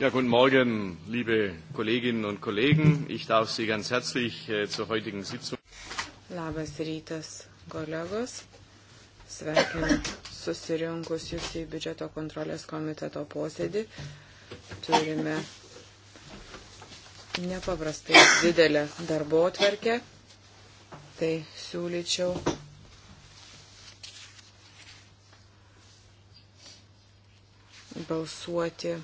Ja, guten Morgen, liebe Kolleginnen und Kollegen. Ich darf Sie ganz herzlich äh, zur heutigen Sitzung. Labas rytas, kolegos. Sveikinu susirinkus jūs į biudžeto kontrolės komiteto posėdį. Turime nepaprastai didelę darbo atverkę. Tai siūlyčiau balsuoti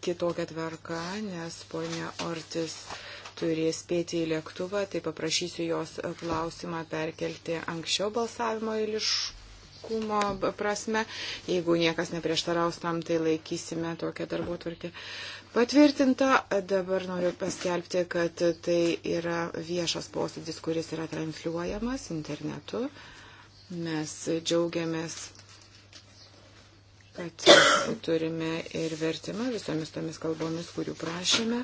kitokią tvarką, nes ponia Ortis turės spėti į lėktuvą, tai paprašysiu jos klausimą perkelti anksčiau balsavimo eiliškumo prasme. Jeigu niekas neprieštaraus tam, tai laikysime tokią darbo tvarkę. Patvirtinta, dabar noriu paskelbti, kad tai yra viešas posėdis, kuris yra transliuojamas internetu. Mes džiaugiamės kad turime ir vertimą visomis tomis kalbomis, kurių prašėme.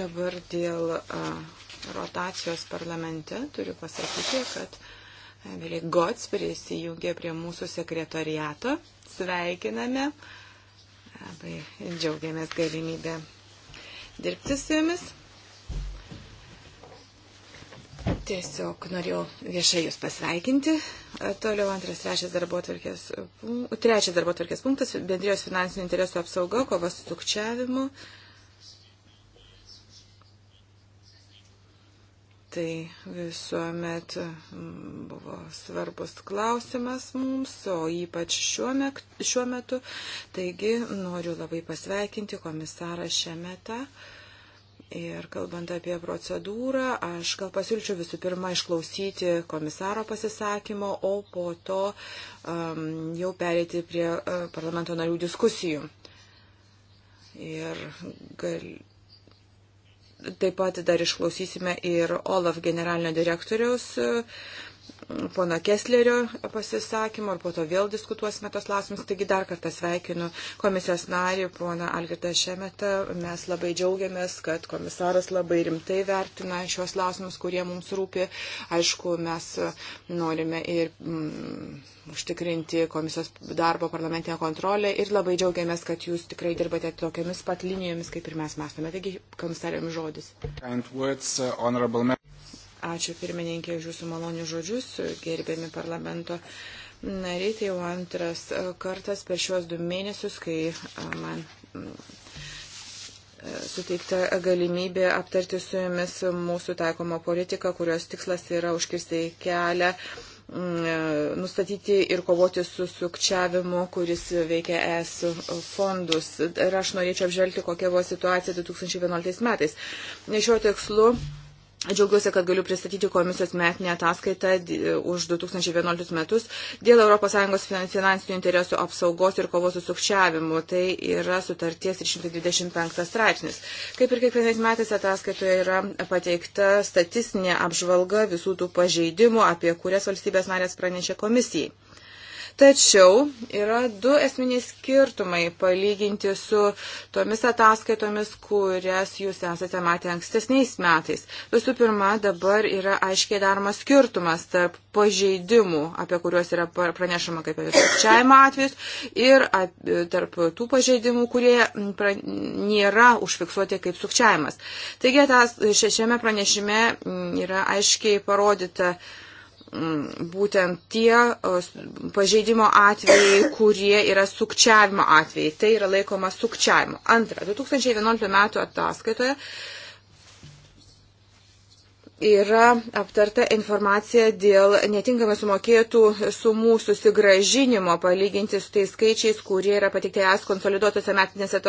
Dabar dėl a, rotacijos parlamente turiu pasakyti, kad Emily Gots prisijungė prie mūsų sekretoriato. Sveikiname. Labai džiaugiamės galimybę dirbti su jumis. Tiesiog norėjau viešai Jūs pasveikinti. E, Toliau antras, trečias darbo tvarkės, trečias darbo tvarkės punktas - bendrijos finansinių interesų apsauga, kova su sukčiavimu. Tai visuomet buvo svarbus klausimas mums, o ypač šiuo, mek, šiuo metu. Taigi noriu labai pasveikinti komisarą šiame etape Ir kalbant apie procedūrą, aš gal pasiūlyčiau visų pirma išklausyti komisaro pasisakymo, o po to um, jau perėti prie uh, parlamento narių diskusijų. Ir gal... taip pat dar išklausysime ir OLAF generalinio direktoriaus. Uh, pono Keslerio pasisakymą, ar po to vėl diskutuosime tos klausimus. Taigi dar kartą sveikinu komisijos narį, poną Algirdą Šemetą. Mes labai džiaugiamės, kad komisaras labai rimtai vertina šios klausimus, kurie mums rūpi. Aišku, mes norime ir. Mm, užtikrinti komisijos darbo parlamentinę kontrolę ir labai džiaugiamės, kad jūs tikrai dirbate tokiamis pat linijomis, kaip ir mes mąstome. Taigi, komisariam žodis. Words, uh, Ačiū pirmininkė už jūsų malonių žodžius, gerbėmi parlamento nariai. Tai jau antras kartas per šiuos du mėnesius, kai man e, suteikta galimybė aptarti su jumis mūsų taikomą politiką, kurios tikslas yra užkirsti kelią e, nustatyti ir kovoti su sukčiavimu, kuris veikia ES fondus. Ir aš norėčiau apžvelgti, kokia buvo situacija 2011 metais. Šiuo tikslu Džiaugiuosi, kad galiu pristatyti komisijos metinę ataskaitą už 2011 metus dėl ES finansinių interesų apsaugos ir kovos su sukčiavimu. Tai yra sutarties 125 straipsnis. Kaip ir kiekvienais metais ataskaitoje yra pateikta statistinė apžvalga visų tų pažeidimų, apie kurias valstybės narės pranešė komisijai. Tačiau yra du esminiai skirtumai palyginti su tomis ataskaitomis, kurias jūs esate matę ankstesniais metais. Visų pirma, dabar yra aiškiai daromas skirtumas tarp pažeidimų, apie kuriuos yra pranešama kaip apie sukčiavimo atvejus, ir tarp tų pažeidimų, kurie nėra užfiksuoti kaip sukčiavimas. Taigi, tas, šiame pranešime yra aiškiai parodyta, būtent tie pažeidimo atvejai, kurie yra sukčiavimo atvejai. Tai yra laikoma sukčiavimo. Antra, 2011 metų ataskaitoje yra aptarta informacija dėl netinkamai sumokėtų sumų susigražinimo palyginti su tais skaičiais, kurie yra patikti es konsoliduotose metinėse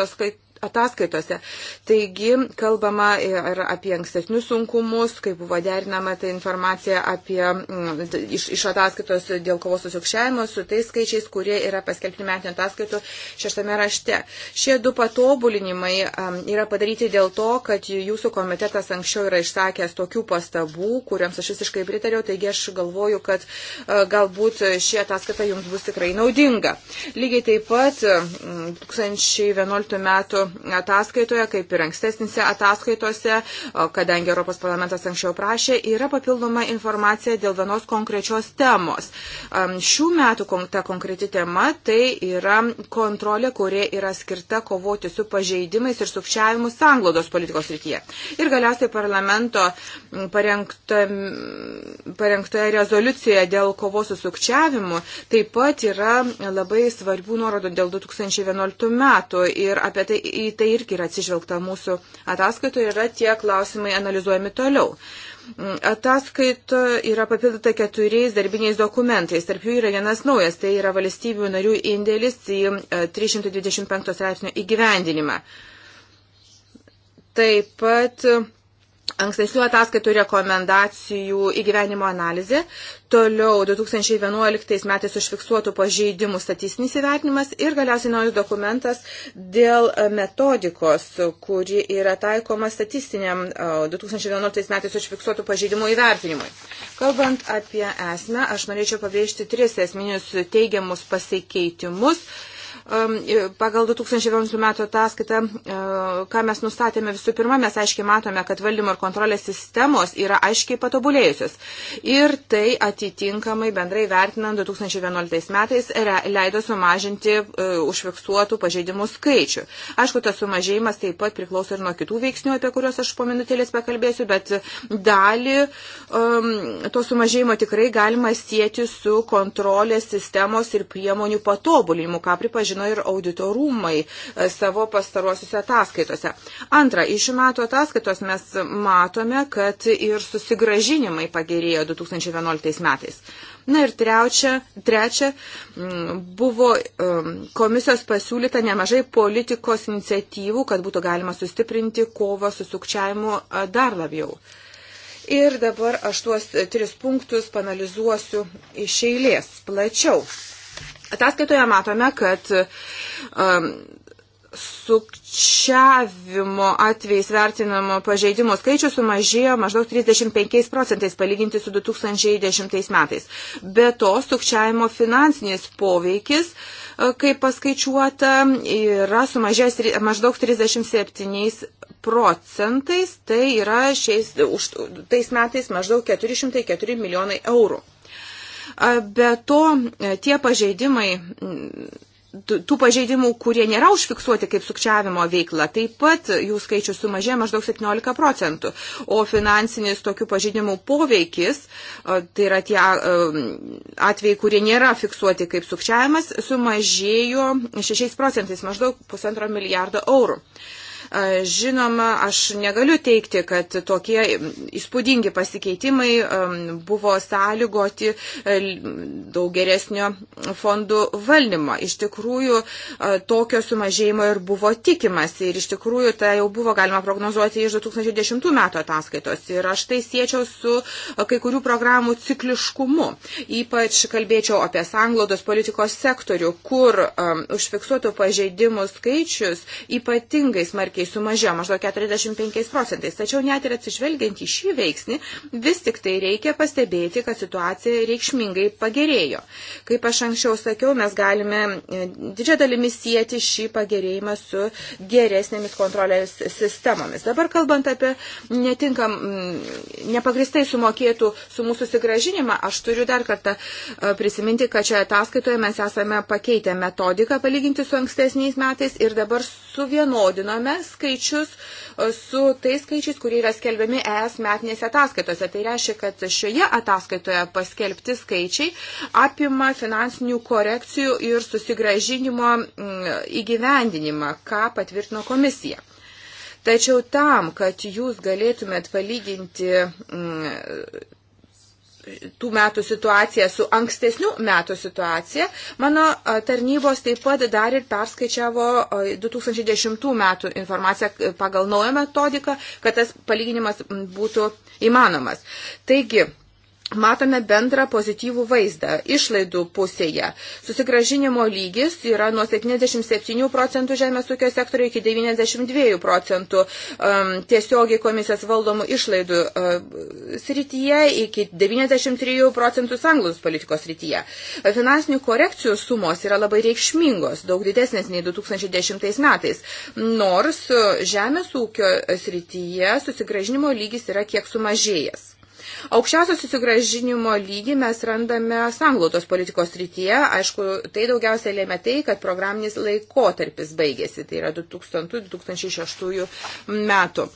ataskaitose. Taigi, kalbama ir apie ankstesnius sunkumus, kaip buvo derinama ta informacija apie, mm, iš, iš ataskaitos dėl kovos su sukšiavimo su tais skaičiais, kurie yra paskelbti metinio ataskaitų šeštame rašte. Šie du patobulinimai mm, yra padaryti dėl to, kad jūsų komitetas anksčiau yra išsakęs tokių pastabų, kuriams aš visiškai pritariau, taigi aš galvoju, kad e, galbūt ši ataskaita jums bus tikrai naudinga. Lygiai taip pat 2011 mm, metų ataskaitoje, kaip ir ankstesnėse ataskaitose, kadangi Europos parlamentas anksčiau prašė, yra papildoma informacija dėl vienos konkrečios temos. Šių metų ta konkreti tema tai yra kontrolė, kurie yra skirta kovoti su pažeidimais ir sukčiavimu sanglaudos politikos rytyje. Ir galiausiai parlamento parengta, parengtoje rezoliucijoje dėl kovos su sukčiavimu taip pat yra labai svarbių nuorodų dėl 2011 metų ir apie tai į tai irgi yra atsižvelgta mūsų ataskaitoje, yra tie klausimai analizuojami toliau. Mm, ataskaita yra papildyta keturiais darbiniais dokumentais, tarp jų yra vienas naujas, tai yra valstybių narių indėlis į 325 e, straipsnio įgyvendinimą. Taip pat ankstesnių ataskaitų rekomendacijų įgyvenimo analizė, toliau 2011 metais užfiksuotų pažeidimų statistinis įvertinimas ir galiausiai naujas dokumentas dėl e, metodikos, kuri yra taikoma statistiniam 2011 e, metais užfiksuotų pažeidimų įvertinimui. Kalbant apie esmę, aš norėčiau pabrėžti tris esminius teigiamus pasikeitimus pagal 2011 metų ataskaitą, e, ką mes nustatėme visų pirma, mes aiškiai matome, kad valdymo ir kontrolės sistemos yra aiškiai patobulėjusios. Ir tai atitinkamai bendrai vertinant 2011 metais leido sumažinti e, užfiksuotų pažeidimų skaičių. Aišku, tas sumažėjimas taip pat priklauso ir nuo kitų veiksnių, apie kuriuos aš po minutėlės pakalbėsiu, bet dalį um, to sumažėjimo tikrai galima sėti su kontrolės sistemos ir priemonių patobulinimu, ką pripažinti pripažino ir auditorumai e, savo pastaruosiuose ataskaitose. Antra, iš šių metų ataskaitos mes matome, kad ir susigražinimai pagerėjo 2011 metais. Na ir trečia, trečia buvo e, komisijos pasiūlyta nemažai politikos iniciatyvų, kad būtų galima sustiprinti kovą su sukčiavimu e, dar labiau. Ir dabar aš tuos tris punktus panalizuosiu iš eilės plačiau. Ataskaitoje matome, kad um, sukčiavimo atvejais vertinamo pažeidimo skaičius sumažėjo maždaug 35 procentais palyginti su 2010 metais. Be to, sukčiavimo finansinis poveikis, e, kaip paskaičiuota, yra sumažėjęs maždaug 37 procentais, tai yra šiais, už, tais metais maždaug 404 milijonai eurų. Be to, e, tie pažeidimai tų pažeidimų, kurie nėra užfiksuoti kaip sukčiavimo veikla, taip pat jų skaičius sumažėjo maždaug 17 procentų. O finansinis tokių pažeidimų poveikis, e, tai yra tie e, atvejai, kurie nėra fiksuoti kaip sukčiavimas, sumažėjo 6 procentais, maždaug pusantro milijardo eurų. Žinoma, aš negaliu teikti, kad tokie įspūdingi pasikeitimai um, buvo sąlygoti e, daug geresnio fondų valdymo. Iš tikrųjų, tokio sumažėjimo ir buvo tikimas. Ir iš tikrųjų, tai jau buvo galima prognozuoti iš 2010 metų ataskaitos. Ir aš tai siečiau su kai kurių programų cikliškumu. Ypač kalbėčiau apie sanglodos politikos sektorių, kur um, užfiksuotų pažeidimų skaičius ypatingai smarkiai smarkiai sumažėjo maždaug 45 procentais. Tačiau net ir atsižvelgiant į šį veiksnį, vis tik tai reikia pastebėti, kad situacija reikšmingai pagerėjo. Kaip aš anksčiau sakiau, mes galime e, didžią dalimi sieti šį pagerėjimą su geresnėmis kontrolės sistemomis. Dabar kalbant apie netinkam, mm, nepagristai sumokėtų su mūsų sigražinimą, aš turiu dar kartą e, prisiminti, kad čia ataskaitoje mes esame pakeitę metodiką palyginti su ankstesniais metais ir dabar suvienodinome skaičius e, su tais skaičiais, kurie yra skelbiami ES metinėse ataskaitose. Tai reiškia, kad šioje ataskaitoje paskelbti skaičiai apima finansinių korekcijų ir susigražinimo įgyvendinimą, ką patvirtino komisija. Tačiau tam, kad jūs galėtumėt palyginti tų metų situacija su ankstesnių metų situacija. Mano tarnybos taip pat dar ir perskaičiavo 2010 metų informaciją pagal naują metodiką, kad tas palyginimas būtų įmanomas. Taigi, matome bendrą pozityvų vaizdą išlaidų pusėje. Susigražinimo lygis yra nuo 77 procentų žemės ūkio sektorio iki 92 procentų um, tiesiogiai komisijos valdomų išlaidų uh, srityje iki 93 procentų sanglus politikos srityje. Finansinių korekcijų sumos yra labai reikšmingos, daug didesnės nei 2010 metais, nors žemės ūkio srityje susigražinimo lygis yra kiek sumažėjęs. Aukščiausią susigražinimo lygį mes randame sanglautos politikos rytyje. Aišku, tai daugiausia lėmė tai, kad programinis laikotarpis baigėsi, tai yra 2000-2006 metų.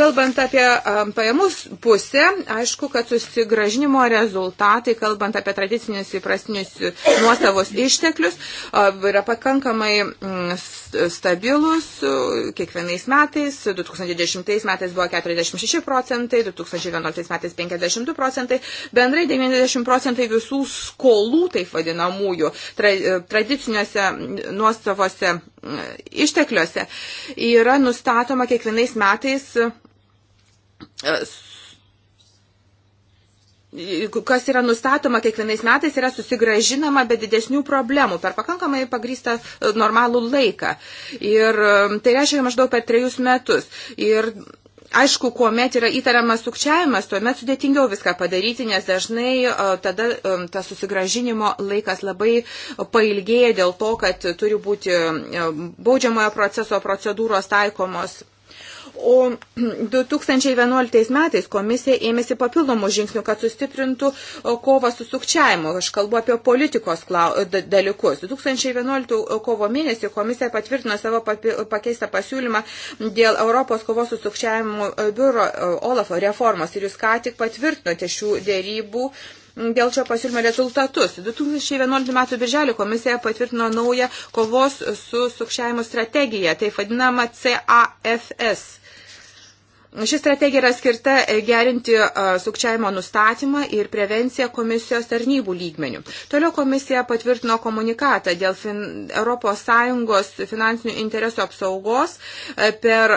Kalbant apie um, pajamus pusę, aišku, kad susigražinimo rezultatai, kalbant apie tradicinius įprastinius nuosavos išteklius, um, yra pakankamai mm, stabilus, kiekvienais metais, 2010 metais buvo 46 procentai, 2011 metais 52 procentai, bendrai 90 procentai visų skolų, taip vadinamųjų, tra, tradiciniuose nuostavose mm, ištekliuose yra nustatoma kiekvienais metais e, kas yra nustatoma kiekvienais metais, yra susigražinama be didesnių problemų per pakankamai pagrįstą e, normalų laiką. Ir e, tai reiškia maždaug per trejus metus. Ir aišku, kuomet yra įtariamas sukčiavimas, tuomet sudėtingiau viską padaryti, nes dažnai e, tada tas susigražinimo laikas labai pailgėja dėl to, kad turi būti baudžiamojo proceso procedūros taikomos O 2011 metais komisija ėmėsi papildomų žingsnių, kad sustiprintų kovą su sukčiavimu. Aš kalbu apie politikos dalykus. 2011 kovo mėnesį komisija patvirtino savo pakeistą pasiūlymą dėl Europos kovos su sukčiavimu e, biuro e, Olafo reformos ir jūs ką tik patvirtinote šių dėrybų dėl šio pasiūlymo rezultatus. 2011 m. birželį komisija patvirtino naują kovos su sukčiavimu strategiją, tai vadinama CAFS. Ši strategija yra skirta e, gerinti e, sukčiavimo nustatymą ir prevenciją komisijos tarnybų lygmenių. Toliau komisija patvirtino komunikatą dėl fin ES finansinių interesų apsaugos e, per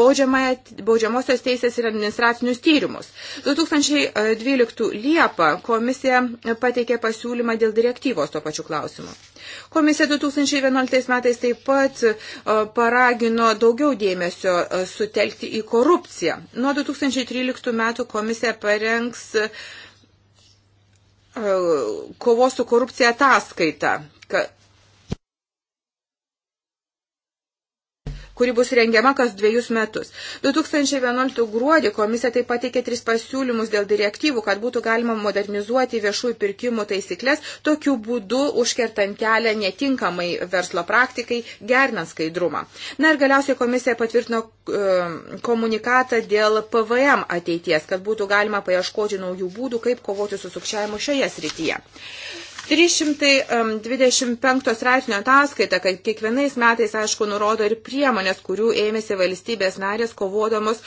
baudžiamosios teisės ir administracinius tyrimus. 2012 Liepą komisija pateikė pasiūlymą dėl direktyvos to pačiu klausimu. Komisija 2011 metais taip pat e, paragino daugiau dėmesio e, sutelkti į korupciją. Nuo 2013 metų komisija parengs e, kovos su korupcija ataskaitą kuri bus rengiama kas dviejus metus. 2011 gruodį komisija taip pateikė tris pasiūlymus dėl direktyvų, kad būtų galima modernizuoti viešųjų pirkimų taisyklės, tokiu būdu užkertant kelią netinkamai verslo praktikai, gernant skaidrumą. Na ir galiausiai komisija patvirtino e, komunikatą dėl PVM ateities, kad būtų galima paieškoti naujų būdų, kaip kovoti su sukčiavimu šioje srityje. 325 straipsnio ataskaita, kad kiekvienais metais, aišku, nurodo ir priemonės, kurių ėmėsi valstybės narės kovodamos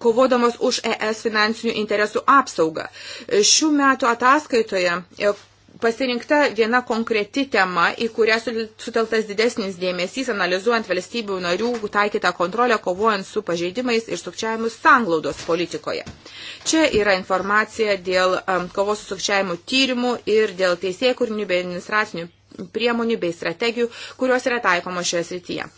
kovodamos už ES finansinių interesų apsaugą. Šių metų ataskaitoje e, pasirinkta viena konkreti tema, į kurią suteltas didesnis dėmesys, analizuojant valstybių narių taikytą kontrolę, kovojant su pažeidimais ir sukčiavimus sanglaudos politikoje. Čia yra informacija dėl um, kovos su sukčiavimu tyrimų ir dėl teisėjų kūrinių bei administracinių priemonių bei strategijų, kurios yra taikomos šioje srityje.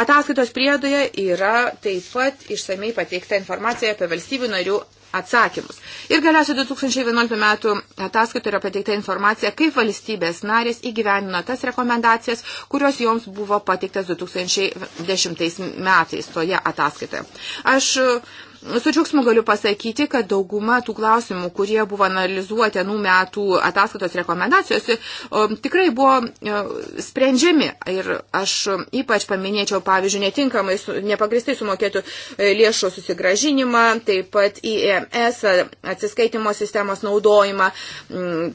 Ataskaitos priedoje yra taip pat išsamei pateikta informacija apie valstybių narių atsakymus. Ir galiausiai 2011 metų ataskaitoje yra pateikta informacija, kaip valstybės narės įgyvenino tas rekomendacijas, kurios joms buvo pateiktas 2010 metais toje ataskaitoje. Aš Su džiaugsmu galiu pasakyti, kad dauguma tų klausimų, kurie buvo analizuoti anų metų ataskaitos rekomendacijose, tikrai buvo e, sprendžiami. Ir aš ypač paminėčiau, pavyzdžiui, netinkamai, nepagristai sumokėtų e, lėšų susigražinimą, taip pat IMS e atsiskaitimo sistemos naudojimą,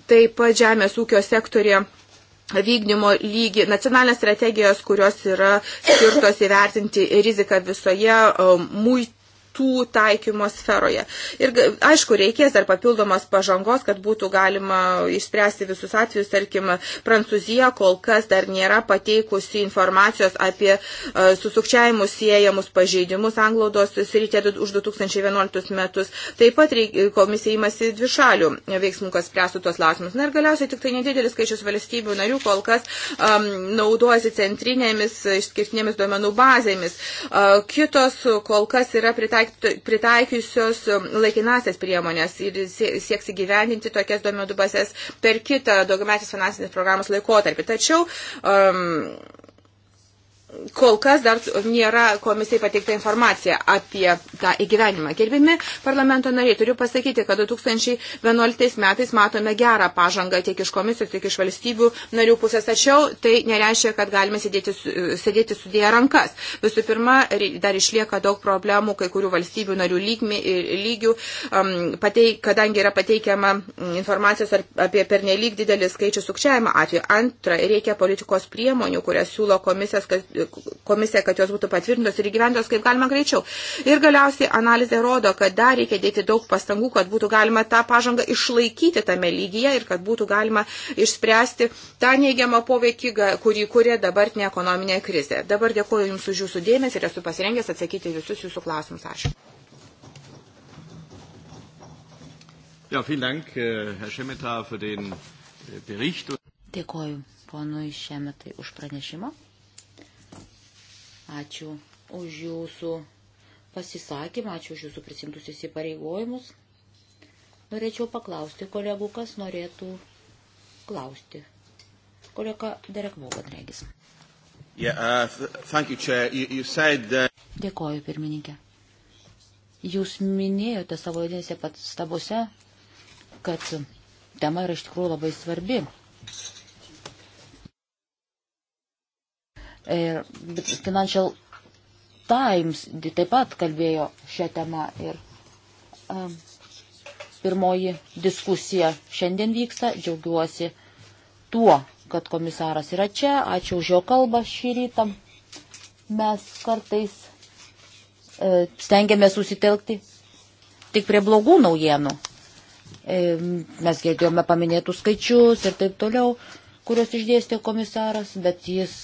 taip pat žemės ūkio sektorė vykdymo lygį, nacionalinės strategijos, kurios yra skirtos įvertinti riziką visoje muit aktų taikymo sferoje. Ir aišku, reikės dar papildomos pažangos, kad būtų galima išspręsti visus atvejus. Tarkim, Prancūzija kol kas dar nėra pateikusi informacijos apie e, susukčiavimus siejamus pažeidimus anglaudos srityje už 2011 metus. Taip pat komisija įmasi dvišalių veiksmų, kas spręstų tuos klausimus. Na ir galiausiai tik tai nedidelis skaičius valstybių narių kol kas um, naudojasi centrinėmis išskirtinėmis duomenų bazėmis. Uh, kitos kol kas yra pritaikytos pritaikiusios um, laikinasias priemonės ir sieks įgyvendinti tokias duomenų bazės per kitą daugiametės finansinės programos laikotarpį. Tačiau um, kol kas dar nėra komisijai pateikta informacija apie tą įgyvenimą. Gerbimi parlamento nariai, turiu pasakyti, kad 2011 metais matome gerą pažangą tiek iš komisijos, tiek iš valstybių narių pusės, tačiau tai nereiškia, kad galime sėdėti, sėdėti sudėję rankas. Visų pirma, dar išlieka daug problemų kai kurių valstybių narių lygmi, lygių, um, pateik, kadangi yra pateikiama informacijos apie pernelyg didelį skaičių sukčiavimo atveju. Antra, reikia politikos priemonių, kurias siūlo komisijas, kad komisiją, kad jos būtų patvirtintos ir įgyventos kaip galima greičiau. Ir galiausiai analizė rodo, kad dar reikia dėti daug pastangų, kad būtų galima tą pažangą išlaikyti tame lygyje ir kad būtų galima išspręsti tą neigiamą poveikį, kurį kuria dabartinė ekonominė krizė. Dabar dėkuoju Jums už Jūsų dėmesį ir esu pasirengęs atsakyti visus Jūsų klausimus. Ačiū. Ja, vielen Dank, äh, Herr Schemeta, für den äh, Bericht. Dėkoju ponui Šemetai už pranešimą. Ačiū už jūsų pasisakymą, ačiū už jūsų prisimtus įsipareigojimus. Norėčiau paklausti kolegų, kas norėtų klausti. Kolega Derek Vogan regis. Yeah, uh, you, you, you said, uh... Dėkoju, pirmininkė. Jūs minėjote savo idėjose pat stabose, kad tema yra iš tikrųjų labai svarbi. E, Financial Times taip pat kalbėjo šią temą ir um, pirmoji diskusija šiandien vyksta. Džiaugiuosi tuo, kad komisaras yra čia. Ačiū už jo kalbą šį rytą. Mes kartais e, stengiame susitelkti tik prie blogų naujienų. E, mes girdėjome paminėtų skaičius ir taip toliau, kuriuos išdėstė komisaras, bet jis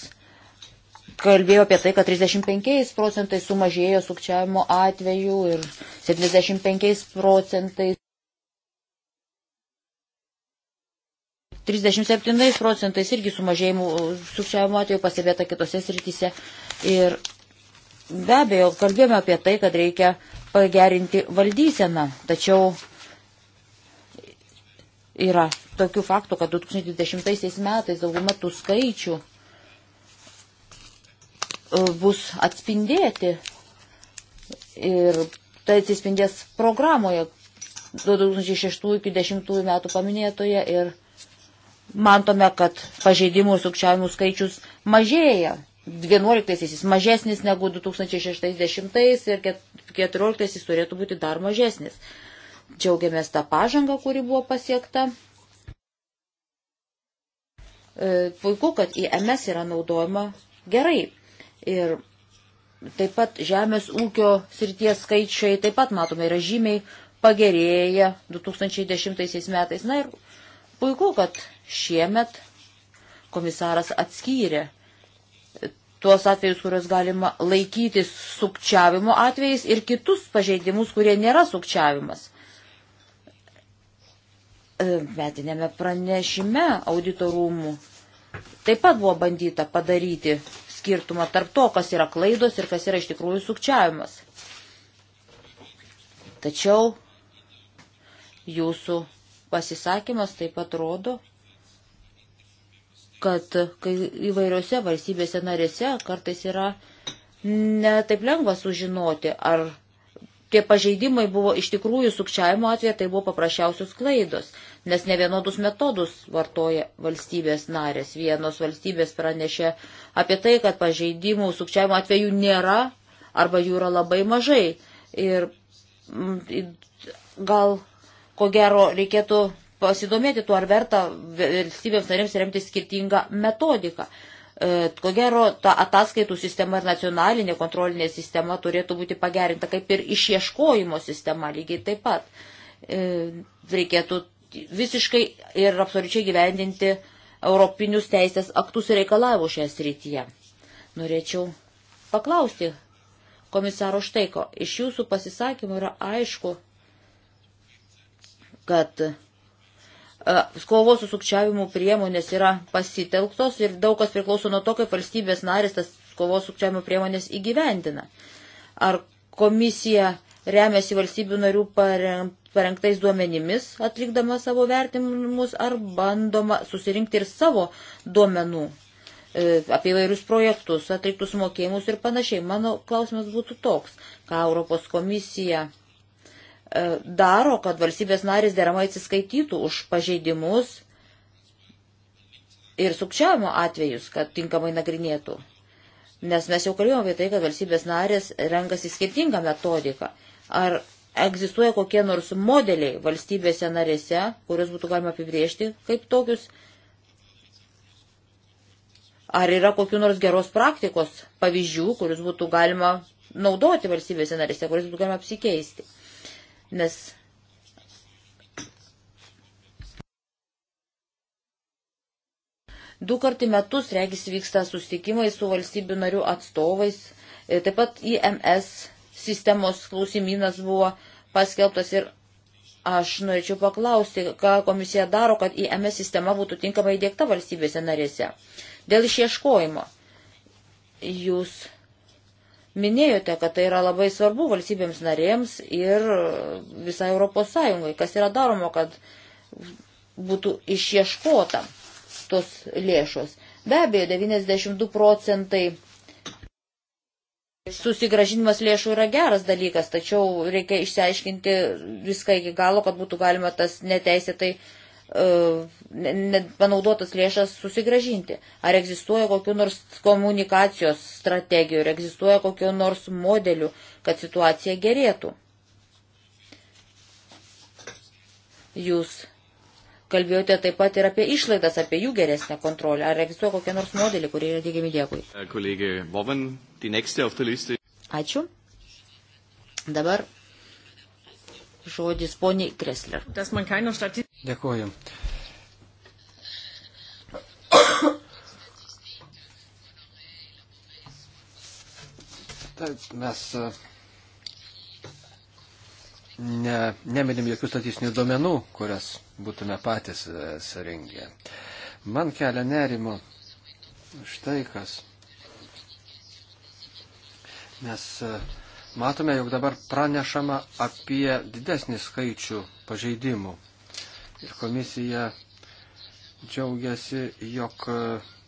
kalbėjo apie tai, kad 35 procentai sumažėjo sukčiavimo atvejų ir 75 procentai. 37 procentais irgi sumažėjimų sukčiavimo atveju pasibėta kitose srityse. Ir be abejo, kalbėjome apie tai, kad reikia pagerinti valdyseną. Tačiau yra tokių faktų, kad 2020 metais dauguma tų skaičių bus atspindėti ir tai atsispindės programoje 2006 iki 2010 metų paminėtoje ir matome, kad pažeidimų ir sukčiavimų skaičius mažėja. 11 jis mažesnis negu 2060 ir 14 jis turėtų būti dar mažesnis. Džiaugiamės tą pažangą, kuri buvo pasiekta. E, puiku, kad IMS yra naudojama gerai. Ir taip pat žemės ūkio srities skaičiai, taip pat matome, yra žymiai pagerėję 2010 metais. Na ir puiku, kad šiemet komisaras atskyrė tuos atvejus, kuriuos galima laikytis sukčiavimo atvejais ir kitus pažeidimus, kurie nėra sukčiavimas. E, metinėme pranešime auditorumų taip pat buvo bandyta padaryti skirtumą tarp to, kas yra klaidos ir kas yra iš tikrųjų sukčiavimas. Tačiau jūsų pasisakymas taip pat rodo, kad kai įvairiose valstybėse narėse kartais yra netaip lengva sužinoti, ar tie pažeidimai buvo iš tikrųjų sukčiavimo atveju, tai buvo paprasčiausios klaidos, nes ne vienodus metodus vartoja valstybės narės. Vienos valstybės pranešė apie tai, kad pažeidimų sukčiavimo atveju nėra arba jų yra labai mažai. Ir mm, gal, ko gero, reikėtų pasidomėti tuo, ar verta valstybėms narėms remti skirtingą metodiką. E, ko gero, ta ataskaitų sistema ir nacionalinė kontrolinė sistema turėtų būti pagerinta, kaip ir išieškojimo sistema lygiai taip pat. E, reikėtų visiškai ir absoliučiai gyvendinti europinius teisės aktus ir reikalavimų šioje srityje. Norėčiau paklausti komisaro Štaiko. Iš jūsų pasisakymų yra aišku, kad E, kovos su sukčiavimu priemonės yra pasitelktos ir daug kas priklauso nuo to, kaip valstybės narės tas kovos sukčiavimo priemonės įgyvendina. Ar komisija remiasi valstybių narių parengtais duomenimis, atlikdama savo vertinimus, ar bandoma susirinkti ir savo duomenų e, apie vairius projektus, atliktus mokėjimus ir panašiai. Mano klausimas būtų toks, ką Europos komisija E, daro, kad valstybės narės deramai atsiskaitytų už pažeidimus ir sukčiavimo atvejus, kad tinkamai nagrinėtų. Nes mes jau kalbėjome apie tai, kad valstybės narės renkasi skirtingą metodiką. Ar egzistuoja kokie nors modeliai valstybėse narėse, kuriuos būtų galima apibriežti kaip tokius? Ar yra kokiu nors geros praktikos pavyzdžių, kuriuos būtų galima naudoti valstybėse narėse, kuriuos būtų galima apsikeisti? nes du kartų metus, regis, vyksta susitikimai su valstybių narių atstovais. E, taip pat IMS sistemos klausimynas buvo paskelbtas ir aš norėčiau paklausti, ką komisija daro, kad IMS sistema būtų tinkamai įdėkta valstybėse narėse. Dėl išieškojimo jūs Minėjote, kad tai yra labai svarbu valstybėms narėms ir visai Europos Sąjungai, kas yra daroma, kad būtų išieškota tos lėšos. Be abejo, 92 procentai susigražinimas lėšų yra geras dalykas, tačiau reikia išsiaiškinti viską iki galo, kad būtų galima tas neteisėtai tai E, panaudotas lėšas susigražinti. Ar egzistuoja kokiu nors komunikacijos strategijų, ar egzistuoja kokiu nors modeliu, kad situacija gerėtų. Jūs kalbėjote taip pat ir apie išlaidas, apie jų geresnę kontrolę. Ar egzistuoja kokie nors modeliai, kurie yra teigiami dėkui? Kolegė Vovan, die nächste auf der Liste. Ačiū. Dabar žodis poniai Kresler. Dėkuoju. Taip, mes e, ne, neminim jokių statistinių duomenų, kurias būtume patys e, surinkę. Man kelia nerimo štai kas. Nes uh, e, matome, jog dabar pranešama apie didesnį skaičių pažeidimų. Ir komisija džiaugiasi, jog e,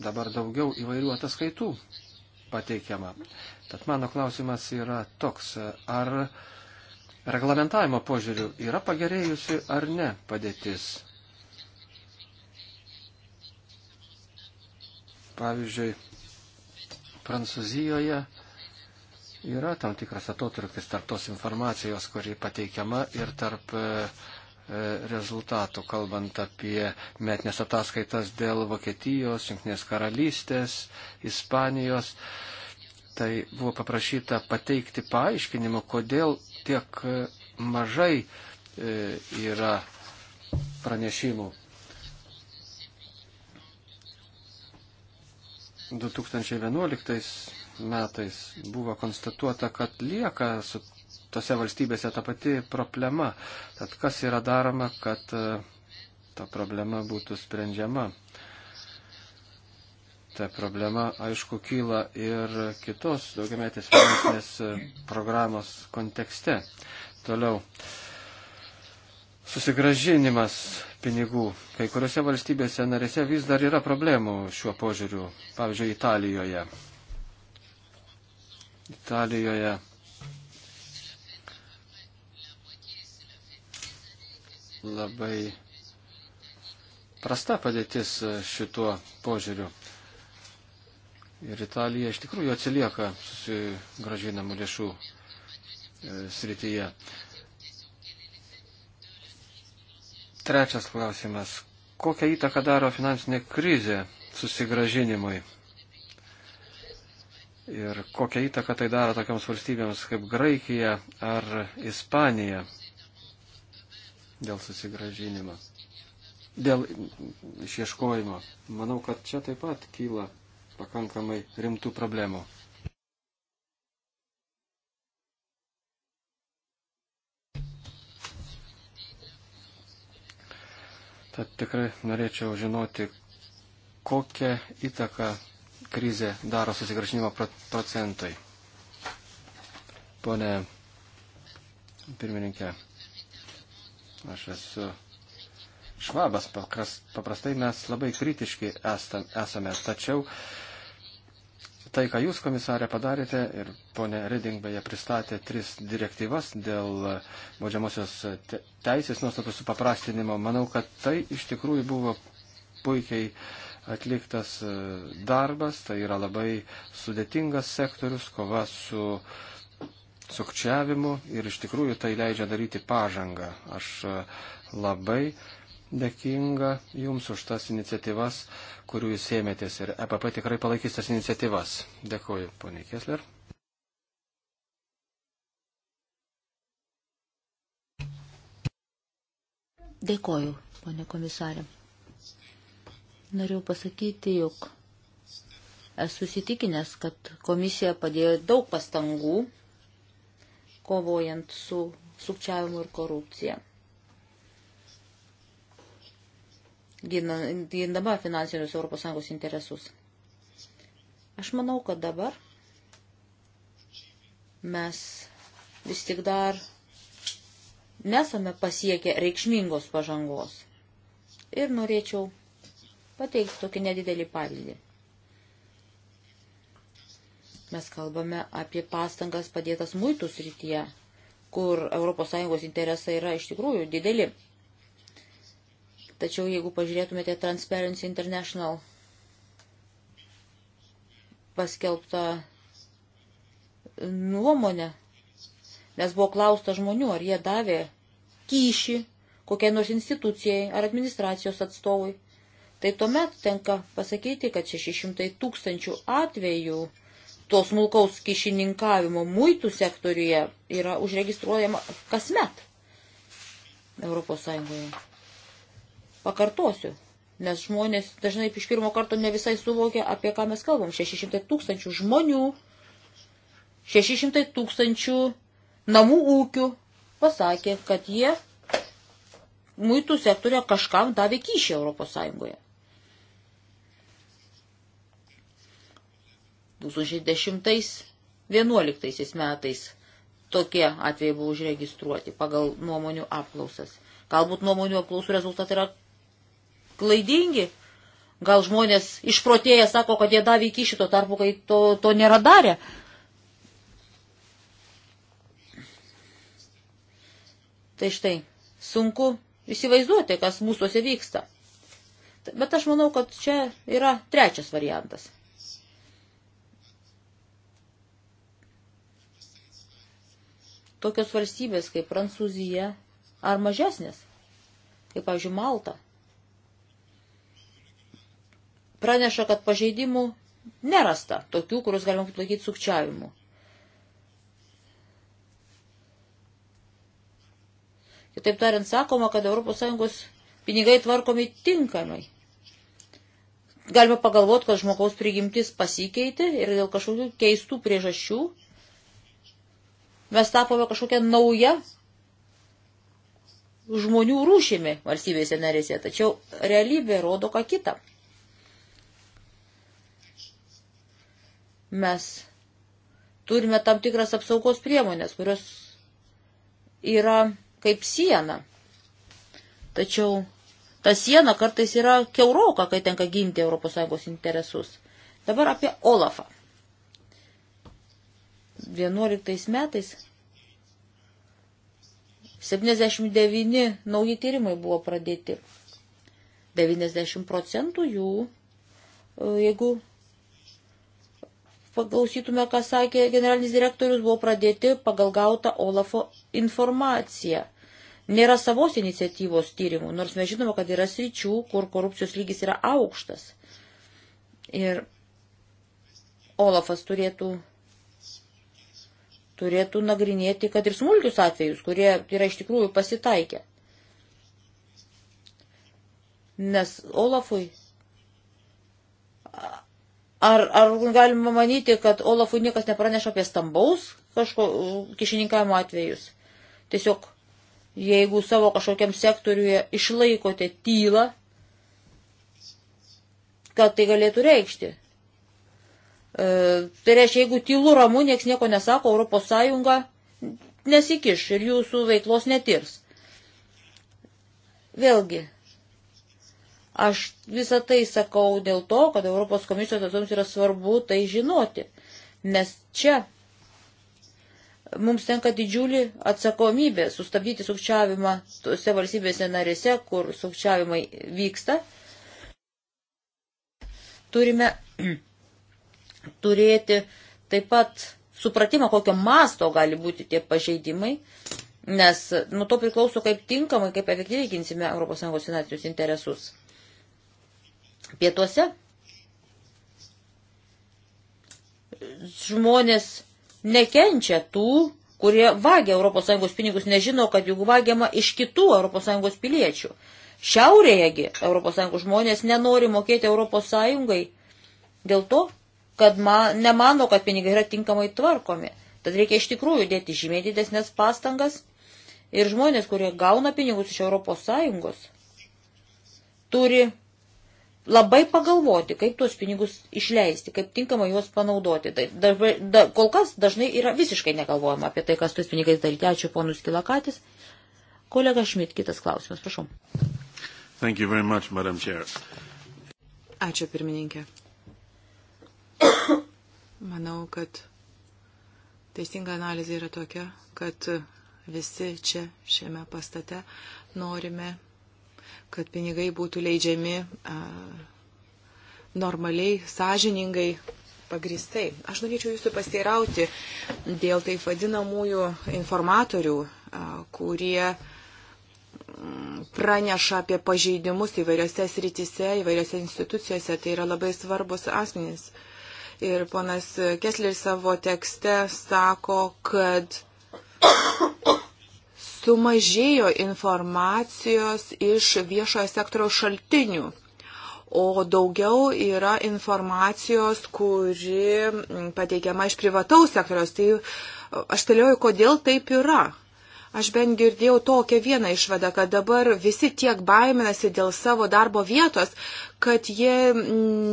dabar daugiau įvairių ataskaitų pateikiama. Tad mano klausimas yra toks, e, ar reglamentavimo požiūrių yra pagerėjusi ar ne padėtis. Pavyzdžiui, Prancūzijoje Yra tam tikras atotrukis tarp tos informacijos, kuri pateikiama ir tarp e, e, rezultatų, kalbant apie metinės ataskaitas dėl Vokietijos, Junktinės karalystės, Ispanijos. Tai buvo paprašyta pateikti paaiškinimą, kodėl tiek e, mažai yra pranešimų. 2011 metais buvo konstatuota, kad lieka su tose valstybėse ta pati problema. Tad kas yra daroma, kad e, ta problema būtų sprendžiama? Ta problema, aišku, kyla ir kitos daugiametės finansinės e, programos kontekste. Toliau. Susigražinimas pinigų. Kai kuriuose valstybėse narėse vis dar yra problemų šiuo požiūriu. Pavyzdžiui, Italijoje Italijoje. Labai prasta padėtis šituo požiūriu. Ir Italija iš tikrųjų atsilieka susigražinamų lėšų e, srityje. Trečias klausimas. Kokią įtaką daro finansinė krizė susigražinimui? ir kokią įtaką tai daro tokiams valstybėms kaip Graikija ar Ispanija dėl susigražinimo, dėl išieškojimo. Manau, kad čia taip pat kyla pakankamai rimtų problemų. Tad tikrai norėčiau žinoti, kokią įtaką krizė daro susigražinimo procentui. Pone pirmininkė, aš esu švabas, paprastai mes labai kritiški esame, tačiau tai, ką jūs, komisarė, padarėte ir ponė Reding beje pristatė tris direktyvas dėl baudžiamosios teisės nuostatų supaprastinimo, manau, kad tai iš tikrųjų buvo puikiai atliktas e, darbas, tai yra labai sudėtingas sektorius, kova su sukčiavimu ir iš tikrųjų tai leidžia daryti pažangą. Aš e, labai dėkinga Jums už tas iniciatyvas, kurių Jūs ėmėtės ir EPP tikrai palaikys tas iniciatyvas. Dėkuoju, ponė Kesler. Dėkoju, ponė komisarė. Norėjau pasakyti, jog esu įsitikinęs, kad komisija padėjo daug pastangų kovojant su sukčiavimu ir korupcija. Gindama finansinius ES interesus. Aš manau, kad dabar mes vis tik dar nesame pasiekę reikšmingos pažangos. Ir norėčiau Pateiksiu tokį nedidelį pavyzdį. Mes kalbame apie pastangas padėtas muitų srityje, kur ES interesai yra iš tikrųjų dideli. Tačiau jeigu pažiūrėtumėte Transparency International paskelbtą nuomonę, nes buvo klausta žmonių, ar jie davė kyšį kokiai nors institucijai ar administracijos atstovui tai tuomet tenka pasakyti, kad 600 tūkstančių atvejų to smulkaus kišininkavimo muitų sektoriuje yra užregistruojama kasmet Europos Sąjungoje. Pakartosiu, nes žmonės dažnai iš pirmo karto ne visai suvokia, apie ką mes kalbam. 600 tūkstančių žmonių, 600 tūkstančių namų ūkių pasakė, kad jie muitų sektorė kažkam davė kyšį Europos Sąjungoje. 2010-2011 metais tokie atvejai buvo užregistruoti pagal nuomonių apklausas. Galbūt nuomonių apklausų rezultatai yra klaidingi. Gal žmonės išprotėję sako, kad jie davė iki šito tarpu, kai to, to nėra darę. Tai štai, sunku įsivaizduoti, kas mūsųse vyksta. Bet aš manau, kad čia yra trečias variantas – tokios valstybės kaip Prancūzija ar mažesnės, kaip, pavyzdžiui, Malta, praneša, kad pažeidimų nerasta, tokių, kuriuos galima būtų laikyti sukčiavimu. Kitaip tariant, sakoma, kad ES pinigai tvarkomi tinkamai. Galima pagalvoti, kad žmogaus prigimtis pasikeitė ir dėl kažkokių keistų priežasčių Mes tapome kažkokią naują žmonių rūšimi valstybėse narėse, tačiau realybė rodo ką kitą. Mes turime tam tikras apsaugos priemonės, kurios yra kaip siena. Tačiau ta siena kartais yra keuroka, kai tenka ginti ES interesus. Dabar apie Olafą. 2011 metais 79 nauji tyrimai buvo pradėti. 90 procentų jų, e, jeigu paklausytume, ką sakė generalinis direktorius, buvo pradėti pagal gautą Olafo informaciją. Nėra savos iniciatyvos tyrimų, nors mes žinome, kad yra sričių, kur korupcijos lygis yra aukštas. Ir Olafas turėtų turėtų nagrinėti, kad ir smulkius atvejus, kurie yra iš tikrųjų pasitaikę. Nes Olafui. Ar, ar galima manyti, kad Olafui niekas nepraneša apie stambaus kažko kišininkavimo atvejus? Tiesiog, jeigu savo kažkokiam sektoriuje išlaikote tylą, kad tai galėtų reikšti. E, tai reiškia, jeigu tylu ramu, nieks nieko nesako, Europos Sąjunga nesikiš ir jūsų veiklos netirs. Vėlgi, aš visą tai sakau dėl to, kad Europos komisijos atstovams yra svarbu tai žinoti, nes čia mums tenka didžiulį atsakomybę sustabdyti sukčiavimą tose valstybėse narėse, kur sukčiavimai vyksta. Turime turėti taip pat supratimą, kokio masto gali būti tie pažeidimai, nes nuo to priklauso, kaip tinkamai, kaip efektyviai ginsime ES finansinius interesus. Pietuose žmonės nekenčia tų, kurie vagia ES pinigus, nežino, kad jų vagiama iš kitų ES piliečių. Šiaurėjegi ES žmonės nenori mokėti ES dėl to, kad man, nemano, kad pinigai yra tinkamai tvarkomi. Tad reikia iš tikrųjų dėti žymiai didesnės pastangas ir žmonės, kurie gauna pinigus iš Europos Sąjungos, turi labai pagalvoti, kaip tuos pinigus išleisti, kaip tinkamai juos panaudoti. Tai da, da, kol kas dažnai yra visiškai negalvojama apie tai, kas tuos pinigais daryti. Ačiū ponus Kilakatis. Kolega Šmit, kitas klausimas, prašau. Thank you very much, Madam Chair. Ačiū pirmininkė. Manau, kad teisinga analizė yra tokia, kad visi čia šiame pastate norime, kad pinigai būtų leidžiami a, normaliai, sąžiningai, pagristai. Aš norėčiau jūsų pasteirauti dėl taip vadinamųjų informatorių, a, kurie mm, praneša apie pažeidimus įvairiose srityse, įvairiose institucijose. Tai yra labai svarbus asmenys. A, Ir ponas Kesleris savo tekste sako, kad sumažėjo informacijos iš viešojo sektoriaus šaltinių, o daugiau yra informacijos, kuri pateikiama iš privataus sektoriaus. Tai e, aš tėliauju, kodėl taip yra. Aš bent girdėjau tokią vieną išvadą, kad dabar visi tiek baiminasi dėl savo darbo vietos, kad jie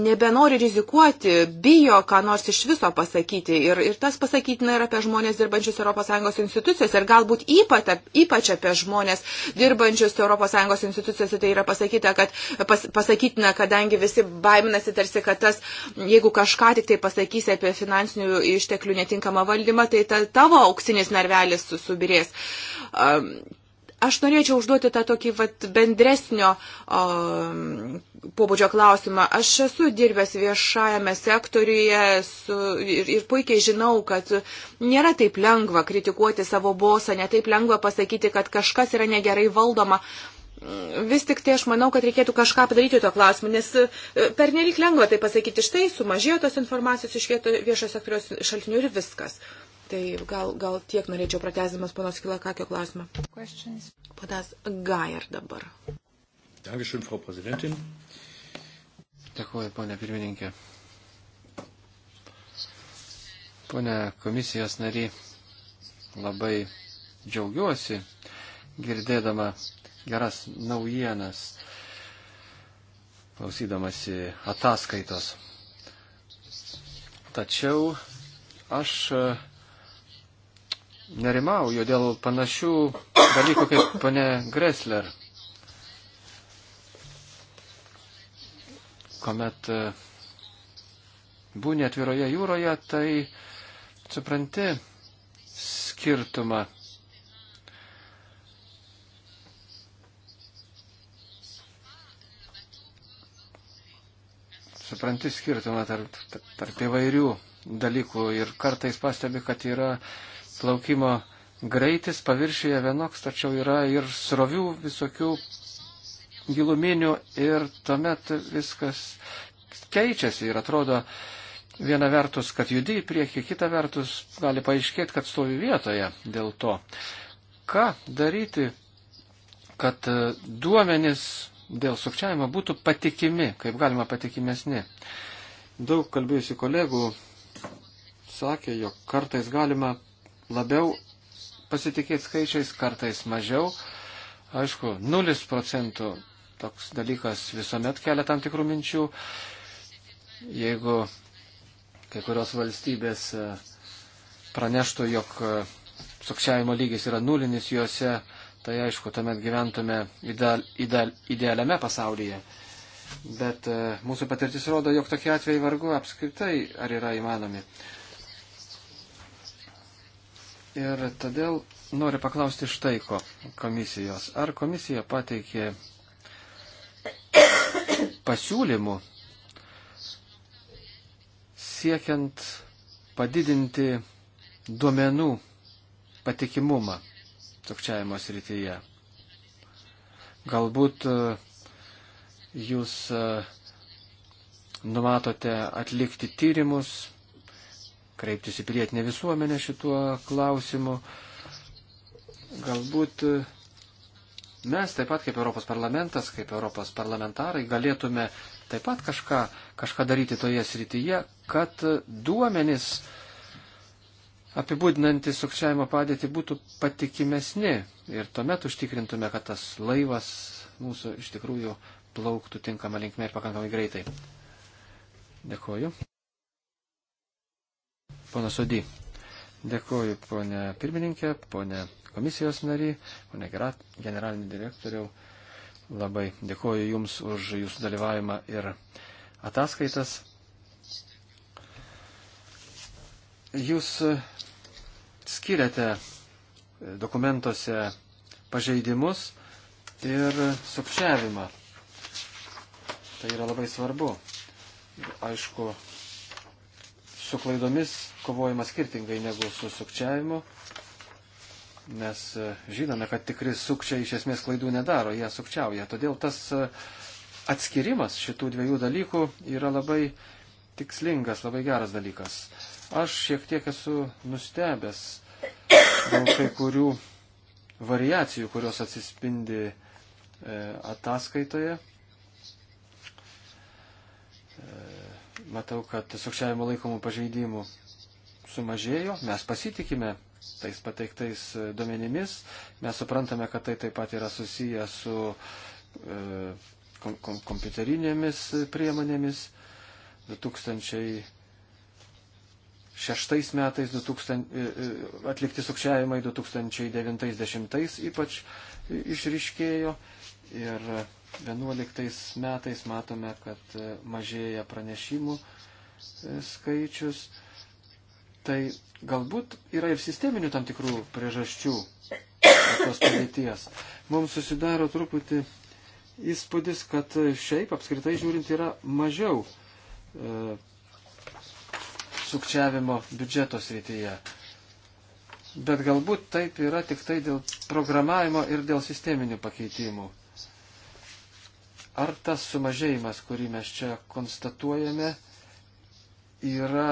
nebenori rizikuoti, bijo ką nors iš viso pasakyti. Ir, ir tas pasakytina ir apie žmonės dirbančius ES institucijose, ir galbūt ypat, ypač apie žmonės dirbančius ES institucijose, tai yra pasakyta, kad, pas, pasakytina, kadangi visi baiminasi tarsi, kad tas, jeigu kažką tik tai pasakysi apie finansinių išteklių netinkamą valdymą, tai ta, tavo auksinis narvelis subirės. Um, Aš norėčiau užduoti tą tokį vat, bendresnio o, pobūdžio klausimą. Aš esu dirbęs viešajame sektoriuje su, ir, ir puikiai žinau, kad nėra taip lengva kritikuoti savo bosą, netaip lengva pasakyti, kad kažkas yra negerai valdoma vis tik tai aš manau, kad reikėtų kažką padaryti to klausimu, nes e, per nelik lengva tai pasakyti, štai sumažėjo tos informacijos iš vieto, viešo sektoriaus šaltinių ir viskas. Tai gal, gal tiek norėčiau pratesdamas panos Kilakakio klausimą. Panas Gajer dabar. Dankeschön, Frau Präsidentin. Dėkuoju, ponė pirmininkė. Pone komisijos nary, labai džiaugiuosi girdėdama geras naujienas, klausydamasi ataskaitos. Tačiau aš nerimauju dėl panašių dalykų kaip pane Gressler. Komet e, būni atviroje jūroje, tai supranti skirtumą. Supranti skirtumą tarp, tarp įvairių dalykų ir kartais pastebi, kad yra uh, plaukimo greitis paviršiuje vienoks, tačiau yra ir srovių visokių giluminių ir tuomet viskas keičiasi ir atrodo viena vertus, kad judi į priekį, kita vertus gali paaiškėti, kad stovi vietoje dėl to. Ką daryti, kad e, duomenys dėl sukčiavimo būtų patikimi, kaip galima patikimesni. Daug kalbėjusių kolegų sakė, jog kartais galima labiau pasitikėti skaičiais, kartais mažiau. Aišku, 0 procentų toks dalykas visuomet kelia tam tikrų minčių. Jeigu kai kurios valstybės e, praneštų, jog e, sukčiavimo lygis yra nulinis juose, tai aišku, tuomet gyventume ideal, ideal, idealiame pasaulyje. Bet e, mūsų patirtis rodo, jog tokie atvejai vargu apskritai ar yra įmanomi. Uh, Ir todėl noriu paklausti štai ko komisijos. Ar komisija pateikė pasiūlymų siekiant padidinti duomenų patikimumą sukčiavimo srityje? Galbūt e, jūs e, numatote atlikti tyrimus kreiptis į pilietinę visuomenę šituo klausimu. Galbūt e, mes taip pat kaip Europos parlamentas, kaip Europos parlamentarai galėtume taip pat kažką, kažką daryti toje srityje, kad duomenys apibūdinantys sukčiavimo padėtį būtų patikimesni ir tuomet užtikrintume, kad tas laivas mūsų iš tikrųjų plauktų tinkamą linkmę ir pakankamai greitai. Dėkuoju. Pana Sodį. Dėkuoju, ponė pirmininkė, ponė komisijos nary, ponė generalinė direktoriau. Labai dėkuoju Jums už Jūsų dalyvavimą ir ataskaitas. Jūs skiriate dokumentuose pažeidimus ir sukčiavimą. Tai yra labai svarbu. Aišku, su klaidomis kovojama skirtingai negu su sukčiavimu, nes e, žinome, kad tikri sukčiai iš esmės klaidų nedaro, jie sukčiauja. Todėl tas e, atskirimas šitų dviejų dalykų yra labai tikslingas, labai geras dalykas. Aš šiek tiek esu nustebęs dėl kai kurių variacijų, kurios atsispindi e, ataskaitoje. matau, kad sukčiavimo laikomų pažeidimų sumažėjo, mes pasitikime tais pateiktais e, duomenimis, mes suprantame, kad tai taip pat yra susiję su e, kom, kom, kompiuterinėmis priemonėmis. 2006 metais 2000, e, e, atlikti sukčiavimai 2090 ypač išriškėjo ir 2011 metais matome, kad e, mažėja pranešimų e, skaičius. Tai galbūt yra ir sisteminių tam tikrų priežasčių tos padėties. Mums susidaro truputį įspūdis, kad šiaip apskritai žiūrint yra mažiau e, sukčiavimo biudžeto srityje. Bet galbūt taip yra tik tai dėl programavimo ir dėl sisteminių pakeitimų. Ar tas sumažėjimas, kurį mes čia konstatuojame, yra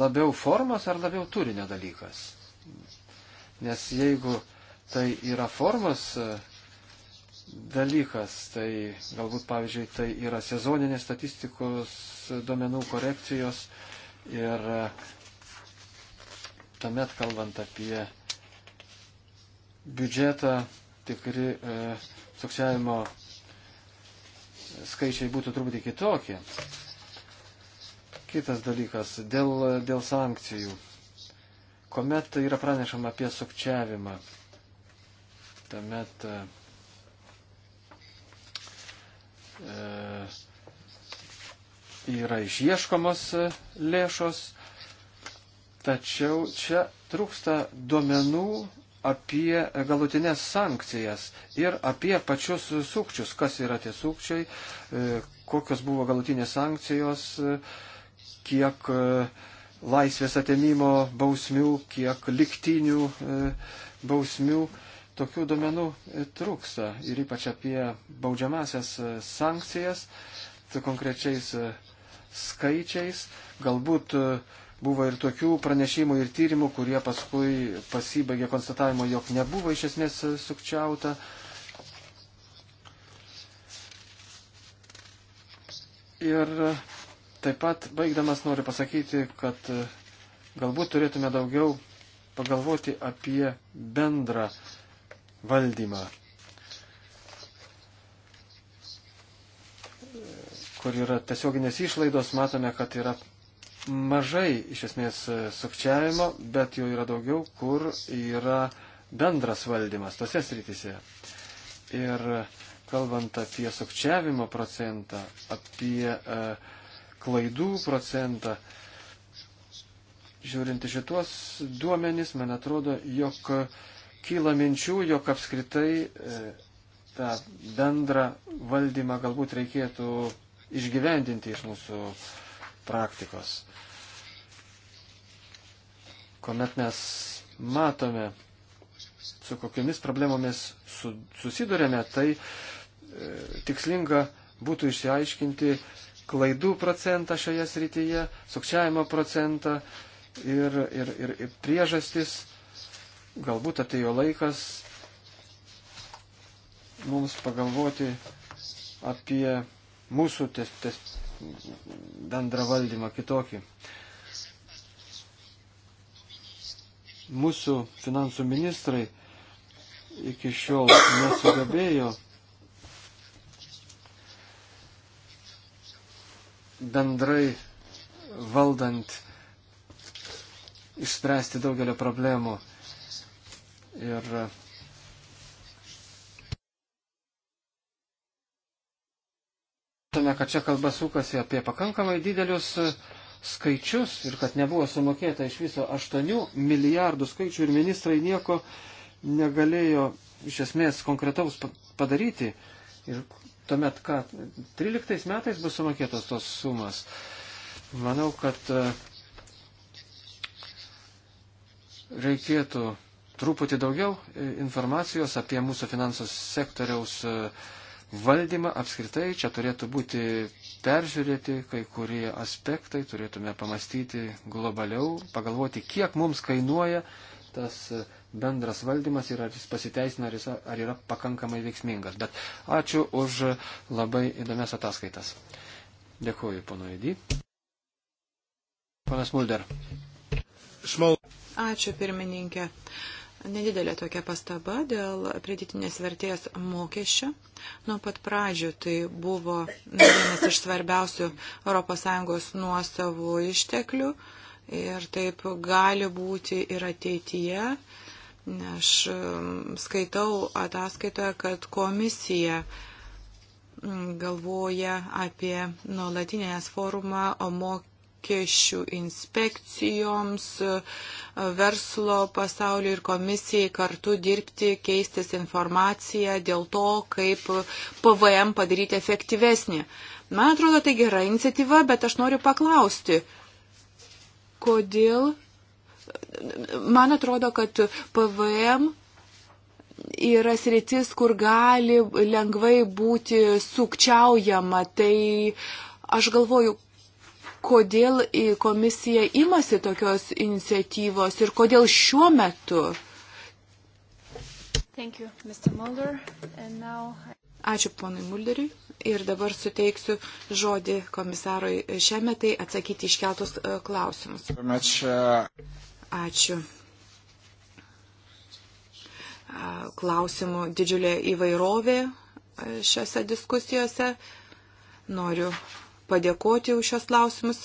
labiau formos ar labiau turinio dalykas? Nes jeigu tai yra formos e, dalykas, tai galbūt, pavyzdžiui, tai yra sezoninės statistikos e, duomenų korekcijos ir e, tuomet kalbant apie biudžetą, tikri e, sukčiavimo skaičiai būtų truputį kitokie. Kitas dalykas dėl, dėl sankcijų. Komet yra pranešama apie sukčiavimą, tuomet e, e yra išieškomos e, lėšos, tačiau čia trūksta duomenų apie galutinės sankcijas ir apie pačius sukčius, kas yra tie sukčiai, e, kokios buvo galutinės sankcijos, e, kiek e, laisvės atėmimo bausmių, kiek liktinių bausmių. Tokių duomenų trūksta ir ypač apie baudžiamasias sankcijas su konkrečiais skaičiais. Galbūt uh, Buvo ir tokių pranešimų ir tyrimų, kurie paskui pasibaigė konstatavimo, jog nebuvo iš esmės sukčiauta. Ir taip pat baigdamas noriu pasakyti, kad galbūt turėtume daugiau pagalvoti apie bendrą valdymą, kur yra tiesioginės išlaidos, matome, kad yra mažai iš esmės e, sukčiavimo, bet jų yra daugiau, kur yra bendras valdymas tose srityse. Ir kalbant apie sukčiavimo procentą, apie e, klaidų procentą, žiūrint į šitos duomenys, man atrodo, jog kyla minčių, jog apskritai e, tą bendrą valdymą galbūt reikėtų išgyvendinti iš mūsų e, praktikos. Komet mes matome, su kokiamis problemomis susidurėme, tai e, tikslinga būtų išsiaiškinti klaidų procentą šioje srityje, sukčiavimo procentą ir, ir, ir, ir priežastis. Galbūt atėjo laikas mums pagalvoti apie mūsų tes, tes, bendrą valdymą kitokį. Mūsų finansų ministrai iki šiol nesugebėjo bendrai valdant išspręsti daugelio problemų. Ir matome, kad čia kalba sukasi apie pakankamai didelius e, skaičius ir kad nebuvo sumokėta iš viso 8 milijardų skaičių ir ministrai nieko negalėjo iš esmės konkretaus padaryti. Ir tuomet, ką 13 metais bus sumokėtos tos sumas. Manau, kad e, reikėtų truputį daugiau e, informacijos apie mūsų finansų sektoriaus uh, valdymą apskritai čia turėtų būti peržiūrėti kai kurie aspektai, turėtume pamastyti globaliau, pagalvoti, kiek mums kainuoja tas bendras valdymas ir ar jis pasiteisina, ar, jis, ar yra pakankamai veiksmingas. Bet ačiū už labai įdomias ataskaitas. Dėkuoju, pono Edy. Ponas Mulder. Ačiū, pirmininkė. Uh, Nedidelė tokia pastaba dėl pridėtinės vertės mokesčio. Nuo pat pradžių tai buvo vienas iš svarbiausių ES nuosavų išteklių ir taip gali būti ir ateityje. Aš mm, skaitau ataskaitoje, kad komisija mm, galvoja apie nuolatinės forumą mok mokesčių inspekcijoms, verslo pasauliu ir komisijai kartu dirbti, keistis informaciją dėl to, kaip PVM padaryti efektyvesnį. Man atrodo, tai gera iniciatyva, bet aš noriu paklausti, kodėl. Man atrodo, kad PVM yra sritis, kur gali lengvai būti sukčiaujama. Tai aš galvoju, kodėl komisija imasi tokios iniciatyvos ir kodėl šiuo metu. Thank you, Mr. Mulder. And now... Ačiū ponui Mulderiui ir dabar suteiksiu žodį komisarui šiame tai atsakyti iškeltus e, klausimus. Uh, Ačiū. Klausimų didžiulė įvairovė e, šiuose diskusijose. Noriu padėkoti už šios klausimus.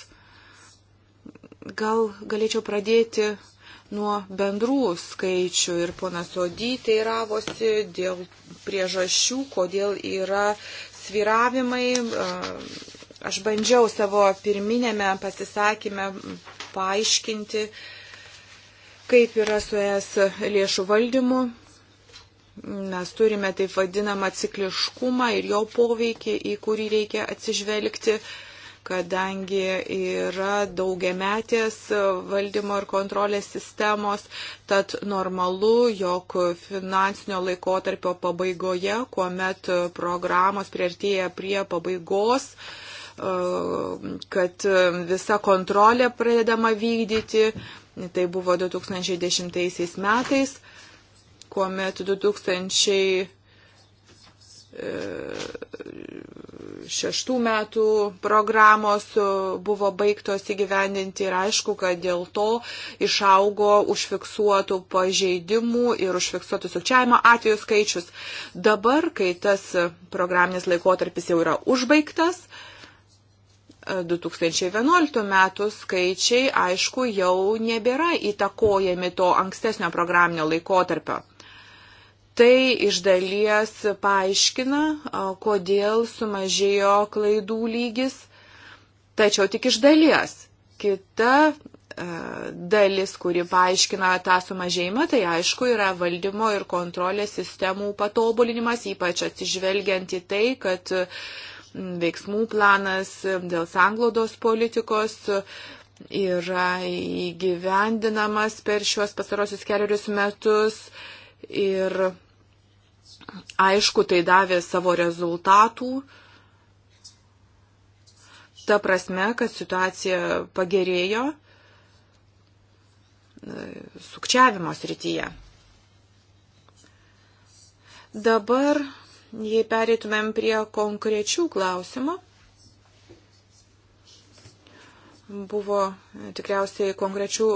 Gal galėčiau pradėti nuo bendrų skaičių ir ponas Odį teiravosi dėl priežasčių, kodėl yra sviravimai. Aš bandžiau savo pirminėme pasisakymę paaiškinti, kaip yra su es lėšų valdymu Mes turime taip vadinamą cikliškumą ir jo poveikį, į kurį reikia atsižvelgti, kadangi yra daugiametės valdymo ir kontrolės sistemos, tad normalu, jog finansinio laikotarpio pabaigoje, kuomet programos prieartėja prie pabaigos, e, kad visa kontrolė pradedama vykdyti, tai buvo 2010 metais kuomet 2000 e, šeštų metų programos buvo baigtos įgyvendinti ir aišku, kad dėl to išaugo užfiksuotų pažeidimų ir užfiksuotų sukčiavimo atvejų skaičius. Dabar, kai tas programinis laikotarpis jau yra užbaigtas, 2011 e, metų skaičiai, aišku, jau nebėra įtakojami to ankstesnio programinio laikotarpio. Tai iš dalies paaiškina, kodėl sumažėjo klaidų lygis, tačiau tik iš dalies. Kita dalis, kuri paaiškina tą sumažėjimą, tai aišku yra valdymo ir kontrolės sistemų patobulinimas, ypač atsižvelgiant į tai, kad veiksmų planas dėl sanglodos politikos yra įgyvendinamas per šiuos pastarosius keliarius metus ir Aišku, tai davė savo rezultatų. Ta prasme, kad situacija pagerėjo e, sukčiavimo srityje. Dabar, jei pereitumėm prie konkrečių klausimų, buvo tikriausiai konkrečių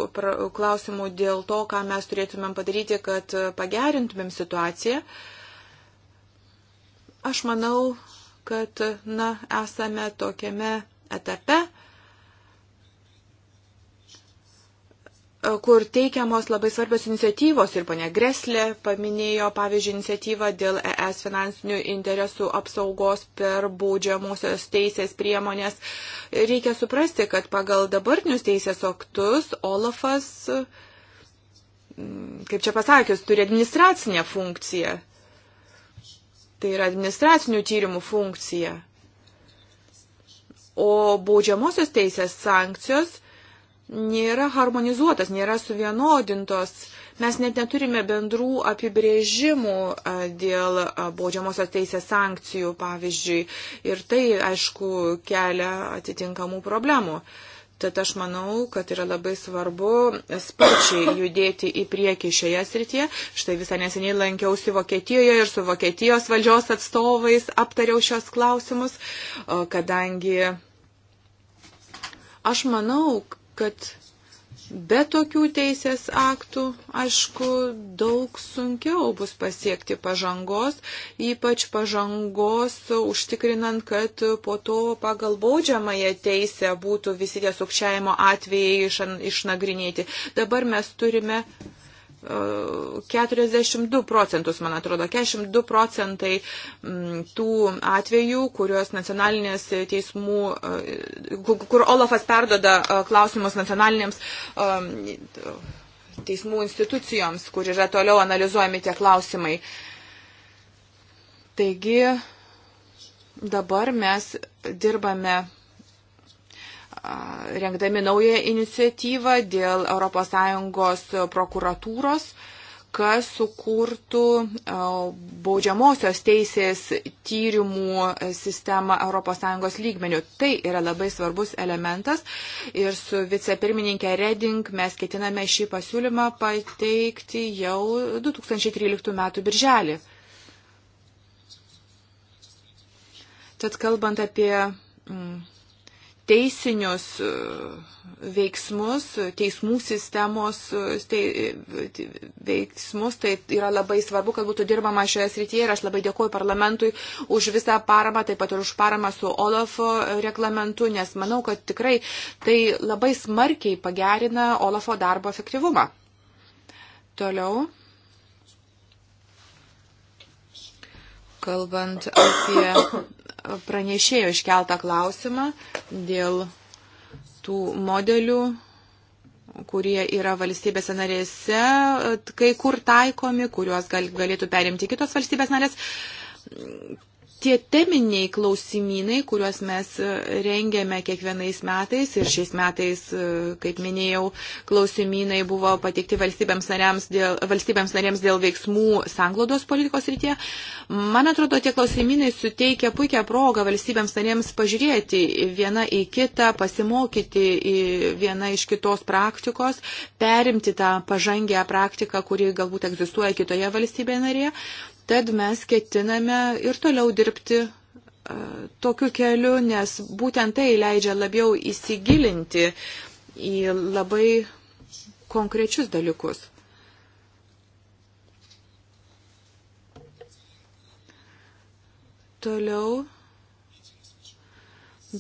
klausimų dėl to, ką mes turėtumėm padaryti, kad pagerintumėm situaciją. Uh, Aš manau, kad, na, esame tokiame etape, kur teikiamos labai svarbios iniciatyvos ir ponia Greslė paminėjo, pavyzdžiui, iniciatyvą dėl ES finansinių interesų apsaugos per baudžiamosios teisės priemonės. Reikia suprasti, kad pagal dabartinius teisės aktus Olafas, kaip čia pasakius, turi administracinę funkciją. Tai yra administracinių tyrimų funkcija. O baudžiamosios teisės sankcijos nėra harmonizuotas, nėra suvienodintos. Mes net neturime bendrų apibrėžimų dėl baudžiamosios teisės sankcijų, pavyzdžiui. Ir tai, aišku, kelia atitinkamų problemų. Uh, Tad aš manau, kad yra labai svarbu sparčiai judėti į priekį šioje srityje. Štai visą neseniai lankiausi Vokietijoje ir su Vokietijos valdžios atstovais aptariau šios klausimus, kadangi aš manau, kad Be tokių teisės aktų, aišku, daug sunkiau bus pasiekti pažangos, ypač pažangos užtikrinant, kad po to pagal baudžiamąją teisę būtų visi tie sukčiavimo atvejai išnagrinėti. Dabar mes turime 42 procentus, man atrodo, 42 procentai mm, tų atvejų, kuriuos nacionalinės teismų, e, kur Olafas perdoda e, klausimus nacionalinėms e, teismų institucijoms, kur yra toliau analizuojami tie klausimai. Taigi dabar mes dirbame rengdami naują iniciatyvą dėl ES prokuratūros, kas sukurtų baudžiamosios teisės tyrimų sistemą ES lygmenių. Tai yra labai svarbus elementas ir su vicepirmininkė Reding mes ketiname šį pasiūlymą pateikti jau 2013 m. birželį. Tad kalbant apie mm, teisinius e, veiksmus, teismų sistemos tai, veiksmus, tai yra labai svarbu, kad būtų dirbama šioje srityje ir aš labai dėkuoju parlamentui už visą paramą, taip pat ir už paramą su Olafo reglamentu, nes manau, kad tikrai tai labai smarkiai pagerina Olafo darbo efektyvumą. Toliau. Kalbant apie pranešėjo iškeltą klausimą dėl tų modelių, kurie yra valstybėse narėse, kai kur taikomi, kuriuos gal, galėtų perimti kitos valstybės narės tie teminiai klausimynai, kuriuos mes e, rengėme kiekvienais metais ir šiais metais, e, kaip minėjau, klausimynai buvo pateikti valstybėms, dėl, valstybėms narėms dėl veiksmų sanglodos politikos rytie. Man atrodo, tie klausimynai suteikia puikią progą valstybėms narėms pažiūrėti vieną į kitą, pasimokyti į vieną iš kitos praktikos, perimti tą pažangę praktiką, kuri galbūt egzistuoja kitoje valstybėje narėje. Tad mes ketiname ir toliau dirbti e, tokiu keliu, nes būtent tai leidžia labiau įsigilinti į labai konkrečius dalykus. Toliau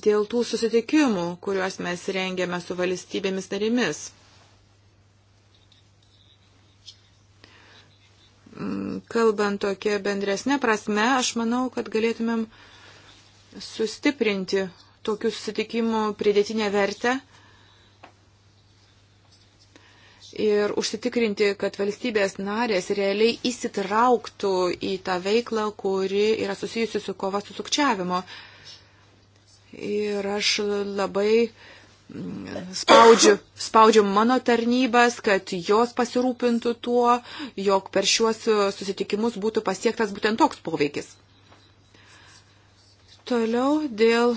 dėl tų susitikimų, kuriuos mes rengėme su valstybėmis narimis. Mm, kalbant tokia bendresnė prasme, aš manau, kad galėtumėm sustiprinti tokių susitikimų pridėtinę vertę ir užsitikrinti, kad valstybės narės realiai įsitrauktų į tą veiklą, kuri yra susijusi su kova su sukčiavimu. Ir aš labai uh, spaudžiu, spaudžiu mano tarnybas, kad jos pasirūpintų tuo, jog per šiuos susitikimus būtų pasiektas būtent toks poveikis. Toliau dėl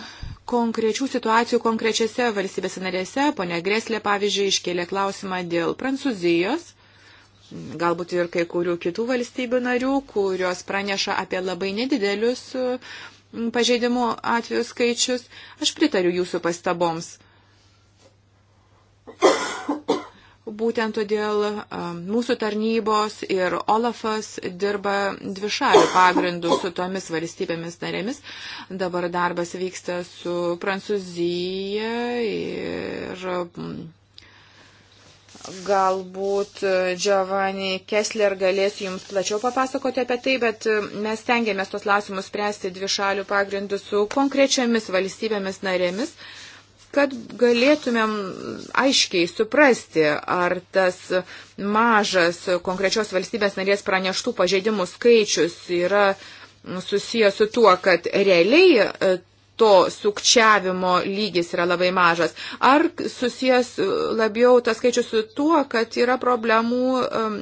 konkrečių situacijų konkrečiose valstybėse narėse, ponia Greslė pavyzdžiui iškėlė klausimą dėl Prancūzijos galbūt ir kai kurių kitų valstybių narių, kurios praneša apie labai nedidelius mm, pažeidimų atvejų skaičius. Aš pritariu jūsų pastaboms. Būtent todėl mūsų tarnybos ir Olafas dirba dvišalių pagrindų su tomis valstybėmis narėmis. Dabar darbas vyksta su Prancūzija ir galbūt e, Giovanni Kessler galės jums plačiau papasakoti apie tai, bet e, mes tengiamės tos klausimus spręsti dvišalių pagrindų su konkrečiamis valstybėmis narėmis. Uh, kad galėtumėm aiškiai suprasti, ar tas mažas konkrečios valstybės narės praneštų pažeidimų skaičius yra susijęs su tuo, kad realiai e, to sukčiavimo lygis yra labai mažas. Ar susijęs e, labiau tas skaičius su tuo, kad yra problemų um,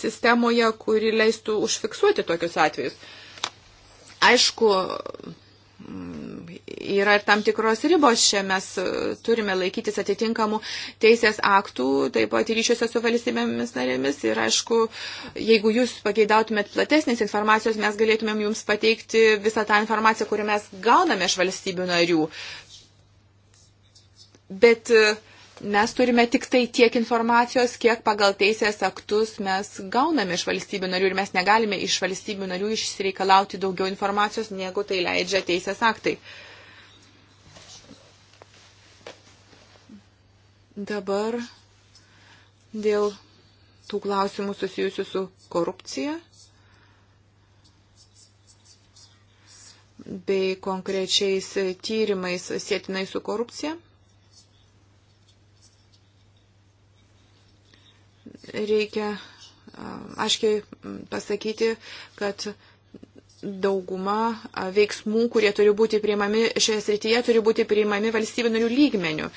sistemoje, kuri leistų užfiksuoti tokius atvejus? Aišku, Mm, yra ir tam tikros ribos čia, mes e, turime laikytis atitinkamų teisės aktų, taip pat ir ryšiuose su valstybėmis narėmis. Ir aišku, jeigu jūs pageidautumėt platesnės informacijos, mes galėtumėm jums pateikti visą tą informaciją, kurią mes gauname iš valstybių narių. Bet uh, mes turime tik tai tiek informacijos, kiek pagal teisės aktus mes gauname iš valstybių narių ir mes negalime iš valstybių narių išsireikalauti daugiau informacijos, negu tai leidžia teisės aktai. Dabar dėl tų klausimų susijusių su korupcija bei konkrečiais tyrimais sėtinai su korupcija. reikia aiškiai pasakyti, kad dauguma veiksmų, kurie turi būti priimami šioje srityje, turi būti priimami valstybinių lygmenių.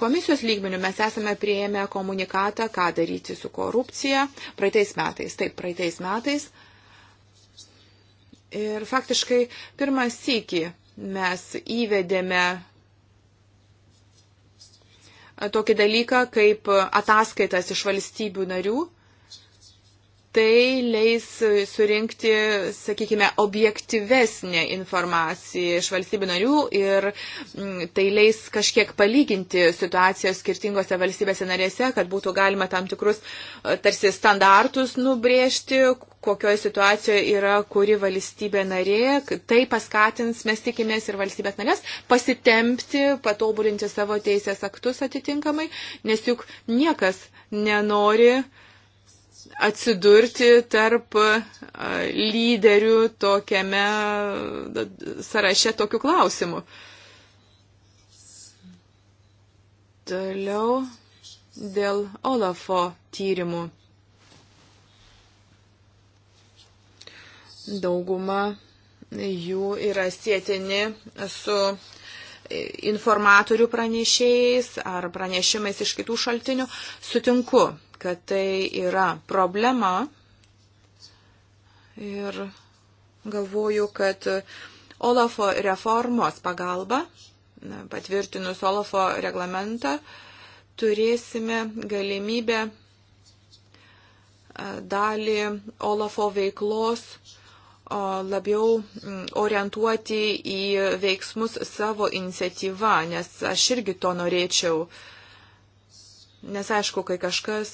Komisijos lygmenių mes esame prieėmę komunikatą, ką daryti su korupcija praeitais metais. Taip, praeitais metais. Ir faktiškai pirmą sykį mes įvedėme tokį dalyką kaip ataskaitas iš valstybių narių tai leis surinkti, sakykime, objektyvesnę informaciją iš valstybių narių ir mm, tai leis kažkiek palyginti situacijos skirtingose valstybėse narėse, kad būtų galima tam tikrus e, tarsi standartus nubrėžti, kokioje situacijoje yra kuri valstybė narė. Tai paskatins, mes tikimės, ir valstybės narės pasitempti, patobulinti savo teisės aktus atitinkamai, nes juk niekas nenori uh, atsidurti tarp lyderių tokiame sąraše tokių klausimų. Toliau dėl Olafo tyrimų. Dauguma jų yra sėtini su informatorių pranešėjais ar pranešimais iš kitų šaltinių. Sutinku, kad tai yra problema ir galvoju, kad Olafo reformos pagalba, patvirtinus Olafo reglamentą, turėsime galimybę dalį Olafo veiklos labiau orientuoti į veiksmus savo iniciatyvą, nes aš irgi to norėčiau. Uh, Nes aišku, kai kažkas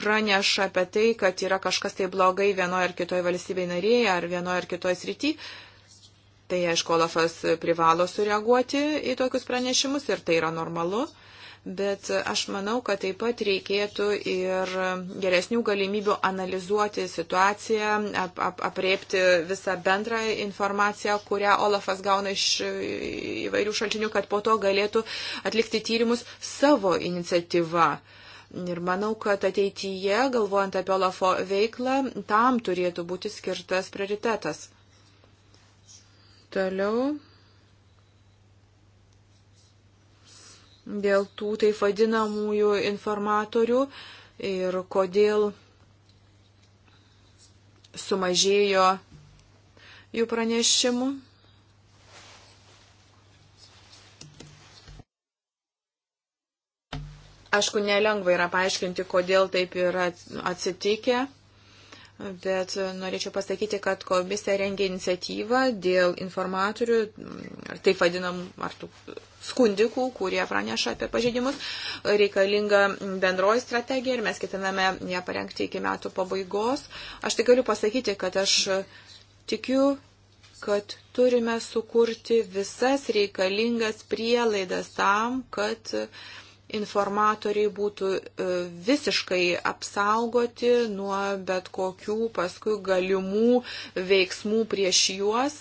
praneša apie tai, kad yra kažkas tai blogai vienoje ar kitoje valstybėje narėje ar vienoje ar kitoje srityje, tai aišku, Olafas privalo sureaguoti į tokius pranešimus ir tai yra normalu. Uh, bet aš manau, kad taip pat reikėtų ir geresnių galimybių analizuoti situaciją, ap, ap, apriepti visą bendrą informaciją, kurią Olafas gauna iš įvairių šaltinių, kad po to galėtų atlikti tyrimus savo iniciatyvą. Ir manau, kad ateityje, galvojant apie Olafo veiklą, tam turėtų būti skirtas prioritetas. Toliau. dėl tų taip vadinamųjų informatorių ir kodėl sumažėjo jų pranešimų. Aišku, nelengva yra paaiškinti, kodėl taip yra atsitikę. Bet norėčiau pasakyti, kad komisija rengia iniciatyvą dėl informatorių, ar taip vadinam, ar tų skundikų, kurie praneša apie pažeidimus, reikalinga bendroji strategija ir mes ketiname ją parengti iki metų pabaigos. Aš tik galiu pasakyti, kad aš tikiu, kad turime sukurti visas reikalingas prielaidas tam, kad uh, informatoriai būtų e, visiškai apsaugoti nuo bet kokių paskui galimų veiksmų prieš juos.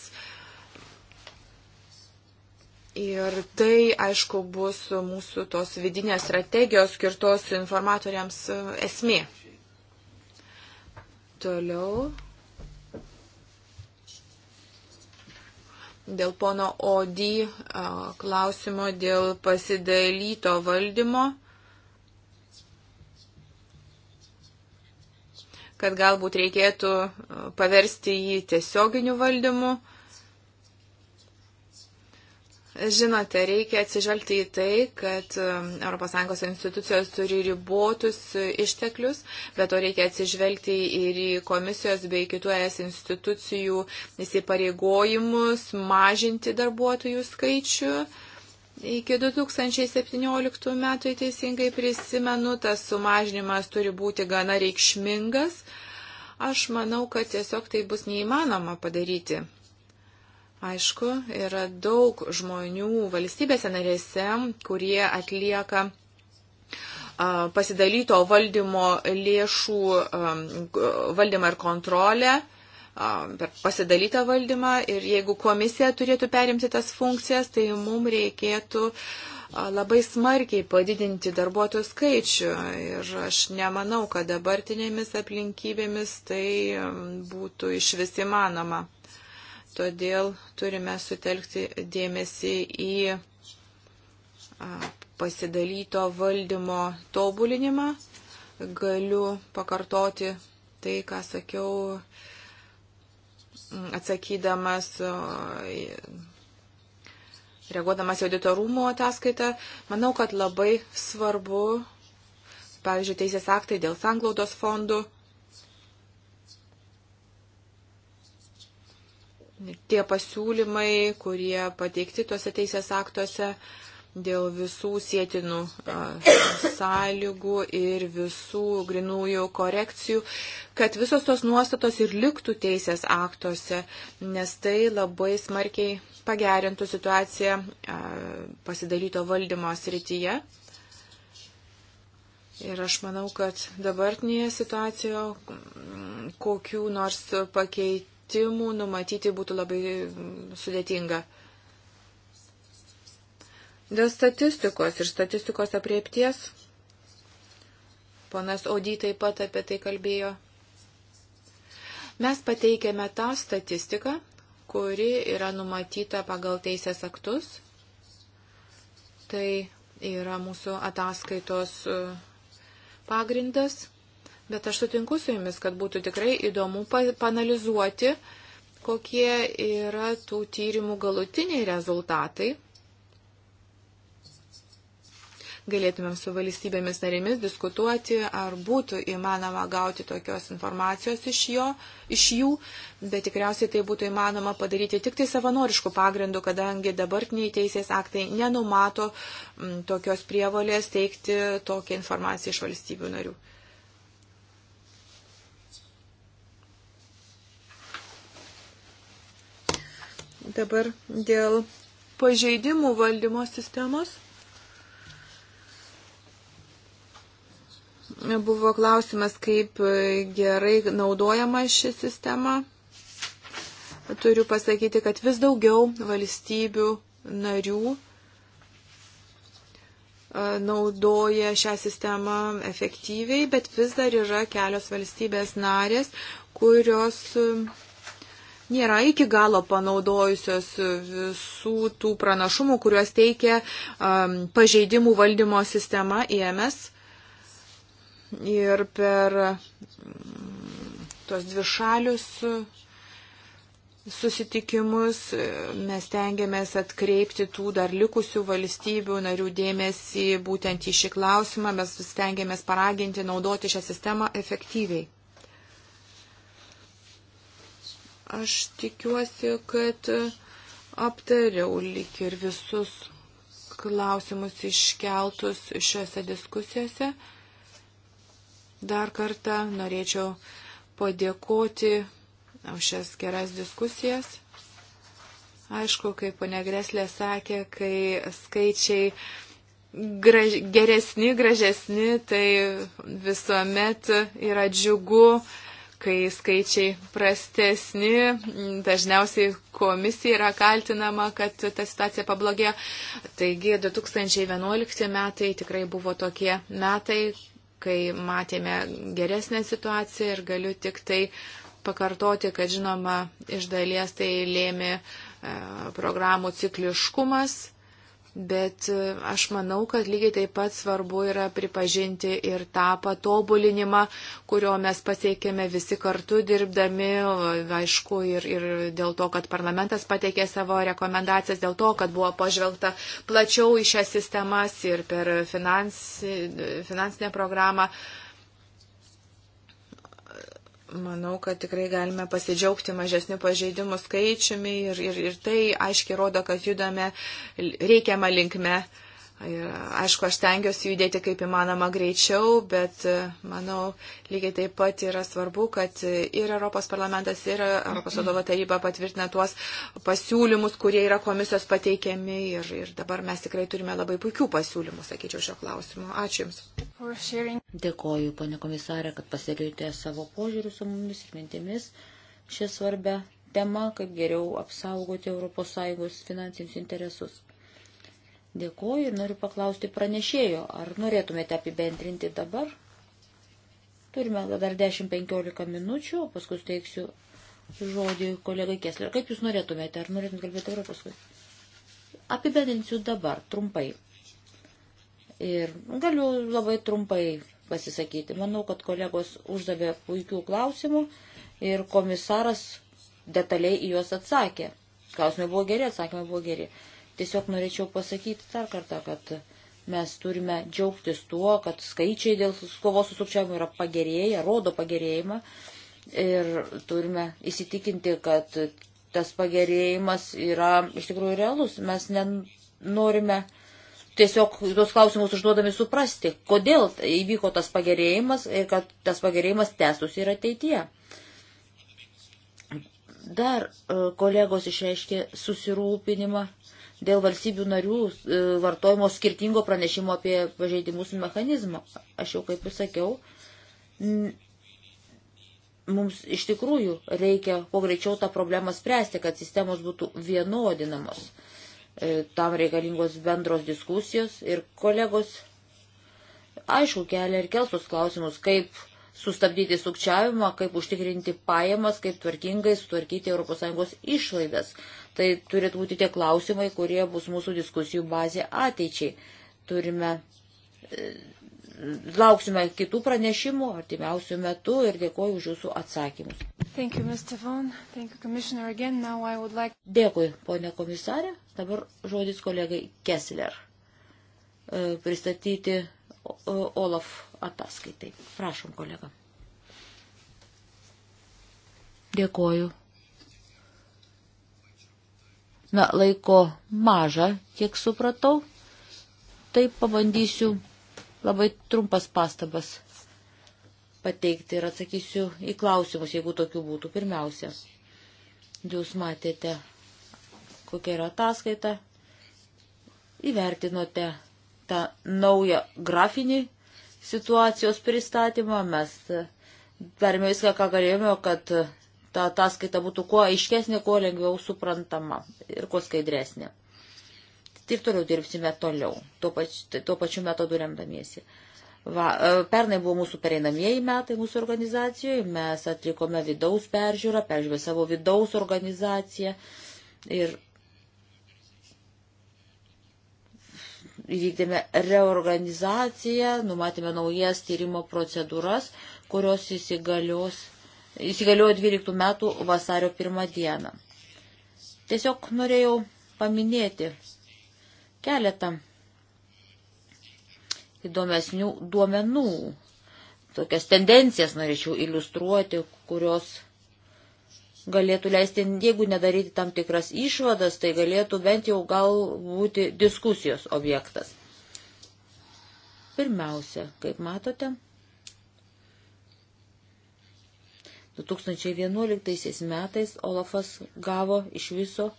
Ir tai, aišku, bus mūsų tos vidinės strategijos skirtos informatoriams e, esmė. Toliau dėl pono Odį klausimo dėl pasidalyto valdymo, kad galbūt reikėtų paversti jį tiesioginiu valdymu. Žinote, reikia atsižvelgti į tai, kad um, ES institucijos turi ribotus uh, išteklius, bet to reikia atsižvelgti ir į komisijos bei kitų ES institucijų įsipareigojimus mažinti darbuotojų skaičių. Iki 2017 metų, teisingai prisimenu, tas sumažinimas turi būti gana reikšmingas. Aš manau, kad tiesiog tai bus neįmanoma padaryti. Aišku, yra daug žmonių valstybėse narėse, kurie atlieka pasidalyto valdymo lėšų valdymą ir kontrolę per pasidalytą valdymą ir jeigu komisija turėtų perimti tas funkcijas, tai mums reikėtų labai smarkiai padidinti darbuotojų skaičių ir aš nemanau, kad dabartinėmis aplinkybėmis tai būtų iš vis įmanoma. Todėl turime sutelkti dėmesį į pasidalyto valdymo tobulinimą. Galiu pakartoti tai, ką sakiau atsakydamas, reaguodamas į auditorumo ataskaitą. Manau, kad labai svarbu, pavyzdžiui, teisės aktai dėl sanglaudos fondų tie pasiūlymai, kurie pateikti tuose teisės aktuose dėl visų sėtinų sąlygų ir visų grinųjų korekcijų, kad visos tos nuostatos ir liktų teisės aktuose, nes tai labai smarkiai pagerintų situaciją pasidaryto valdymo srityje. Ir aš manau, kad dabartinėje situacijoje kokių nors pakeit pakeitimų numatyti būtų labai mm, sudėtinga. Dėl statistikos ir statistikos apriepties, ponas Audy taip pat apie tai kalbėjo, mes pateikėme tą statistiką, kuri yra numatyta pagal teisės aktus. Tai yra mūsų ataskaitos e, pagrindas. Bet aš sutinku su jumis, kad būtų tikrai įdomu panalizuoti, kokie yra tų tyrimų galutiniai rezultatai. Galėtumėm su valstybėmis narėmis diskutuoti, ar būtų įmanoma gauti tokios informacijos iš, jo, iš jų, bet tikriausiai tai būtų įmanoma padaryti tik tai savanoriškų pagrindų, kadangi dabartiniai teisės aktai nenumato m, mm, tokios prievolės teikti tokią informaciją iš valstybių narių. Dabar dėl pažeidimų valdymo sistemos. Buvo klausimas, kaip gerai naudojama ši sistema. Turiu pasakyti, kad vis daugiau valstybių narių e, naudoja šią sistemą efektyviai, bet vis dar yra kelios valstybės narės, kurios nėra iki galo panaudojusios visų tų pranašumų, kuriuos teikia um, pažeidimų valdymo sistema IMS. Ir per mm, tuos dvišalius susitikimus e, mes tengiamės atkreipti tų dar likusių valstybių narių dėmesį būtent į šį klausimą, mes stengiamės paraginti naudoti šią sistemą efektyviai. Aš tikiuosi, kad aptariau lik ir visus klausimus iškeltus šiuose diskusijose. Dar kartą norėčiau padėkoti už šias geras diskusijas. Aišku, kaip ponia Greslė sakė, kai skaičiai graž, geresni, gražesni, tai visuomet yra džiugu kai skaičiai prastesni, dažniausiai komisija yra kaltinama, kad ta situacija pablogėjo. Taigi 2011 metai tikrai buvo tokie metai, kai matėme geresnę situaciją ir galiu tik tai pakartoti, kad žinoma, iš dalies tai lėmė e, programų cikliškumas Bet e, aš manau, kad lygiai taip pat svarbu yra pripažinti ir tą patobulinimą, kurio mes pasiekėme visi kartu dirbdami, aišku, ir, ir dėl to, kad parlamentas pateikė savo rekomendacijas, dėl to, kad buvo pažvelgta plačiau į šias sistemas ir per finans, finansinę programą. Uh, Manau, kad tikrai galime pasidžiaugti mažesnių pažeidimų skaičiumi ir, ir, ir tai aiškiai rodo, kad judame reikiamą linkme. Aišku, aš tengiuosi judėti kaip įmanoma greičiau, bet e, manau, lygiai taip pat yra svarbu, kad ir Europos parlamentas, ir Europos vadovo taryba patvirtina tuos pasiūlymus, kurie yra komisijos pateikiami. Ir, ir dabar mes tikrai turime labai puikių pasiūlymų, sakyčiau, šio klausimu. Ačiū Jums. Dėkoju, ponė komisarė, kad pasidalėjote savo požiūrį su mumis ir mintimis šią svarbę temą, kaip geriau apsaugoti ES finansinius interesus. Dėkuoju ir noriu paklausti pranešėjo, ar norėtumėte apibendrinti dabar? Turime dar 10-15 minučių, paskui teiksiu žodį kolegai Kesler. Kaip jūs norėtumėte, ar norėtumėte kalbėti dabar paskui? Apibendrinsiu dabar, trumpai. Ir galiu labai trumpai pasisakyti. Manau, kad kolegos uždavė puikių klausimų ir komisaras detaliai į juos atsakė. Klausimai buvo geri, atsakymai buvo geri. Tiesiog norėčiau pasakyti dar kartą, kad mes turime džiaugtis tuo, kad skaičiai dėl kovos su sukčiavimu yra pagerėję, rodo pagerėjimą ir turime įsitikinti, kad tas pagerėjimas yra iš tikrųjų realus. Mes norime tiesiog tuos klausimus užduodami suprasti, kodėl įvyko tas pagerėjimas ir kad tas pagerėjimas tęstusi ir ateityje. Dar e, kolegos išreiškė susirūpinimą dėl valstybių narių e, vartojimo skirtingo pranešimo apie pažeidimus mechanizmo. Aš jau kaip ir sakiau, mums iš tikrųjų reikia kuo greičiau tą problemą spręsti, kad sistemos būtų vienodinamos. E, tam reikalingos bendros diskusijos ir kolegos, aišku, kelia ir kelsus klausimus, kaip sustabdyti sukčiavimą, kaip užtikrinti pajamas, kaip tvarkingai sutvarkyti ES išlaidas. Tai turėtų būti tie klausimai, kurie bus mūsų diskusijų bazė ateičiai. Turime, e, lauksime kitų pranešimų artimiausių metų ir dėkoju už jūsų atsakymus. Thank you, Thank you, Again, like... Dėkui, ponė komisarė. Dabar žodis kolegai Kessler e, pristatyti e, Olaf ataskaitai. Prašom, kolega. Dėkoju. Na, laiko maža, kiek supratau. Tai pabandysiu labai trumpas pastabas pateikti ir atsakysiu į klausimus, jeigu tokių būtų. Pirmiausia, jūs matėte, kokia yra ataskaita, įvertinote tą naują grafinį situacijos pristatymą, mes darėme viską, ką galėjome, kad ta ataskaita būtų kuo aiškesnė, kuo lengviau suprantama ir kuo skaidresnė. Ir toliau dirbsime toliau, tuo, pač, tuo pačiu metodu remdamiesi. Va, e, pernai buvo mūsų pereinamieji metai mūsų organizacijoje, mes atlikome vidaus peržiūrą, peržiūrė savo vidaus organizaciją ir įvykdėme reorganizaciją, numatėme naujas tyrimo procedūras, kurios įsigalios įsigaliojo 12 metų vasario 1 dieną. Tiesiog norėjau paminėti keletą įdomesnių duomenų. Tokias tendencijas norėčiau iliustruoti, kurios galėtų leisti, jeigu nedaryti tam tikras išvadas, tai galėtų bent jau gal būti diskusijos objektas. Pirmiausia, kaip matote, 2011 metais Olafas gavo iš viso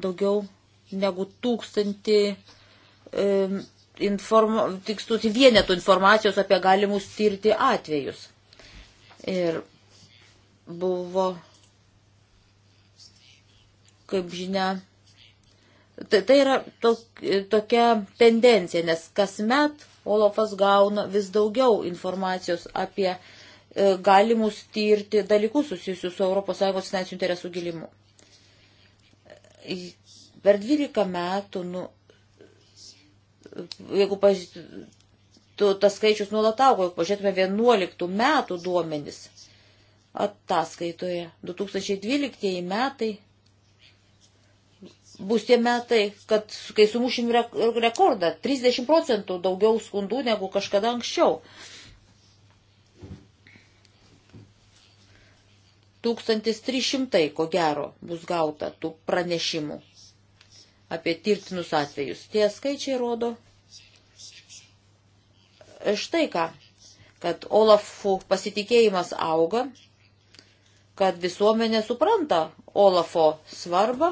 daugiau negu tūkstantį e, informa, tikstusi vienetų informacijos apie galimus tirti atvejus. Ir buvo, kaip žinia, tai, tai yra tok, tokia tendencija, nes kasmet Olofas gauna vis daugiau informacijos apie E, galimus tirti dalykus susijusius su ES finansinių interesų gilimu. E, per 12 metų, nu, jeigu paž... tu, tas skaičius nuolat augo, jeigu pažiūrėtume 11 metų duomenis ataskaitoje, 2012 metai bus tie metai, kad kai sumušim rekordą, 30 procentų daugiau skundų negu kažkada anksčiau. 1300, ko gero, bus gauta tų pranešimų apie tirtinus atvejus. Tie skaičiai rodo štai ką, kad Olafų pasitikėjimas auga, kad visuomenė supranta Olafo svarbą,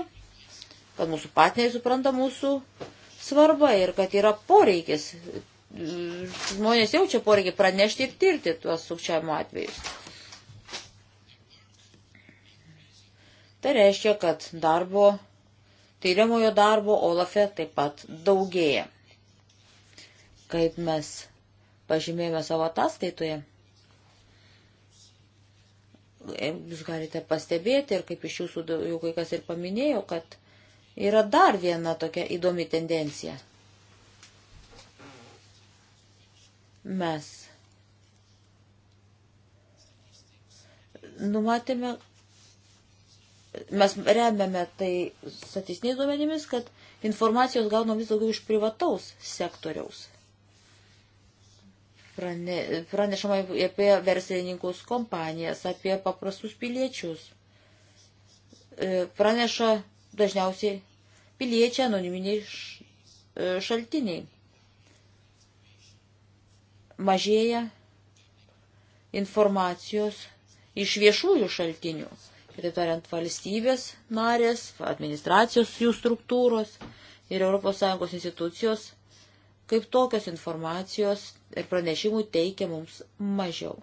kad mūsų partneriai supranta mūsų svarbą ir kad yra poreikis. Žmonės jaučia poreikį pranešti ir tirti tuos sukčiavimo atvejus. Tai reiškia, kad darbo, tyriamojo darbo Olafe taip pat daugėja. Kaip mes pažymėjome savo ataskaitoje, jūs galite pastebėti ir kaip iš jūsų jau kai kas ir paminėjo, kad yra dar viena tokia įdomi tendencija. Mes numatėme, mes remiame tai statistiniais duomenimis, kad informacijos gaunam vis daugiau iš privataus sektoriaus. Prane, pranešama apie verslininkus kompanijas, apie paprastus piliečius. E, praneša dažniausiai piliečiai anoniminiai e, šaltiniai. Mažėja informacijos iš viešųjų šaltinių kitaip tariant, valstybės narės, administracijos jų struktūros ir ES institucijos, kaip tokios informacijos ir pranešimų teikia mums mažiau.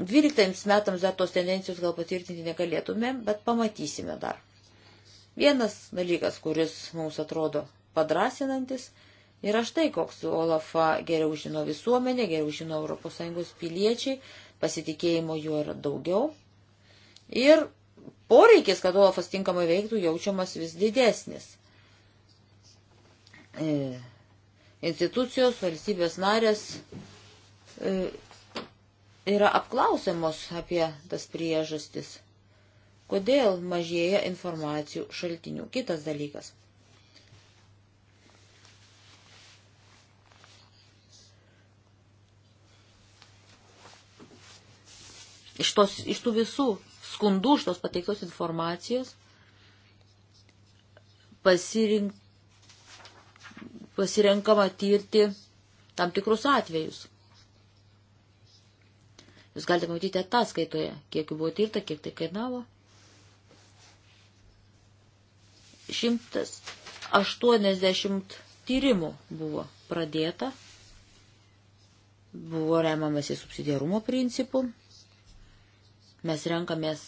12 metams dar tos tendencijos gal patvirtinti negalėtume, bet pamatysime dar. Vienas dalykas, kuris mums atrodo padrasinantis, yra štai koks Olafa geriau žino visuomenė, geriau žino ES piliečiai, pasitikėjimo juo yra daugiau, Ir poreikis, kad Olafas tinkamai veiktų, jaučiamas vis didesnis. E, institucijos, valstybės narės e, yra apklausiamos apie tas priežastis. Kodėl mažėja informacijų šaltinių? Kitas dalykas. Iš, tos, iš tų visų skundų už tos pateiktos informacijos pasirink, pasirenkama tirti tam tikrus atvejus. Jūs galite matyti ataskaitoje, kiek buvo tirta, kiek tai kainavo. 180 tyrimų buvo pradėta, buvo remiamasi subsidiarumo principu. Mes renkamės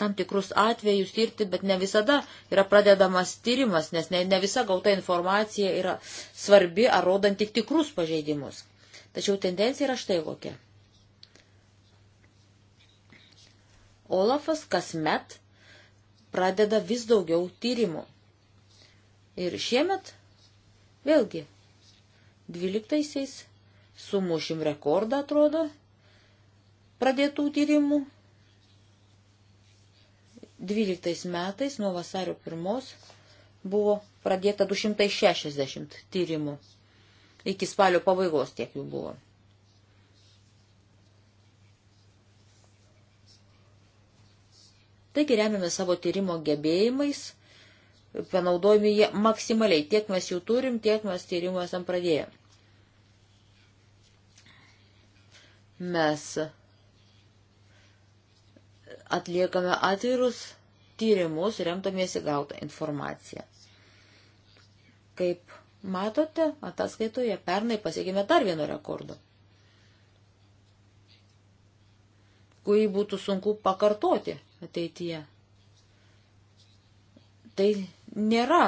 tam tikrus atvejus tirti, bet ne visada yra pradedamas tyrimas, nes ne, ne visa gauta informacija yra svarbi ar rodant tik tikrus pažeidimus. Tačiau tendencija yra štai kokia. Olafas kasmet pradeda vis daugiau tyrimų. Ir šiemet, vėlgi, 12 sumušim rekordą, atrodo, pradėtų tyrimų. 12 metais nuo vasario 1 buvo pradėta 260 tyrimų. Iki spalio pabaigos tiek jų buvo. Taigi remiame savo tyrimo gebėjimais, panaudojami jie maksimaliai, tiek mes jų turim, tiek mes tyrimų esam pradėję. Mes atliekame atvirus tyrimus, remdamiesi gautą informaciją. Kaip matote, ataskaitoje pernai pasiekime dar vieno rekordo, kurį būtų sunku pakartoti ateityje. Tai nėra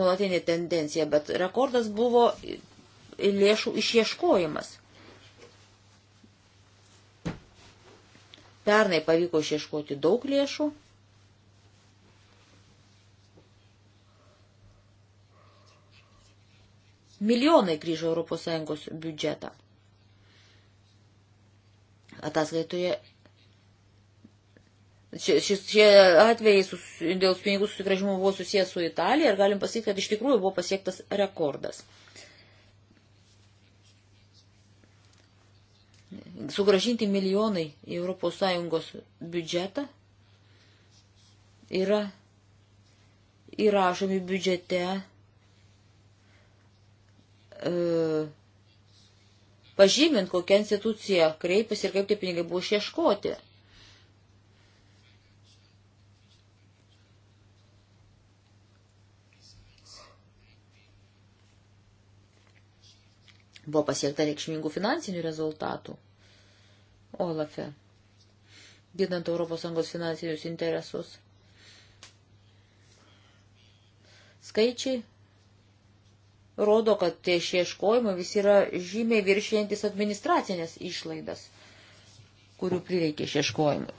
nuolatinė tendencija, bet rekordas buvo lėšų išieškojimas. Pernai pavyko išieškoti daug lėšų. Milijonai grįžo Europos Sąjungos biudžetą. Ataskaitoje Šis, šie atvejai sus, dėl pinigų susigražimo buvo susijęs su Italija ir galim pasakyti, kad iš tikrųjų buvo pasiektas rekordas. sugražinti milijonai į ES biudžetą yra įrašomi biudžete e, pažymint, kokią instituciją kreipiasi ir kaip tie pinigai buvo išieškoti. Buvo pasiekta reikšmingų finansinių rezultatų. Olafe, ginant ES finansinius interesus. Skaičiai rodo, kad tie išieškojimai vis yra žymiai viršijantis administracinės išlaidas, kurių prireikia išieškojimui.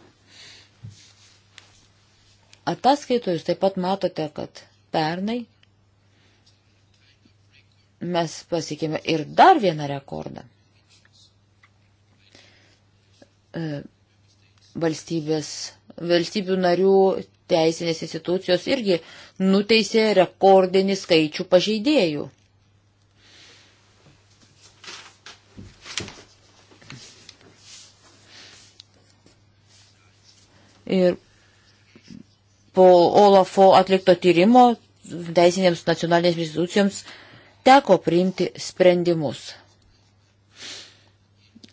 Ataskaitoje jūs taip pat matote, kad pernai mes pasiekėme ir dar vieną rekordą. E, valstybės, valstybių narių teisinės institucijos irgi nuteisė rekordinį skaičių pažeidėjų. Ir po Olafo atlikto tyrimo teisinėms nacionalinėms institucijoms teko priimti sprendimus.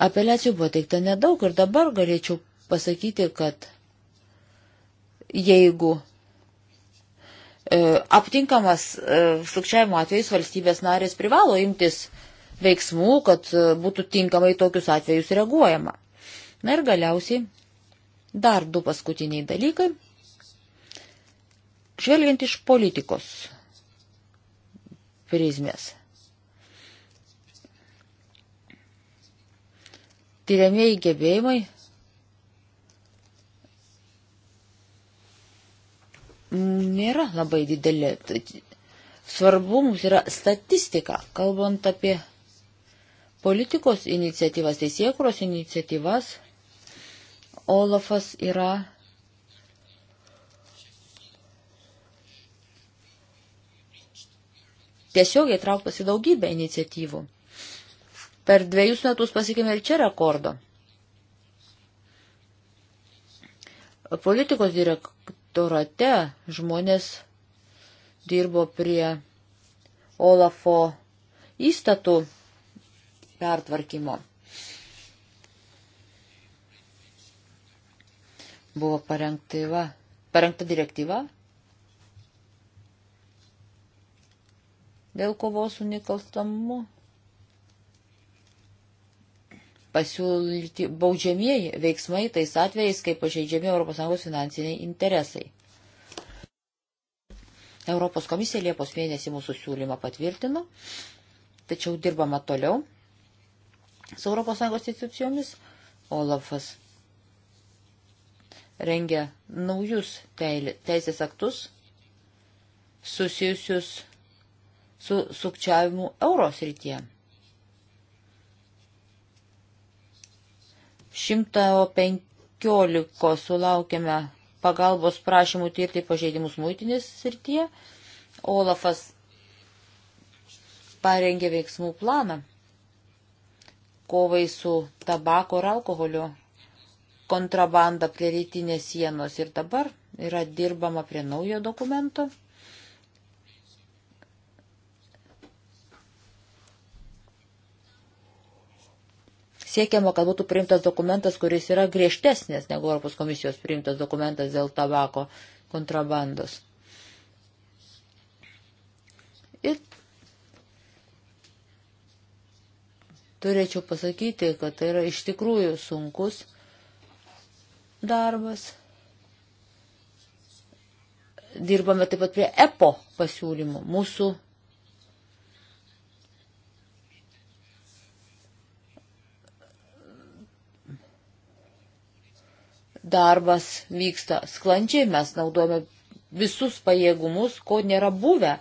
Apeliacijų buvo teikta nedaug ir dabar galėčiau pasakyti, kad jeigu e, aptinkamas e, sukčiavimo atvejais valstybės narės privalo imtis veiksmų, kad e, būtų tinkamai tokius atvejus reaguojama. Na ir galiausiai dar du paskutiniai dalykai. Žvelgiant iš politikos prizmės. tyriamieji gebėjimai nėra labai didelė. Svarbu mums yra statistika, kalbant apie politikos iniciatyvas, teisėkuros iniciatyvas. Olafas yra tiesiog įtrauktas į daugybę iniciatyvų. Per dviejus metus pasiekėme ir čia rekordą. Politikos direktorate žmonės dirbo prie Olafo įstatų pertvarkymo. Buvo parengtyva, parengta direktyva dėl kovos su nikalstamu pasiūlyti baudžiamieji veiksmai tais atvejais, kai pažeidžiami ES finansiniai interesai. Europos komisija Liepos mėnesį mūsų siūlymą patvirtino, tačiau dirbama toliau su ES institucijomis. Olafas rengia naujus teisės aktus susijusius su sukčiavimu euros rytiem. 115 sulaukėme pagalbos prašymų tirti pažeidimus muitinės srityje. Olafas parengė veiksmų planą kovai su tabako ir alkoholio kontrabanda prie rytinės sienos ir dabar yra dirbama prie naujo dokumento siekiama, kad būtų priimtas dokumentas, kuris yra griežtesnis negu Europos komisijos priimtas dokumentas dėl tabako kontrabandos. Ir turėčiau pasakyti, kad tai yra iš tikrųjų sunkus darbas. Dirbame taip pat prie EPO pasiūlymų. Mūsų darbas vyksta sklandžiai, mes naudojame visus pajėgumus, ko nėra buvę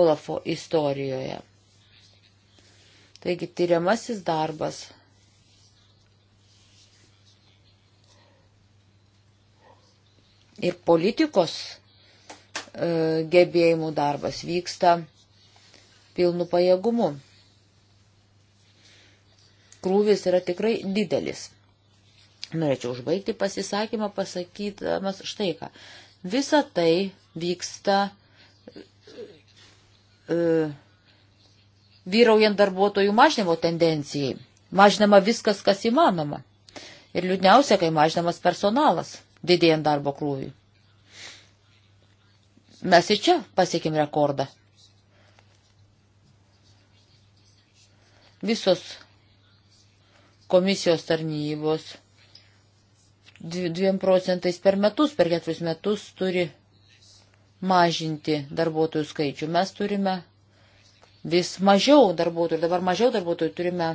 Olafo istorijoje. Taigi tyriamasis darbas. Ir politikos e, gebėjimų darbas vyksta pilnu pajėgumu. Krūvis yra tikrai didelis. Norėčiau užbaigti pasisakymą pasakydamas štai ką. Visa tai vyksta e, vyraujant darbuotojų mažinimo tendencijai. Mažinama viskas, kas įmanoma. Ir liūdniausia, kai mažinamas personalas, didėjant darbo krūviui. Mes ir čia pasiekim rekordą. Visos komisijos tarnybos 2 procentais per metus, per keturis metus turi mažinti darbuotojų skaičių. Mes turime vis mažiau darbuotojų ir dabar mažiau darbuotojų turime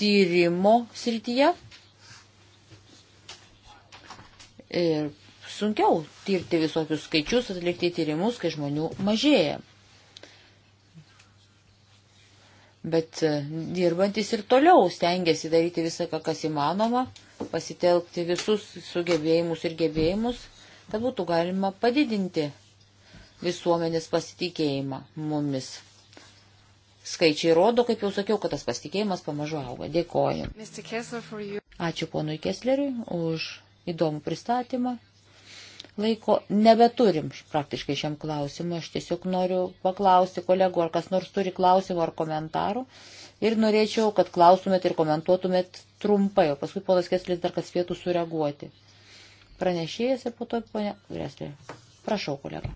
tyrimo srityje. Ir sunkiau tirti visokius skaičius, atlikti tyrimus, kai žmonių mažėja. Bet e, dirbantis ir toliau stengiasi daryti visą, kas įmanoma pasitelkti visus sugebėjimus ir gebėjimus, kad būtų galima padidinti visuomenės pasitikėjimą mumis. Skaičiai rodo, kaip jau sakiau, kad tas pasitikėjimas pamažu auga. Dėkoju. Ačiū ponui Kessleriui už įdomų pristatymą. Laiko nebeturim praktiškai šiam klausimui. Aš tiesiog noriu paklausti kolegų, ar kas nors turi klausimų ar komentarų. Ir norėčiau, kad klaustumėt ir komentuotumėt trumpai, o paskui ponas Keslis dar kas vietų sureaguoti. Pranešėjas ir po to ponia Greslė. Prašau, kolega.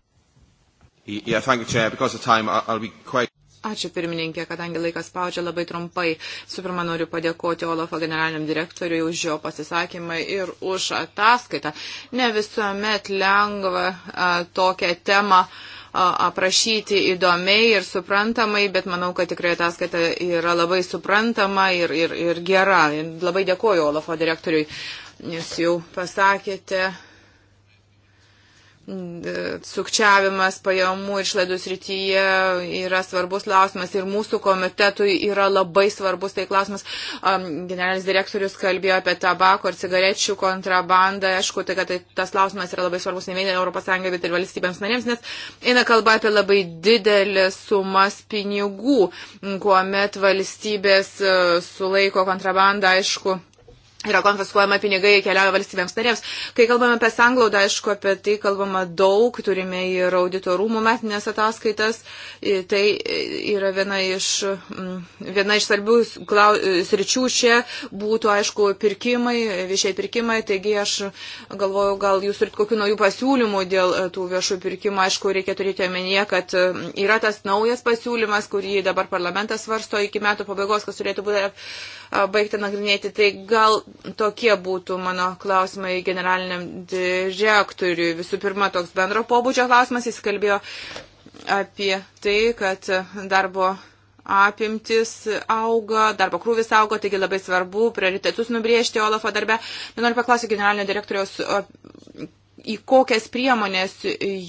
Yeah, thank you, Chair. Because of time, I'll be quite... Ačiū pirmininkė, kadangi laikas spaudžia labai trumpai. Su pirma, noriu padėkoti Olafo generaliniam direktoriui už jo pasisakymą ir už ataskaitą. Ne visuomet lengva a, tokią temą a, aprašyti įdomiai ir suprantamai, bet manau, kad tikrai ataskaita yra labai suprantama ir, ir, ir gera. Labai dėkoju Olafo direktoriui, nes jau pasakėte sukčiavimas pajamų išlaidų srityje yra svarbus klausimas ir mūsų komitetui yra labai svarbus tai klausimas. Generalinis direktorius kalbėjo apie tabako ir cigarečių kontrabandą. Aišku, tai kad tai, tas klausimas yra labai svarbus ne vien Europos Sąjungai, bet ir valstybėms narėms, nes eina kalba apie labai didelės sumas pinigų, kuomet valstybės e, sulaiko kontrabandą, aišku yra konfiskuojama pinigai, keliauja valstybėms narėms. Kai kalbame apie sanglaudą, aišku, apie tai kalbama daug, turime ir auditorumų metinės ataskaitas. Tai e, yra viena iš, mm, viena iš svarbių e, sričių čia būtų, aišku, pirkimai, viešiai pirkimai. Taigi aš galvoju, gal jūs turite kokių naujų pasiūlymų dėl e, tų viešų pirkimų. Aišku, reikia turėti omenyje, kad yra tas naujas pasiūlymas, kurį dabar parlamentas svarsto iki metų pabaigos, kas turėtų būti baigti nagrinėti. Tai gal tokie būtų mano klausimai generaliniam direktoriui. Visų pirma, toks bendro pobūdžio klausimas. Jis kalbėjo apie tai, kad darbo apimtis auga, darbo krūvis auga, taigi labai svarbu prioritetus nubriežti Olafo darbe. Noriu paklausyti generalinio direktoriaus į kokias priemonės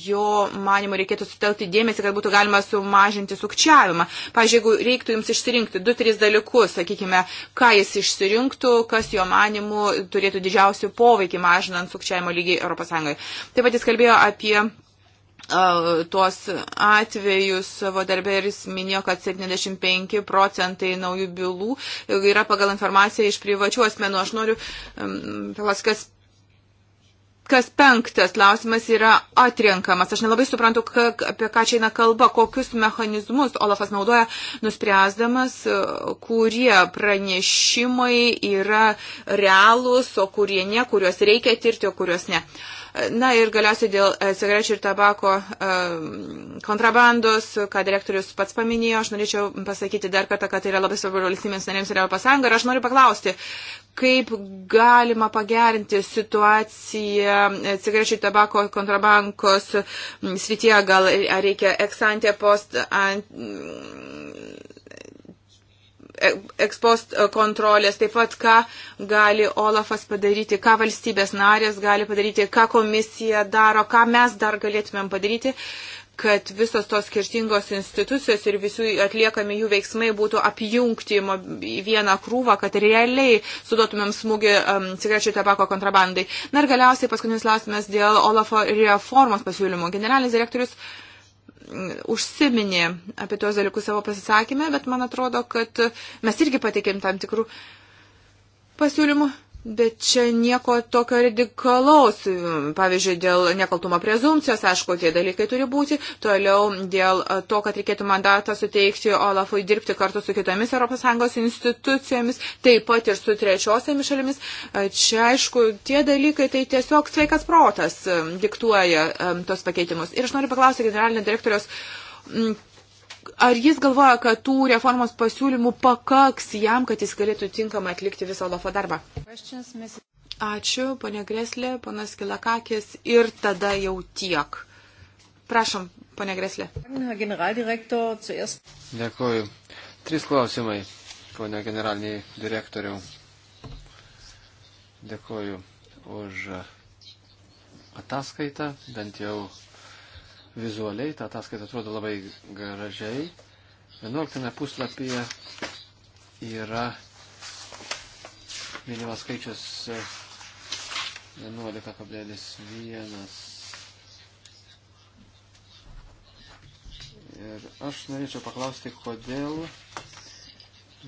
jo manimo reikėtų sutelkti dėmesį, kad būtų galima sumažinti sukčiavimą. Pavyzdžiui, jeigu reiktų jums išsirinkti du, tris dalykus, sakykime, ką jis išsirinktų, kas jo manimu turėtų didžiausių poveikį mažinant sukčiavimo lygį ES. Taip pat jis kalbėjo apie tuos atvejus savo darbę ir jis minėjo, kad 75 procentai naujų bylų yra pagal informaciją iš privačių asmenų. Aš noriu, um, kas kas penktas klausimas yra atrenkamas. Aš nelabai suprantu, kak, apie ką čia eina kalba, kokius mechanizmus Olafas naudoja, nuspręsdamas, kurie pranešimai yra realūs, o kurie ne, kuriuos reikia tirti, o kuriuos ne. Uh, Na ir galiausiai dėl e, cigarečių ir tabako e, kontrabandos, ką direktorius pats paminėjo, aš norėčiau pasakyti dar kartą, kad tai yra labai svarbu valstybėms narėms ir Europos Sąjunga. Ir aš noriu paklausti, kaip galima pagerinti situaciją e, cigarečių ir tabako kontrabankos srityje, gal reikia eksantė post ant ekspost e, kontrolės, taip pat ką gali Olafas padaryti, ką valstybės narės gali padaryti, ką komisija daro, ką mes dar galėtumėm padaryti kad visos tos skirtingos institucijos ir visų atliekami jų veiksmai būtų apjungti į vieną krūvą, kad realiai sudotumėm smūgį um, cigarečių tabako kontrabandai. Na ir galiausiai paskutinis klausimas dėl Olafo reformos pasiūlymų. Generalinis direktorius uh, užsiminė apie tuos dalykus savo pasisakymę, bet man atrodo, kad mes irgi pateikėm tam tikrų pasiūlymų. Bet čia nieko tokio radikalaus. Pavyzdžiui, dėl nekaltumo prezumcijos, aišku, tie dalykai turi būti. Toliau dėl e, to, kad reikėtų mandatą suteikti Olafui dirbti kartu su kitomis ES institucijomis, taip pat ir su trečiosiamis šalimis. E, čia, aišku, tie dalykai tai tiesiog sveikas protas e, diktuoja tos pakeitimus. Ir aš noriu paklausyti generalinio direktorios Ar jis galvoja, kad tų reformos pasiūlymų pakaks jam, kad jis galėtų tinkamai atlikti visą Olofo darbą? Ačiū, ponė Greslė, ponas Kilakakis ir tada jau tiek. Prašom, ponė Greslė. Dėkuoju. Trys klausimai, ponė generaliniai direktoriau. Dėkuoju už ataskaitą, bent jau vizualiai, ta ataskaita atrodo labai gražiai. 11 puslapyje yra minimas skaičius 11,1. Ir aš norėčiau paklausti, kodėl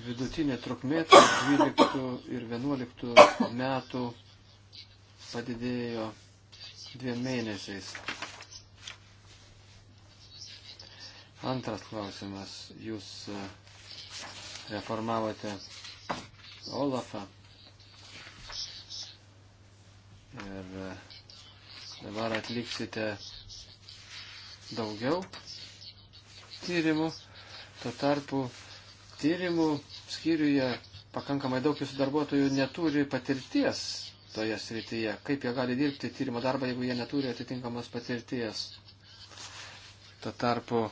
vidutinė trukmė 12 ir 11 metų padidėjo dviem mėnesiais. Antras klausimas. Jūs e, reformavote Olafą ir e, dabar atliksite daugiau tyrimų. Tuo tarpu tyrimų skyriuje pakankamai daug jūsų darbuotojų neturi patirties toje srityje. Kaip jie gali dirbti tyrimo darbą, jeigu jie neturi atitinkamos patirties. Tuo tarpu uh,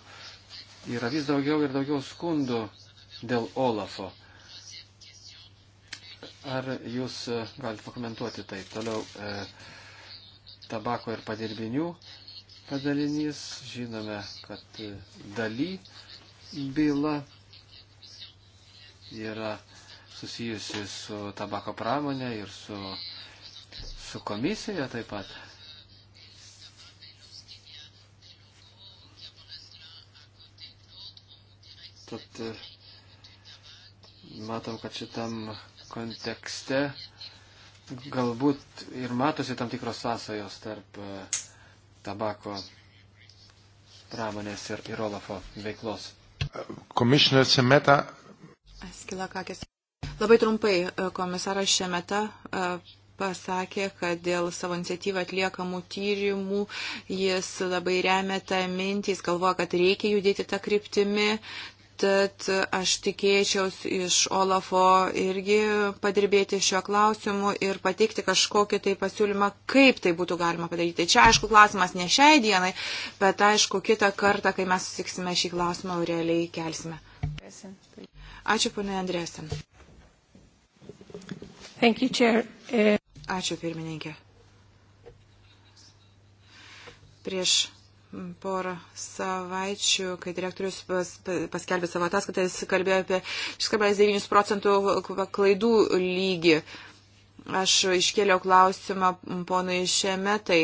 yra vis daugiau ir daugiau skundų dėl Olafo. Ar jūs e, galite pakomentuoti tai? Toliau e, tabako ir padirbinių padalinys. Žinome, kad e, daly byla yra susijusi su tabako pramonė ir su, su komisija taip pat. Tad e, matom, kad šitam kontekste galbūt ir matosi tam tikros sąsajos tarp e, tabako pramonės ir, ir Olafo veiklos. Komisijos semeta. Skilakakis. Labai trumpai e, komisaras Šemeta pasakė, kad dėl savo iniciatyvą atliekamų tyrimų jis labai remia tą mintį, jis galvoja, kad reikia judėti tą kryptimį, Tad aš tikėčiaus iš Olafo irgi padirbėti šio klausimu ir pateikti kažkokį tai pasiūlymą, kaip tai būtų galima padaryti. Čia, aišku, klausimas ne šiai dienai, bet, aišku, kitą kartą, kai mes susiksime šį klausimą, realiai kelsime. Ačiū, ponai Andresen. Ačiū, pirmininkė. Prieš porą savaičių, kai direktorius pas, paskelbė savo ataskaitą, jis kalbėjo apie 6,9 procentų klaidų lygį. Aš iškėliau klausimą ponui Šemetai,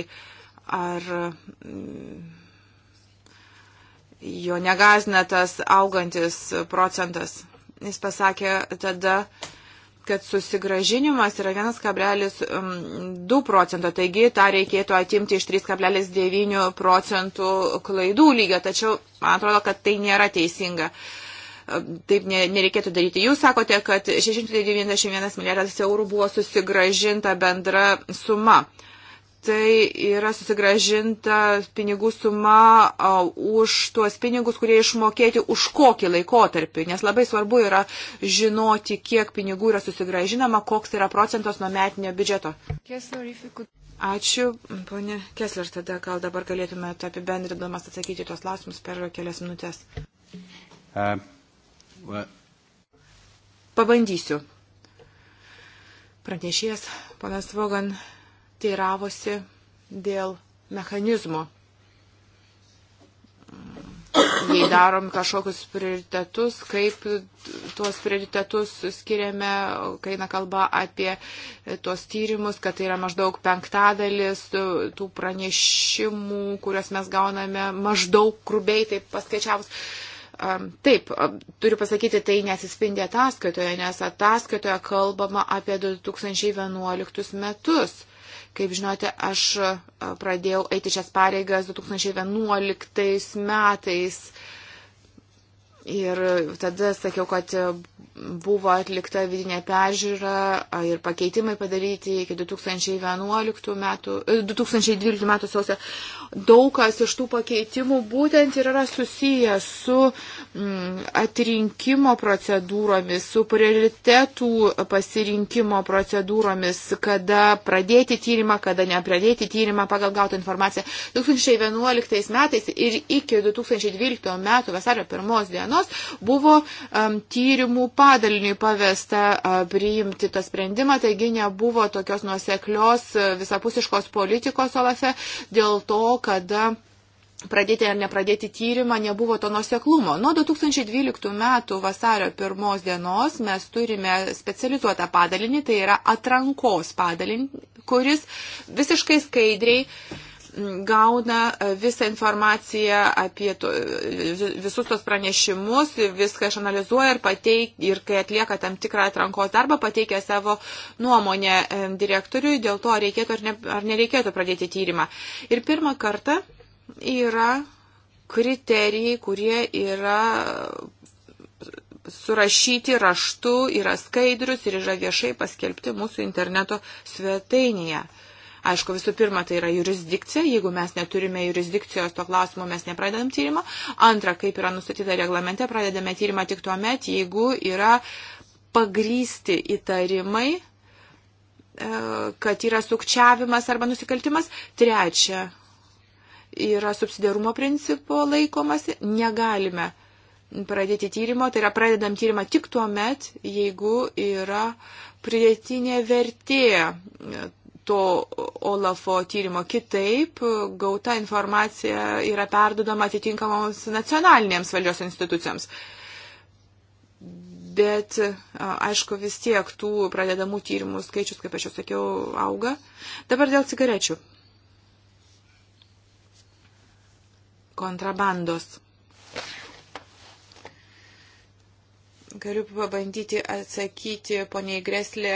ar mm, jo negazina tas augantis procentas. Jis pasakė tada, kad susigražinimas yra 1,2 procento, taigi tą reikėtų atimti iš 3,9 procentų klaidų lygio, tačiau man atrodo, kad tai nėra teisinga. Taip nereikėtų daryti. Jūs sakote, kad 691 milijardas eurų buvo susigražinta bendra suma. Uh, tai yra susigražinta pinigų suma už tuos pinigus, kurie išmokėti už kokį laikotarpį, nes labai svarbu yra žinoti, kiek pinigų yra susigražinama, koks yra procentas nuo metinio biudžeto. Ačiū, ponė Kesler, tada gal dabar galėtumėte apibendrinamas atsakyti tuos klausimus per kelias minutės. Uh, well. Pabandysiu. Pranešėjas, ponas Vogan, teiravosi dėl mechanizmo. Jei darom kažkokius prioritetus, kaip tuos prioritetus skiriame, kai eina kalba apie tuos tyrimus, kad tai yra maždaug penktadalis tų pranešimų, kuriuos mes gauname maždaug grubiai, taip paskaičiavus. Taip, turiu pasakyti, tai nesispindi ataskaitoje, nes ataskaitoje kalbama apie 2011 metus. Kaip žinote, aš e, pradėjau eiti šias pareigas 2011 metais. Ir tada sakiau, kad buvo atlikta vidinė peržiūra ir pakeitimai padaryti iki 2011 metų, 2012 e, metų sausio. Daug kas iš tų pakeitimų būtent ir yra susiję su mm, atrinkimo procedūromis, su prioritetų pasirinkimo procedūromis, kada pradėti tyrimą, kada nepradėti tyrimą pagal gautą informaciją. 2011 metais ir iki 2012 metų vasario pirmos dienos dienos buvo um, tyrimų padaliniui pavesta uh, priimti tą sprendimą, taigi nebuvo tokios nuoseklios uh, visapusiškos politikos Olafe dėl to, kada pradėti ar nepradėti tyrimą, nebuvo to nuseklumo. Nuo 2012 metų vasario pirmos dienos mes turime specializuotą padalinį, tai yra atrankos padalinį, kuris visiškai skaidriai uh, gauna e, visą informaciją apie to, e, visus tos pranešimus, viską išanalizuoja ir, pateik, ir kai atlieka tam tikrą atrankos darbą, pateikia savo nuomonę e, direktoriui, dėl to ar reikėtų ar, ne, ar nereikėtų pradėti tyrimą. Ir pirmą kartą yra kriterijai, kurie yra surašyti raštu, yra skaidrius ir yra viešai paskelbti mūsų interneto svetainėje. Aišku, visų pirma, tai yra jurisdikcija. Jeigu mes neturime jurisdikcijos, to klausimo mes nepradedam tyrimo. Antra, kaip yra nustatyta reglamente, pradedame tyrimą tik tuo met, jeigu yra pagrysti įtarimai e, kad yra sukčiavimas arba nusikaltimas. Trečia, yra subsidiarumo principo laikomasi, negalime pradėti tyrimo, tai yra pradedam tyrimą tik tuo met, jeigu yra pridėtinė vertė to Olafo tyrimo. Kitaip gauta informacija yra perdudama atitinkamoms nacionalinėms valdžios institucijoms. Bet, aišku, vis tiek tų pradedamų tyrimų skaičius, kaip aš jau sakiau, auga. Dabar dėl cigarečių. Kontrabandos. Galiu pabandyti atsakyti poniai Greslė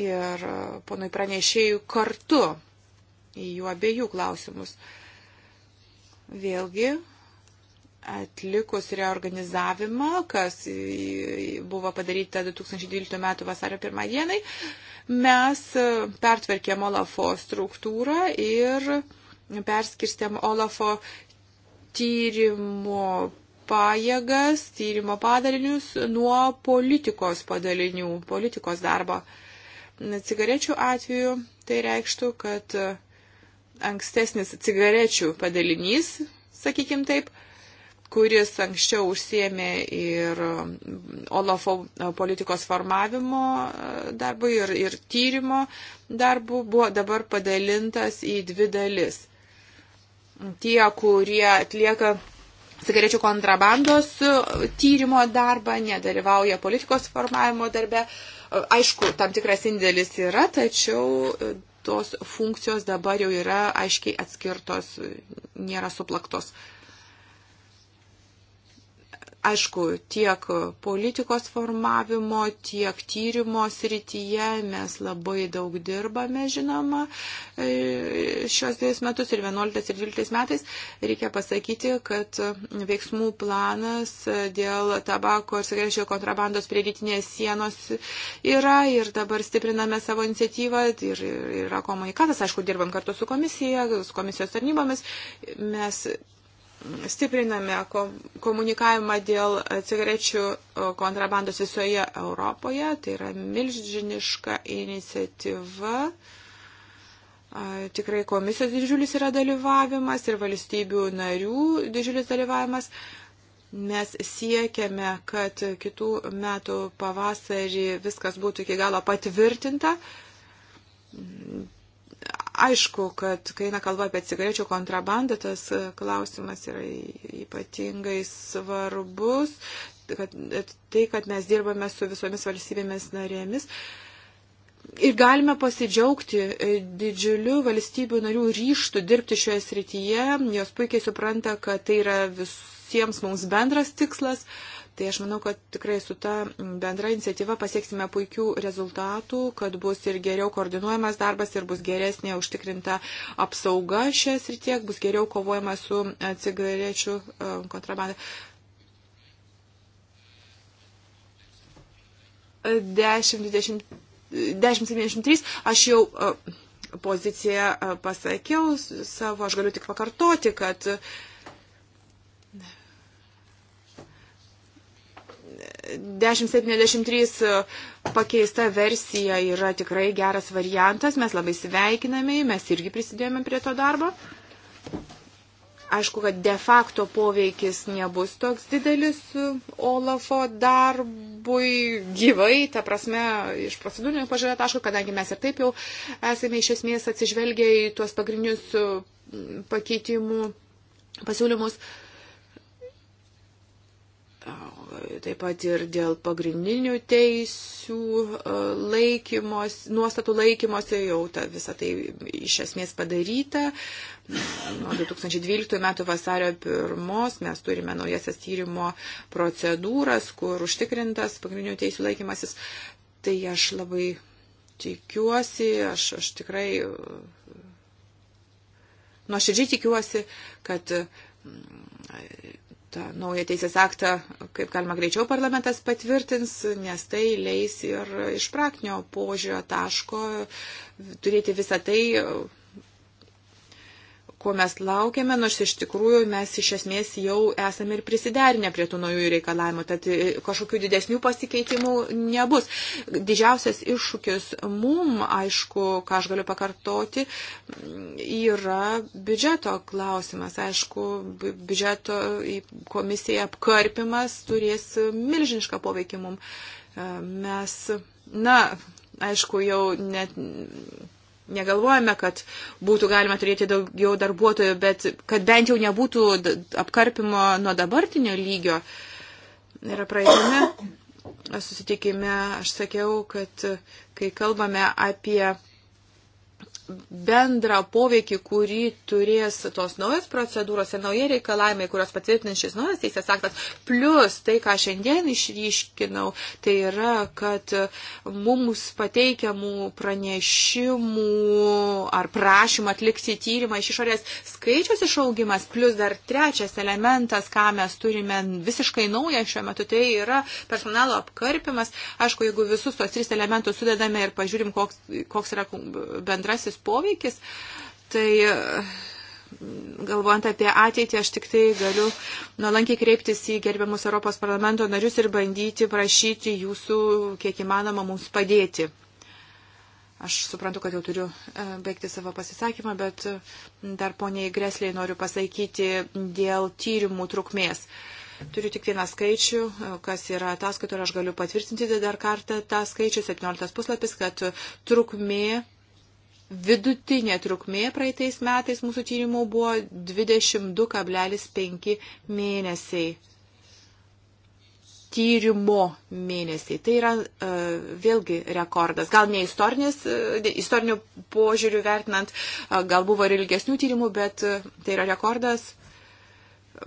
ir e, ponui pranešėjų kartu į jų abiejų klausimus. Vėlgi, atlikus reorganizavimą, kas buvo padaryta 2012 m. vasario 1 dienai, mes e, pertvarkėm Olafo struktūrą ir perskirstėm Olafo tyrimo pajėgas, tyrimo padalinius nuo politikos padalinių, politikos darbo cigarečių atveju tai reikštų, kad e, ankstesnis cigarečių padalinys, sakykim taip, kuris anksčiau užsiemė ir e, Olafo e, politikos formavimo darbu ir, ir tyrimo darbu, buvo dabar padalintas į dvi dalis. Tie, kurie atlieka cigarečių kontrabandos tyrimo darbą, nedalyvauja politikos formavimo darbe, uh, Aišku, tam tikras indėlis yra, tačiau e, tos funkcijos dabar jau yra aiškiai atskirtos, nėra suplaktos. Uh, Aišku, tiek politikos formavimo, tiek tyrimo srityje mes labai daug dirbame, žinoma, e, šios dviejus metus ir 11 ir 12 metais. Reikia pasakyti, kad veiksmų planas dėl tabako ir cigarečių kontrabandos prie rytinės sienos yra ir dabar stipriname savo iniciatyvą ir yra komunikatas, aišku, dirbam kartu su komisija, su komisijos tarnybomis. Mes stipriname komunikavimą dėl cigarečių kontrabandos visoje Europoje. Tai yra milžiniška iniciatyva. Tikrai komisijos didžiulis yra dalyvavimas ir valstybių narių didžiulis dalyvavimas. Mes siekiame, kad kitų metų pavasarį viskas būtų iki galo patvirtinta Aišku, kad kai eina kalba apie cigarečių kontrabandą, tas e, klausimas yra ypatingai svarbus, kad, e, tai, kad mes dirbame su visomis valstybėmis narėmis. Ir galime pasidžiaugti e, didžiuliu valstybių narių ryštų dirbti šioje srityje. Jos puikiai supranta, kad tai yra visiems mums bendras tikslas. Uh, Tai aš manau, kad tikrai su ta bendra iniciatyva pasieksime puikių rezultatų, kad bus ir geriau koordinuojamas darbas ir bus geresnė užtikrinta apsauga šias ir tiek, bus geriau kovojama su e, cigarečių e, kontrabanda. E, dešimt, dvidešimt 1073, aš jau poziciją pasakiau savo, aš galiu tik pakartoti, kad uh, 1073 e, pakeista versija yra tikrai geras variantas, mes labai sveikiname, mes irgi prisidėjome prie to darbo. Aišku, kad de facto poveikis nebus toks didelis e, Olafo darbui gyvai, ta prasme, iš procedūrinio pažiūrėjo taško, kadangi mes ir taip jau esame iš esmės atsižvelgę į tuos pagrindinius e, pakeitimų pasiūlymus. Uh, taip pat ir dėl pagrindinių teisių e, laikymos, nuostatų laikymosi, jau ta, visa tai iš esmės padaryta. Nuo 2012 metų vasario pirmos mes turime naujasias tyrimo procedūras, kur užtikrintas pagrindinių teisių laikymasis. Tai aš labai tikiuosi, aš, aš tikrai e, nuoširdžiai tikiuosi, kad mm, tą naują teisės aktą, kaip galima greičiau parlamentas patvirtins, nes tai leis ir iš praktinio požiūrio taško turėti visą tai ko mes laukiame, nors iš tikrųjų mes iš esmės jau esame ir prisiderinę prie tų naujų reikalavimų, tad e, kažkokių didesnių pasikeitimų nebus. Didžiausias iššūkis mum, aišku, ką aš galiu pakartoti, yra biudžeto klausimas. Aišku, biudžeto komisija apkarpimas turės milžinišką poveikį mum. E, mes, na, aišku, jau net Negalvojame, kad būtų galima turėti daugiau darbuotojų, bet kad bent jau nebūtų apkarpimo nuo dabartinio lygio. Ir praeitame susitikime aš sakiau, kad kai kalbame apie bendrą poveikį, kurį turės tos naujos procedūros ir nauji reikalavimai, kurios patvirtins šis naujas teisės aktas, plus tai, ką šiandien išryškinau, tai yra, kad mums pateikiamų pranešimų ar prašymų atlikti tyrimą iš išorės skaičius išaugimas, plus dar trečias elementas, ką mes turime visiškai naują šiuo metu, tai yra personalo apkarpimas. Aišku, jeigu visus tos tris elementus sudedame ir pažiūrim, koks, koks yra bendrasis šis poveikis, tai galvojant apie ateitį, aš tik tai galiu nuolankiai kreiptis į gerbiamus Europos parlamento narius ir bandyti prašyti jūsų, kiek įmanoma, mums padėti. Aš suprantu, kad jau turiu e, baigti savo pasisakymą, bet e, dar poniai Gresliai noriu pasakyti dėl tyrimų trukmės. Turiu tik vieną skaičių, e, kas yra ataskaitoje, aš galiu patvirtinti dar kartą tą skaičių, 17 puslapis, kad trukmė Vidutinė trukmė praeitais metais mūsų tyrimų buvo 22,5 mėnesiai. Tyrimo mėnesiai. Tai yra uh, vėlgi rekordas. Gal ne istorinis, uh, e, istorinių požiūrių vertinant, uh, gal buvo ir ilgesnių tyrimų, bet uh, tai yra rekordas.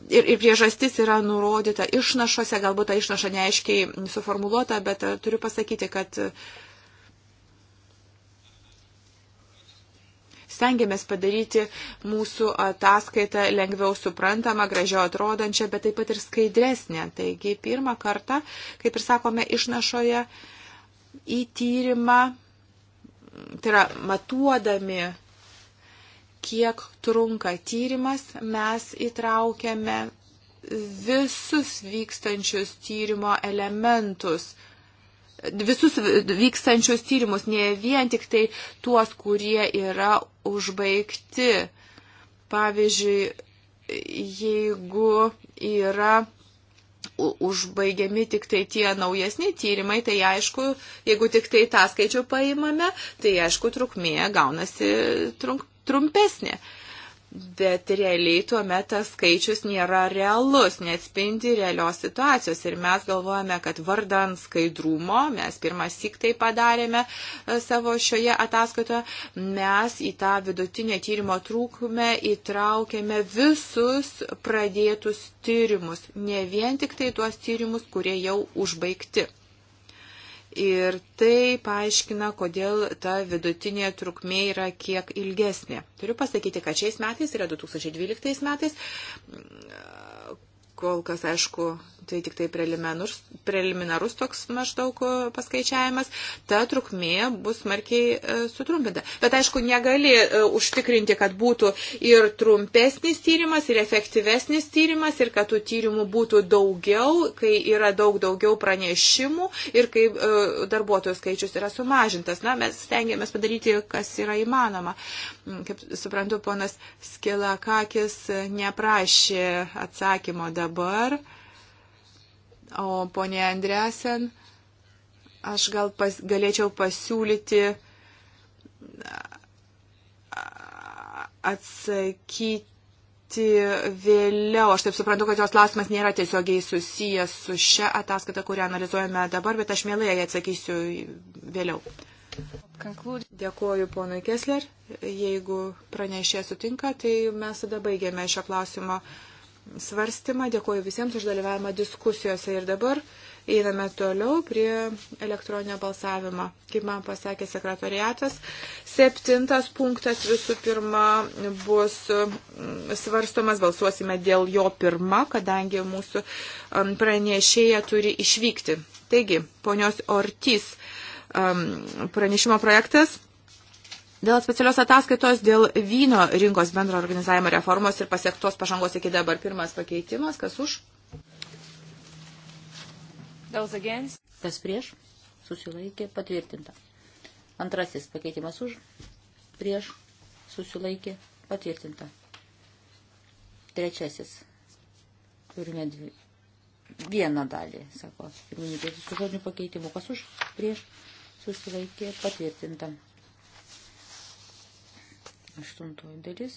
Ir, ir priežastis yra nurodyta išnašose, galbūt ta išnaša neaiškiai suformuoluota, bet uh, turiu pasakyti, kad uh, stengiamės padaryti mūsų ataskaitą lengviau suprantamą, gražiau atrodančią, bet taip pat ir skaidresnę. Taigi pirmą kartą, kaip ir sakome, išnašoje į tyrimą, tai yra matuodami kiek trunka tyrimas, mes įtraukiame visus vykstančius tyrimo elementus – visus vykstančius tyrimus, ne vien tik tai tuos, kurie yra užbaigti. Pavyzdžiui, jeigu yra užbaigiami tik tai tie naujesni tyrimai, tai aišku, jeigu tik tai tą skaičių paimame, tai aišku, trukmė gaunasi trunk, trumpesnė. Uh, Bet realiai tuo metu tas skaičius nėra realus, neatspindi realios situacijos. Ir mes galvojame, kad vardan skaidrumo, mes pirmas tik tai padarėme e, savo šioje ataskaitoje, mes į tą vidutinę tyrimo trūkumę įtraukėme visus pradėtus tyrimus, ne vien tik tai tuos tyrimus, kurie jau užbaigti. Ir tai paaiškina, kodėl ta vidutinė trukmė yra kiek ilgesnė. Turiu pasakyti, kad šiais metais yra 2012 metais. Kol kas, aišku, tai tik tai preliminarus, preliminarus toks maždaug e, paskaičiavimas, ta trukmė bus smarkiai e, sutrumpinta. Bet aišku, negali e, užtikrinti, kad būtų ir trumpesnis tyrimas, ir efektyvesnis tyrimas, ir kad tų tyrimų būtų daugiau, kai yra daug daugiau pranešimų ir kai darbuotojų skaičius yra sumažintas. Na, mes stengiamės padaryti, kas yra įmanoma. Mm, kaip suprantu, ponas Skilakakis neprašė atsakymo dabar. O ponė Andresen, aš gal pas, galėčiau pasiūlyti atsakyti vėliau. Aš taip suprantu, kad jos klausimas nėra tiesiogiai susijęs su šia ataskaita, kurią analizuojame dabar, bet aš mielai atsakysiu vėliau. Dėkuoju ponui Kessler. Jeigu pranešė sutinka, tai mes tada baigėme šio klausimo svarstymą. Dėkuoju visiems už dalyvavimą diskusijose. Ir dabar einame toliau prie elektroninio balsavimo. Kaip man pasakė sekretoriatas, septintas punktas visų pirma bus mm, svarstomas, balsuosime dėl jo pirma, kadangi mūsų mm, pranešėja turi išvykti. Taigi, ponios Ortys mm, pranešimo projektas Dėl specialios ataskaitos dėl vyno rinkos bendro organizavimo reformos ir pasiektos pažangos iki dabar pirmas pakeitimas, kas už? Kas prieš? Susilaikė patvirtinta. Antrasis pakeitimas už, prieš, susilaikė patvirtinta. Trečiasis. Turime dvi. Vieną dalį, sako pirmininkė, su žodžiu pakeitimu, kas už, prieš, susilaikė patvirtinta aštuntoji dalis.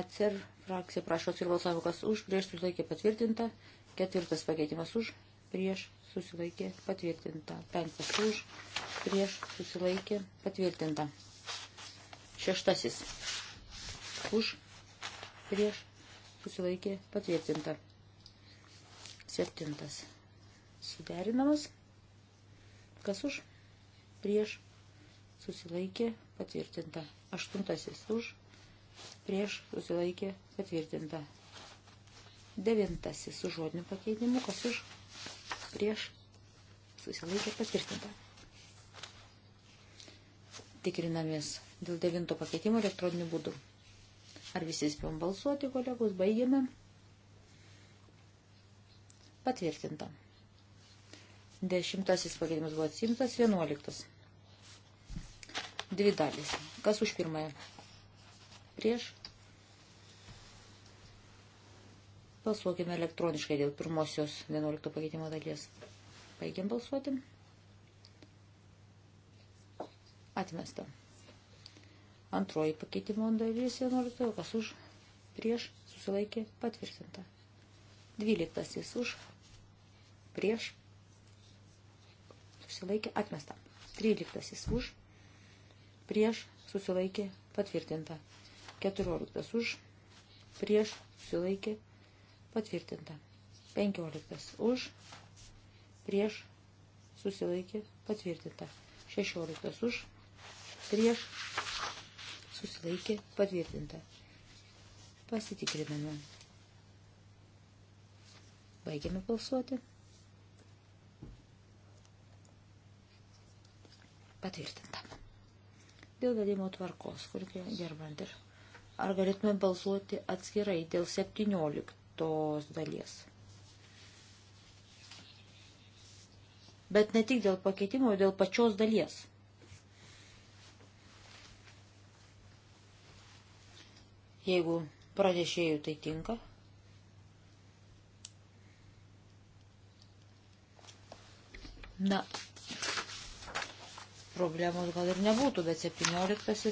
ECR frakcija prašo atsirbalsavo, kas už, prieš susilaikė patvirtinta. Ketvirtas pakeitimas už, prieš susilaikė patvirtinta. Penktas už, prieš susilaikė patvirtinta. Šeštasis už, prieš susilaikė patvirtinta. Septintas suderinamas. Kas už, prieš susilaikė patvirtinta. Aštuntasis už, prieš susilaikė patvirtinta. Devintasis su žodiniu pakeitimu, kas už, prieš susilaikė patvirtinta. Tikrinamės dėl devinto pakeitimo elektroniniu būdu. Ar visi spėjom balsuoti, kolegos, baigiame. Patvirtinta. Dešimtasis pakeitimas buvo atsimtas, vienuoliktas. Dvi dalis. Kas už pirmąją? Prieš. Balsuokime elektroniškai dėl pirmosios 11 pakeitimo dalies. Baigiam balsuoti. Atmesta. Antroji pakeitimo dalis 11. Kas už? Prieš. Susilaikė. Patvirtinta. 12 už. Prieš. Susilaikė. Atmesta. 13 už prieš susilaikė patvirtinta. 14 už, prieš susilaikė patvirtinta. 15 už, prieš susilaikė patvirtinta. 16 už, prieš susilaikė patvirtinta. Pasitikriname. Baigiame balsuoti. Patvirtinta dėl vedimo tvarkos, kur dirbant ir. Ar galėtume balsuoti atskirai dėl 17 dalies? Bet ne tik dėl pakeitimo, dėl pačios dalies. Jeigu pranešėjų tai tinka. Na, problemos gal ir nebūtų, bet 17 e,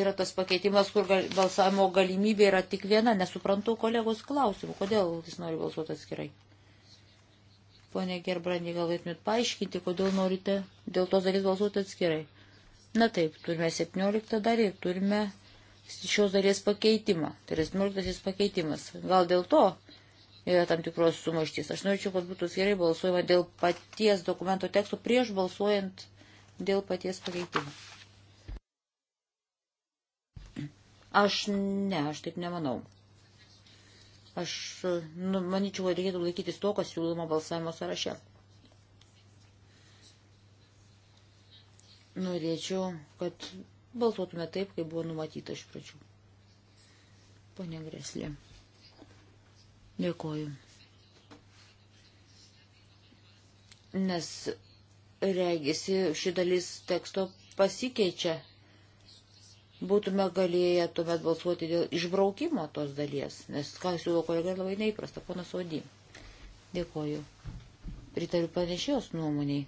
yra tas pakeitimas, kur gal, balsavimo galimybė yra tik viena. Nesuprantu kolegos klausimų, kodėl jis nori balsuoti atskirai. Pone Gerbrandi, galėtumėt paaiškinti, kodėl norite dėl tos dalies balsuoti atskirai. Na taip, turime 17 dalį, turime šios dalies pakeitimą. Tai yra 17 pakeitimas. Gal dėl to yra tam tikros sumaištys. Aš norėčiau, kad būtų gerai balsuojama dėl paties dokumento teksto prieš balsuojant dėl paties pakeitimo. Aš ne, aš taip nemanau. Aš nu, manyčiau, kad reikėtų laikytis to, kas siūloma balsavimo sąraše. Norėčiau, kad balsuotume taip, kaip buvo numatyta iš pradžių. Pone Greslė. Dėkoju. Nes regisi ši dalis teksto pasikeičia. Būtume galėję tuomet balsuoti dėl išbraukimo tos dalies, nes ką siūlo kolega tai labai neįprasta, ponas Odį. Dėkoju. Pritariu pranešėjos nuomoniai.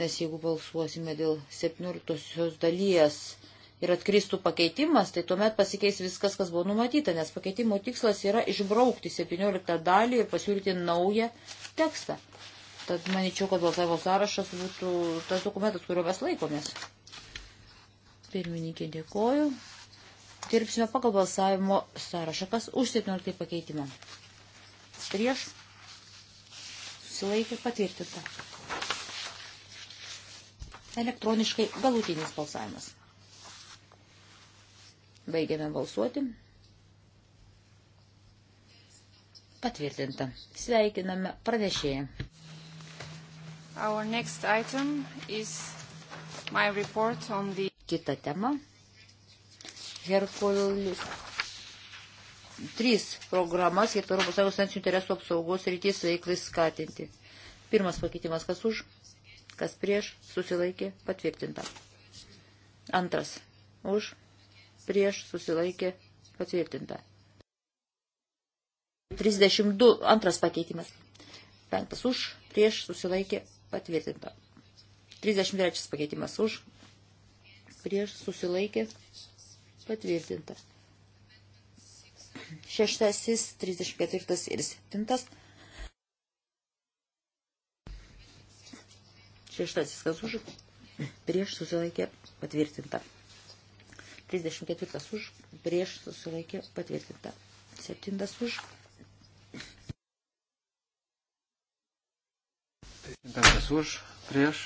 Nes jeigu balsuosime dėl 17 dalies, ir atkristų pakeitimas, tai tuomet pasikeis viskas, kas buvo numatyta, nes pakeitimo tikslas yra išbraukti 17 dalį ir pasiūlyti naują tekstą. Tad manyčiau, kad balsavimo sąrašas būtų tas dokumentas, kurio mes laikomės. Pirmininkė dėkoju. Dirbsime pagal balsavimo sąrašą. Kas už 17 pakeitimą? Prieš. Susilaikė patvirtinta. Elektroniškai galutinis balsavimas. Baigiame balsuoti. Patvirtinta. Sveikiname pranešėją. Our next item is my report on the... Kita tema. Herkulis. Trys programas, kaip Europos Sąjungos sankcijų interesų apsaugos rytis veiklai skatinti. Pirmas pakeitimas, kas už, kas prieš, susilaikė, patvirtinta. Antras, už, prieš susilaikė patvirtinta. 32 antras pakeitimas. Penktas už, prieš susilaikė patvirtinta. 33 pakeitimas už, prieš susilaikė patvirtinta. Šeštasis, 34 ir 7. Šeštasis, kas už, prieš susilaikė patvirtinta. 34 už, prieš susilaikė patvirtinta. 7 už. 35 už, prieš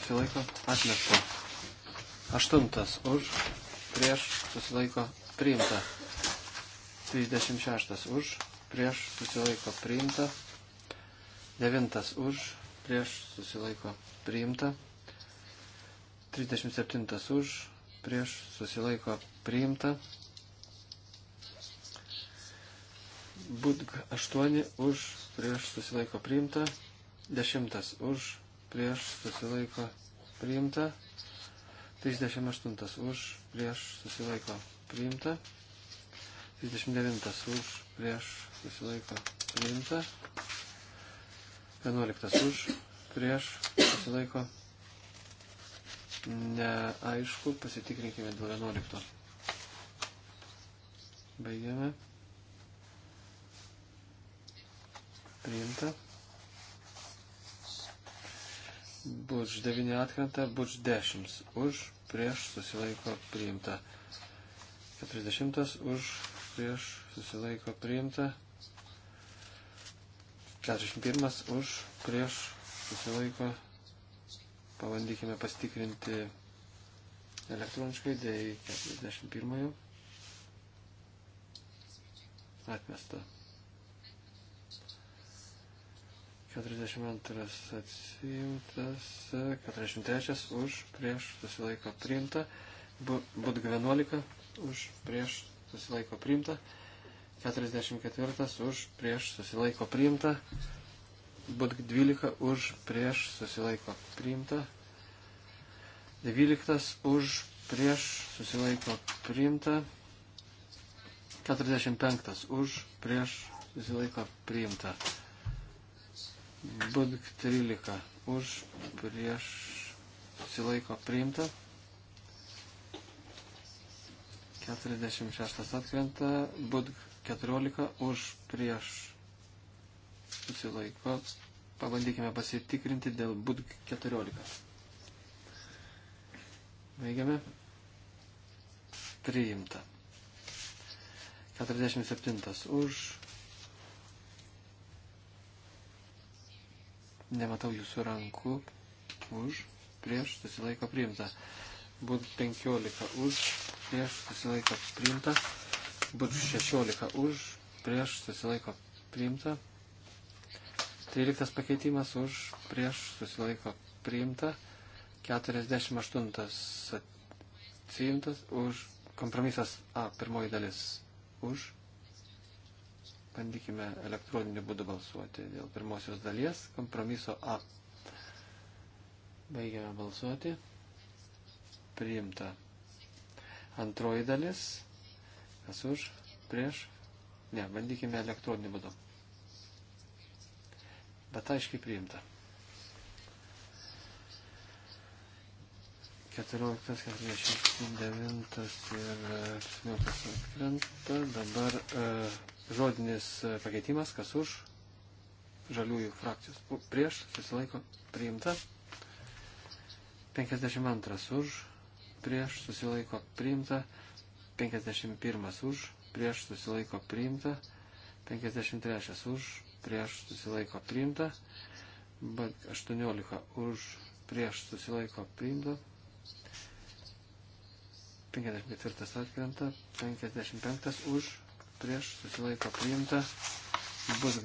susilaiko atmesta. 8 už, prieš susilaiko priimta. 36 už, prieš susilaiko priimta. 9 už, prieš susilaiko priimta. 37 už, prieš susilaiko priimta. Budg 8 už prieš susilaiko priimta. 10 už prieš susilaiko priimta. 38 už prieš susilaiko priimta. 39 už prieš susilaiko priimta. 11 už prieš susilaiko priimta neaišku, pasitikrinkime dėl 11. Baigiame. Priimta. Buč 9 atkrenta, buč 10. Už, prieš, susilaiko, priimta. 40 už, prieš, susilaiko, priimta. 41 už, prieš, susilaiko, priimta. Pabandykime pastikrinti elektroniškai dėl 41. Atmesta. 42 atsiimtas, 43 už, prieš, susilaiko priimta, būtų 11 už, prieš, susilaiko priimta, 44 už, prieš, susilaiko priimta, Budk 12 už prieš susilaiko priimta. 12 už prieš susilaiko priimta. 45 už prieš susilaiko priimta. Budk 13 už prieš susilaiko priimta. 46 atkrenta. Budk 14 už prieš susilaiko. Pabandykime pasitikrinti dėl būd 14. Baigiame. Priimta. 47 už. Nematau jūsų rankų. Už. Prieš susilaiko priimta. Būt 15 už. Prieš susilaiko priimta. Būt 16 už. Prieš susilaiko priimta. 13 pakeitimas už prieš susilaiko priimta. 48 atsiimtas už kompromisas A pirmoji dalis už. Bandykime elektroniniu būdu balsuoti dėl pirmosios dalies kompromiso A. Baigiame balsuoti. Priimta. Antroji dalis. Kas už? Prieš? Ne, bandykime elektroniniu būdu bet aiškiai priimta. 14.49 ir 18 e, krenta. Dabar e, žodinis e, pakeitimas, kas už žaliųjų frakcijos. U, prieš, susilaiko, priimta. 52 už, prieš, susilaiko, priimta. 51 už, prieš, susilaiko, priimta. 53 už, prieš susilaiko priimta, B18 už prieš susilaiko priimta, 54 atkrenta, 55 už prieš susilaiko priimta, B19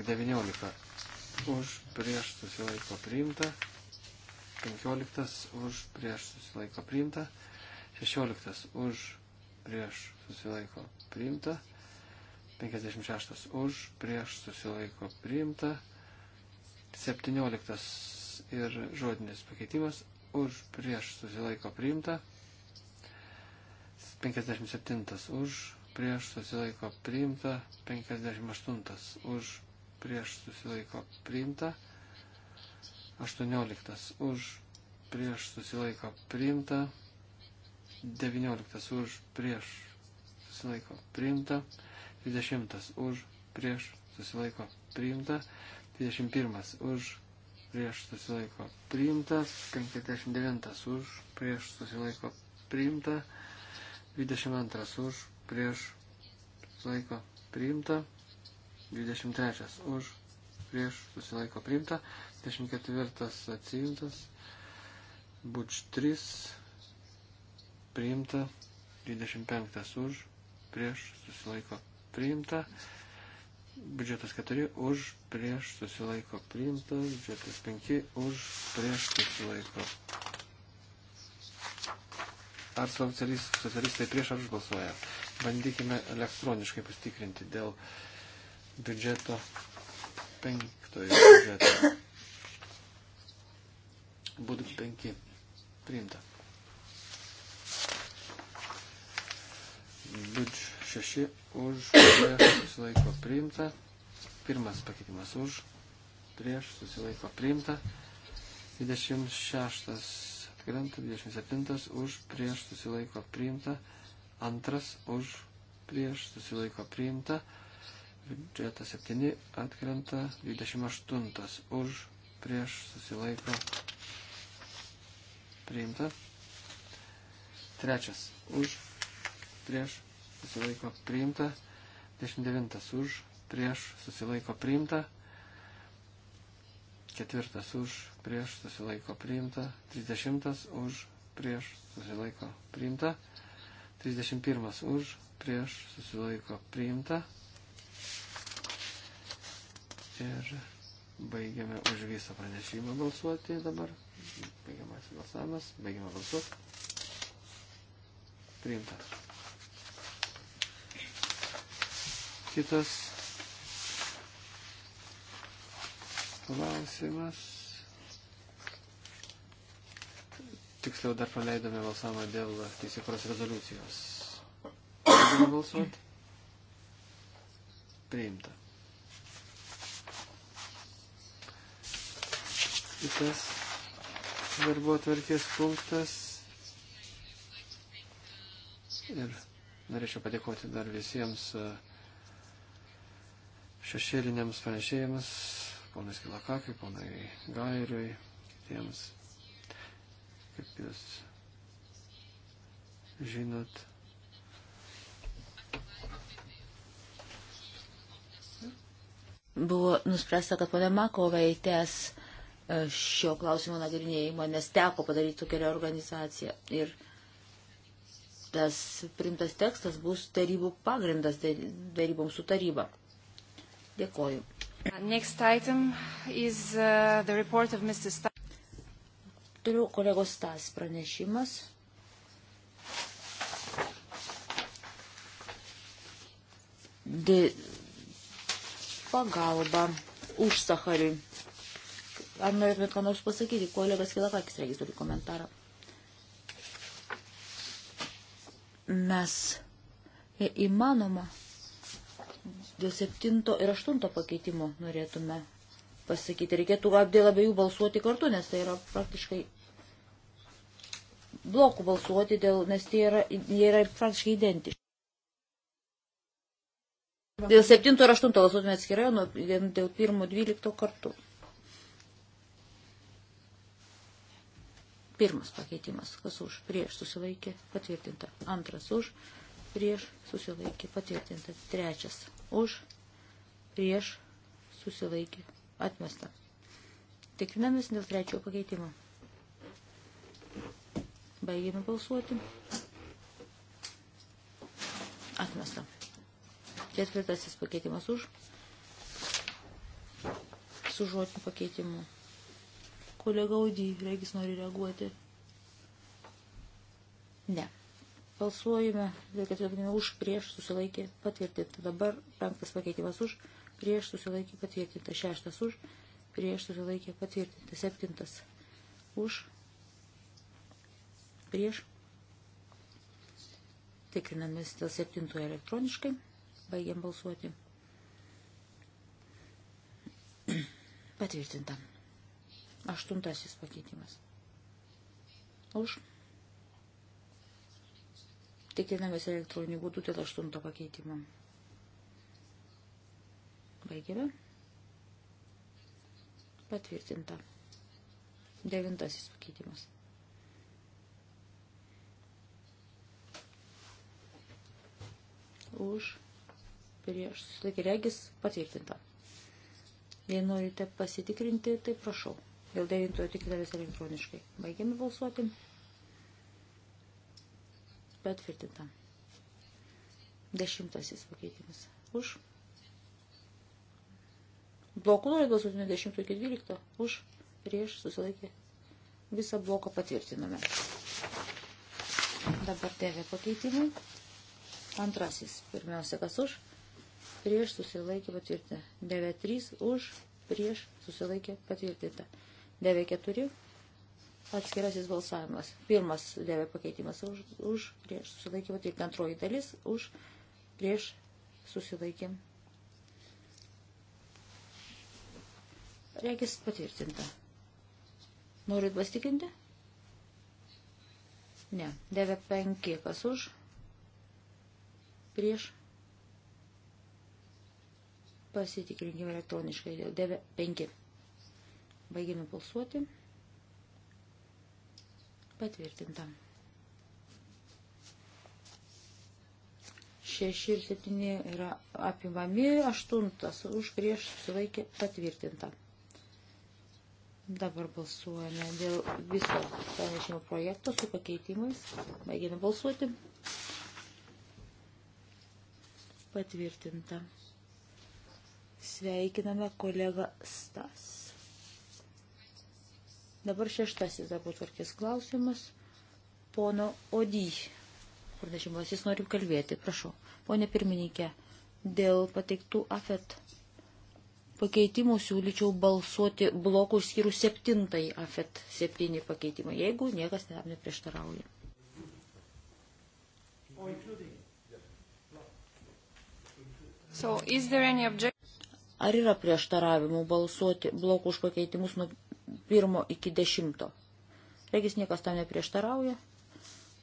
už prieš susilaiko priimta, 15 už prieš susilaiko priimta, 16 už prieš susilaiko priimta, 56 už, prieš susilaiko priimta. 17 ir žodinis pakeitimas už, prieš susilaiko priimta. 57 už, prieš susilaiko priimta. 58 už, prieš susilaiko priimta. 18 už, prieš susilaiko priimta. 19 už, prieš susilaiko priimta. 20 už, prieš, susilaiko priimta, 21 už, prieš, susilaiko priimtas, 59 už, prieš, susilaiko priimta, 22 už, prieš, susilaiko priimta, 23 už, prieš, susilaiko priimta, 24 atsiimtas, buč 3, priimta, 25 už, prieš, susilaiko priimta priimta. Biudžetas 4 už prieš susilaiko priimta. Biudžetas 5 už prieš susilaiko. Ar socialistai prieš ar užbalsuoja? Bandykime elektroniškai pastikrinti dėl biudžeto penktojo biudžeto. Būtų penki. Priimta. Biudž 6 už, prieš susilaiko priimta. Pirmas pakeitimas už, prieš susilaiko priimta. 26 atkrenta, 27 už, prieš susilaiko priimta. Antras už, prieš susilaiko priimta. Biudžetas 7 atkrenta, 28 už, prieš susilaiko priimta. Trečias už, prieš susilaiko priimta, 29 už, prieš susilaiko priimta, 4 už, prieš susilaiko priimta, 30 už, prieš susilaiko priimta, 31 už, prieš susilaiko priimta. Ir baigiame už visą pranešimą balsuoti dabar. Baigiamas balsavimas, baigiamas balsuoti. Priimtas. Kitas klausimas. Tiksliau dar praleidome balsavimą dėl teisėkuros rezoliucijos. Pradėjome balsuoti. Priimta. Kitas darbo atvarkės punktas. Ir norėčiau padėkoti dar visiems uh, šešėliniams pranešėjams, ponas Kilakakui, ponai Gairiui, kitiems. Kaip jūs žinot, buvo nuspręsta, kad ponia Makovai tęs e, šio klausimo nagrinėjimą, nes teko padaryti tokią reorganizaciją. Ir tas primtas tekstas bus tarybų pagrindas daryboms su taryba. Dėkoju. Turiu uh, kolegos Stas pranešimas. De pagalba užsahariui. Ar norėtumėt ką nors pasakyti? Kolegas Kilakakis regis turi komentarą. Mes įmanoma Dėl septinto ir aštunto pakeitimo norėtume pasakyti. Reikėtų dėl abiejų balsuoti kartu, nes tai yra praktiškai blokų balsuoti, dėl, nes tai yra, jie yra praktiškai identiški. Dėl 7 ir 8 balsuotume atskirai, nuo dėl 1-12 kartu. Pirmas pakeitimas, kas už, prieš susilaikė, patvirtinta. Antras už, prieš susilaikė patvirtinta. Trečias už, prieš susilaikė atmesta. Tikrinamės dėl trečiojo pakeitimo. Baigėme balsuoti. Atmesta. Ketvirtasis pakeitimas už. Su žodiniu pakeitimu. Kolega Audy, regis nori reaguoti. Ne. Balsuojame, dėl ketvirtinio už, prieš, susilaikė, patvirtinta. Dabar penktas pakeitimas už, prieš, susilaikė, patvirtinta. Šeštas už, prieš, susilaikė, patvirtinta. Septintas už, prieš. Tikrinamės dėl septintojo elektroniškai. Baigiam balsuoti. Patvirtinta. Aštuntasis pakeitimas. Už. Tikrinamės elektroninių būdų dėl aštunto pakeitimo. Baigėme. Patvirtinta. Devintasis pakeitimas. Už prieš susilaikė regis patvirtinta. Jei norite pasitikrinti, tai prašau. Dėl devintojo tikrinamės elektroniškai. Baigėme balsuoti. Baigėme balsuoti. Patvirtinta. Dešimtasis pakeitimas. Už. Blokų nori balsuoti nuo 10 iki 12. Už. Prieš. Susilaikė. Visą bloką patvirtiname. Dabar tėvė pakeitimai. Antrasis. Pirmiausia, kas už. Prieš susilaikė patvirtinta. 9.3 už. Prieš susilaikė patvirtinta. 9.4 atskirasis balsavimas. Pirmas dėvė pakeitimas už, už prieš susilaikymą, tai antroji dalis už prieš susilaikymą. Regis patvirtinta. Norit pasitikinti? Ne. Dėvė penki, kas už prieš pasitikrinkime elektroniškai. Dėvė penki. Baigėme balsuoti. Patvirtinta. 6 ir 7 yra apimami, 8 už prieš sulaikė patvirtinta. Dabar balsuojame dėl viso pranešimo projekto su pakeitimais. Baigėme balsuoti. Patvirtinta. Sveikiname kolegą Stas. Dabar šeštasis darbo tvarkės klausimas. Pono Odį, kur dažymas jis nori kalbėti, prašau. Pone pirmininkė, dėl pateiktų AFET pakeitimų siūlyčiau balsuoti blokų išskyrus septintai AFET septyni pakeitimai, jeigu niekas tam neprieštarauja. So, Ar yra prieštaravimų balsuoti blokų už pakeitimus nuo pirmo iki dešimto. Regis niekas tam neprieštarauja.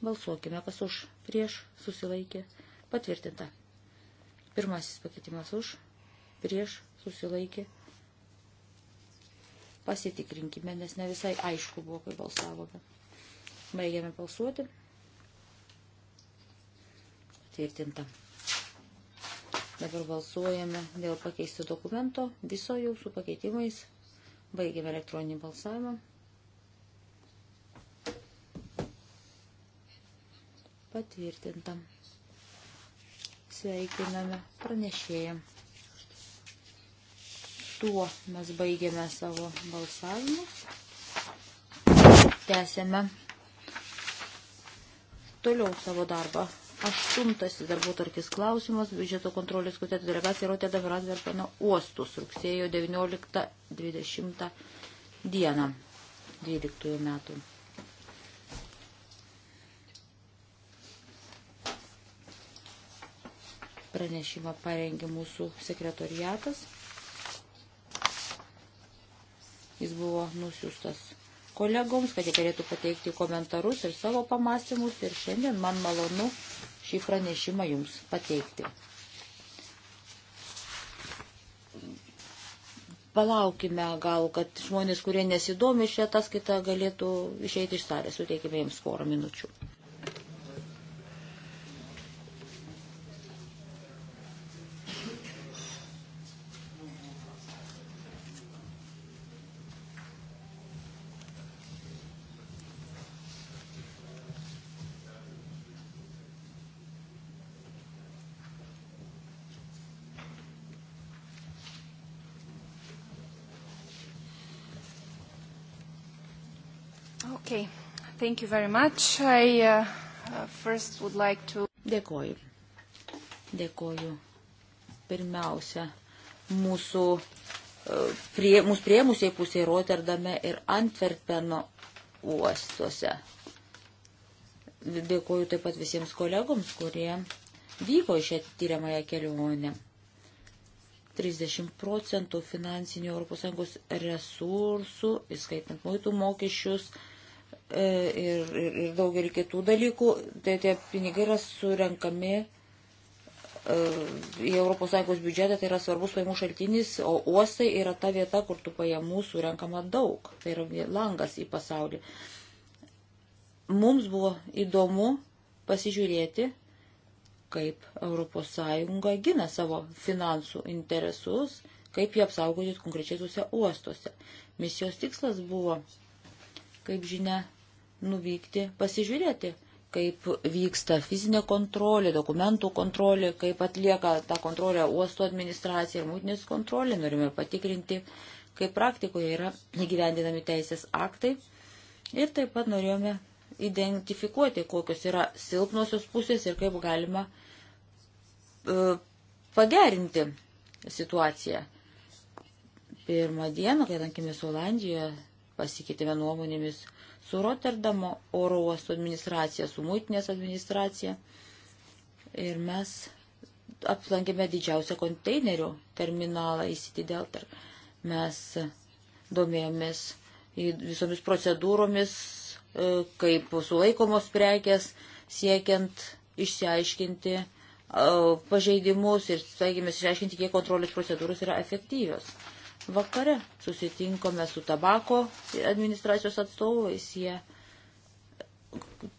Balsuokime, kas už prieš susilaikė. Patvirtinta. Pirmasis pakeitimas už prieš susilaikė. Pasitikrinkime, nes ne visai aišku buvo, kai balsavome. Baigėme balsuoti. Patvirtinta. Dabar balsuojame dėl pakeisto dokumento viso jau su pakeitimais Baigėme elektroninį balsavimą. Patvirtinta. Sveikiname pranešėją. Tuo mes baigėme savo balsavimą. Tęsėme toliau savo darbą. Aštuntasis darbo tarkis klausimas – biudžeto kontrolės komiteto delegacija Rotterdam ir Antwerpeno uostus rugsėjo 19-20 dieną 12 metų. Pranešimą parengė mūsų sekretoriatas. Jis buvo nusiustas kolegoms, kad jie galėtų pateikti komentarus ir savo pamastymus. Ir šiandien man malonu šį pranešimą jums pateikti. Palaukime gal, kad žmonės, kurie nesidomi šią ataskaitą, galėtų išeiti iš salės. Suteikime jiems porą minučių. Thank you very much. I uh, uh, first would like to... Dėkoju. Dėkoju. Pirmiausia, mūsų uh, prie, mūsų priemusiai pusėje Rotterdame ir Antverpeno uostuose. Dėkoju taip pat visiems kolegoms, kurie vyko į šią tyriamąją kelionę. 30 procentų finansinių ES resursų, įskaitant muitų mokesčius, E, ir, ir, ir daugelį kitų dalykų, tai tie pinigai yra surenkami e, į ES biudžetą, tai yra svarbus pajamų šaltinis, o uostai yra ta vieta, kur tų pajamų surenkama daug, tai yra langas į pasaulį. Mums buvo įdomu pasižiūrėti, kaip ES gina savo finansų interesus, kaip jie apsaugoti konkrečiai tuose uostuose. Misijos tikslas buvo kaip žinia, nuvykti pasižiūrėti, kaip vyksta fizinė kontrolė, dokumentų kontrolė, kaip atlieka tą kontrolę uosto administracija ir mūtinės kontrolė. Norime patikrinti, kaip praktikoje yra įgyvendinami teisės aktai. Ir taip pat norėjome identifikuoti, kokios yra silpnosios pusės ir kaip galima e, pagerinti situaciją. Pirmą dieną, kai lankėmės Olandijoje, pasikeitėme nuomonėmis su Rotterdamo oro uosto administracija, su muitinės administracija. Ir mes aplankėme didžiausią konteinerių terminalą įsiti Deltar. Mes domėjomės visomis procedūromis, e, kaip sulaikomos prekės, siekiant išsiaiškinti e, pažeidimus ir stengiamės išaiškinti, kiek kontrolės procedūros yra efektyvios. Vakare susitinkome su tabako administracijos atstovais, jie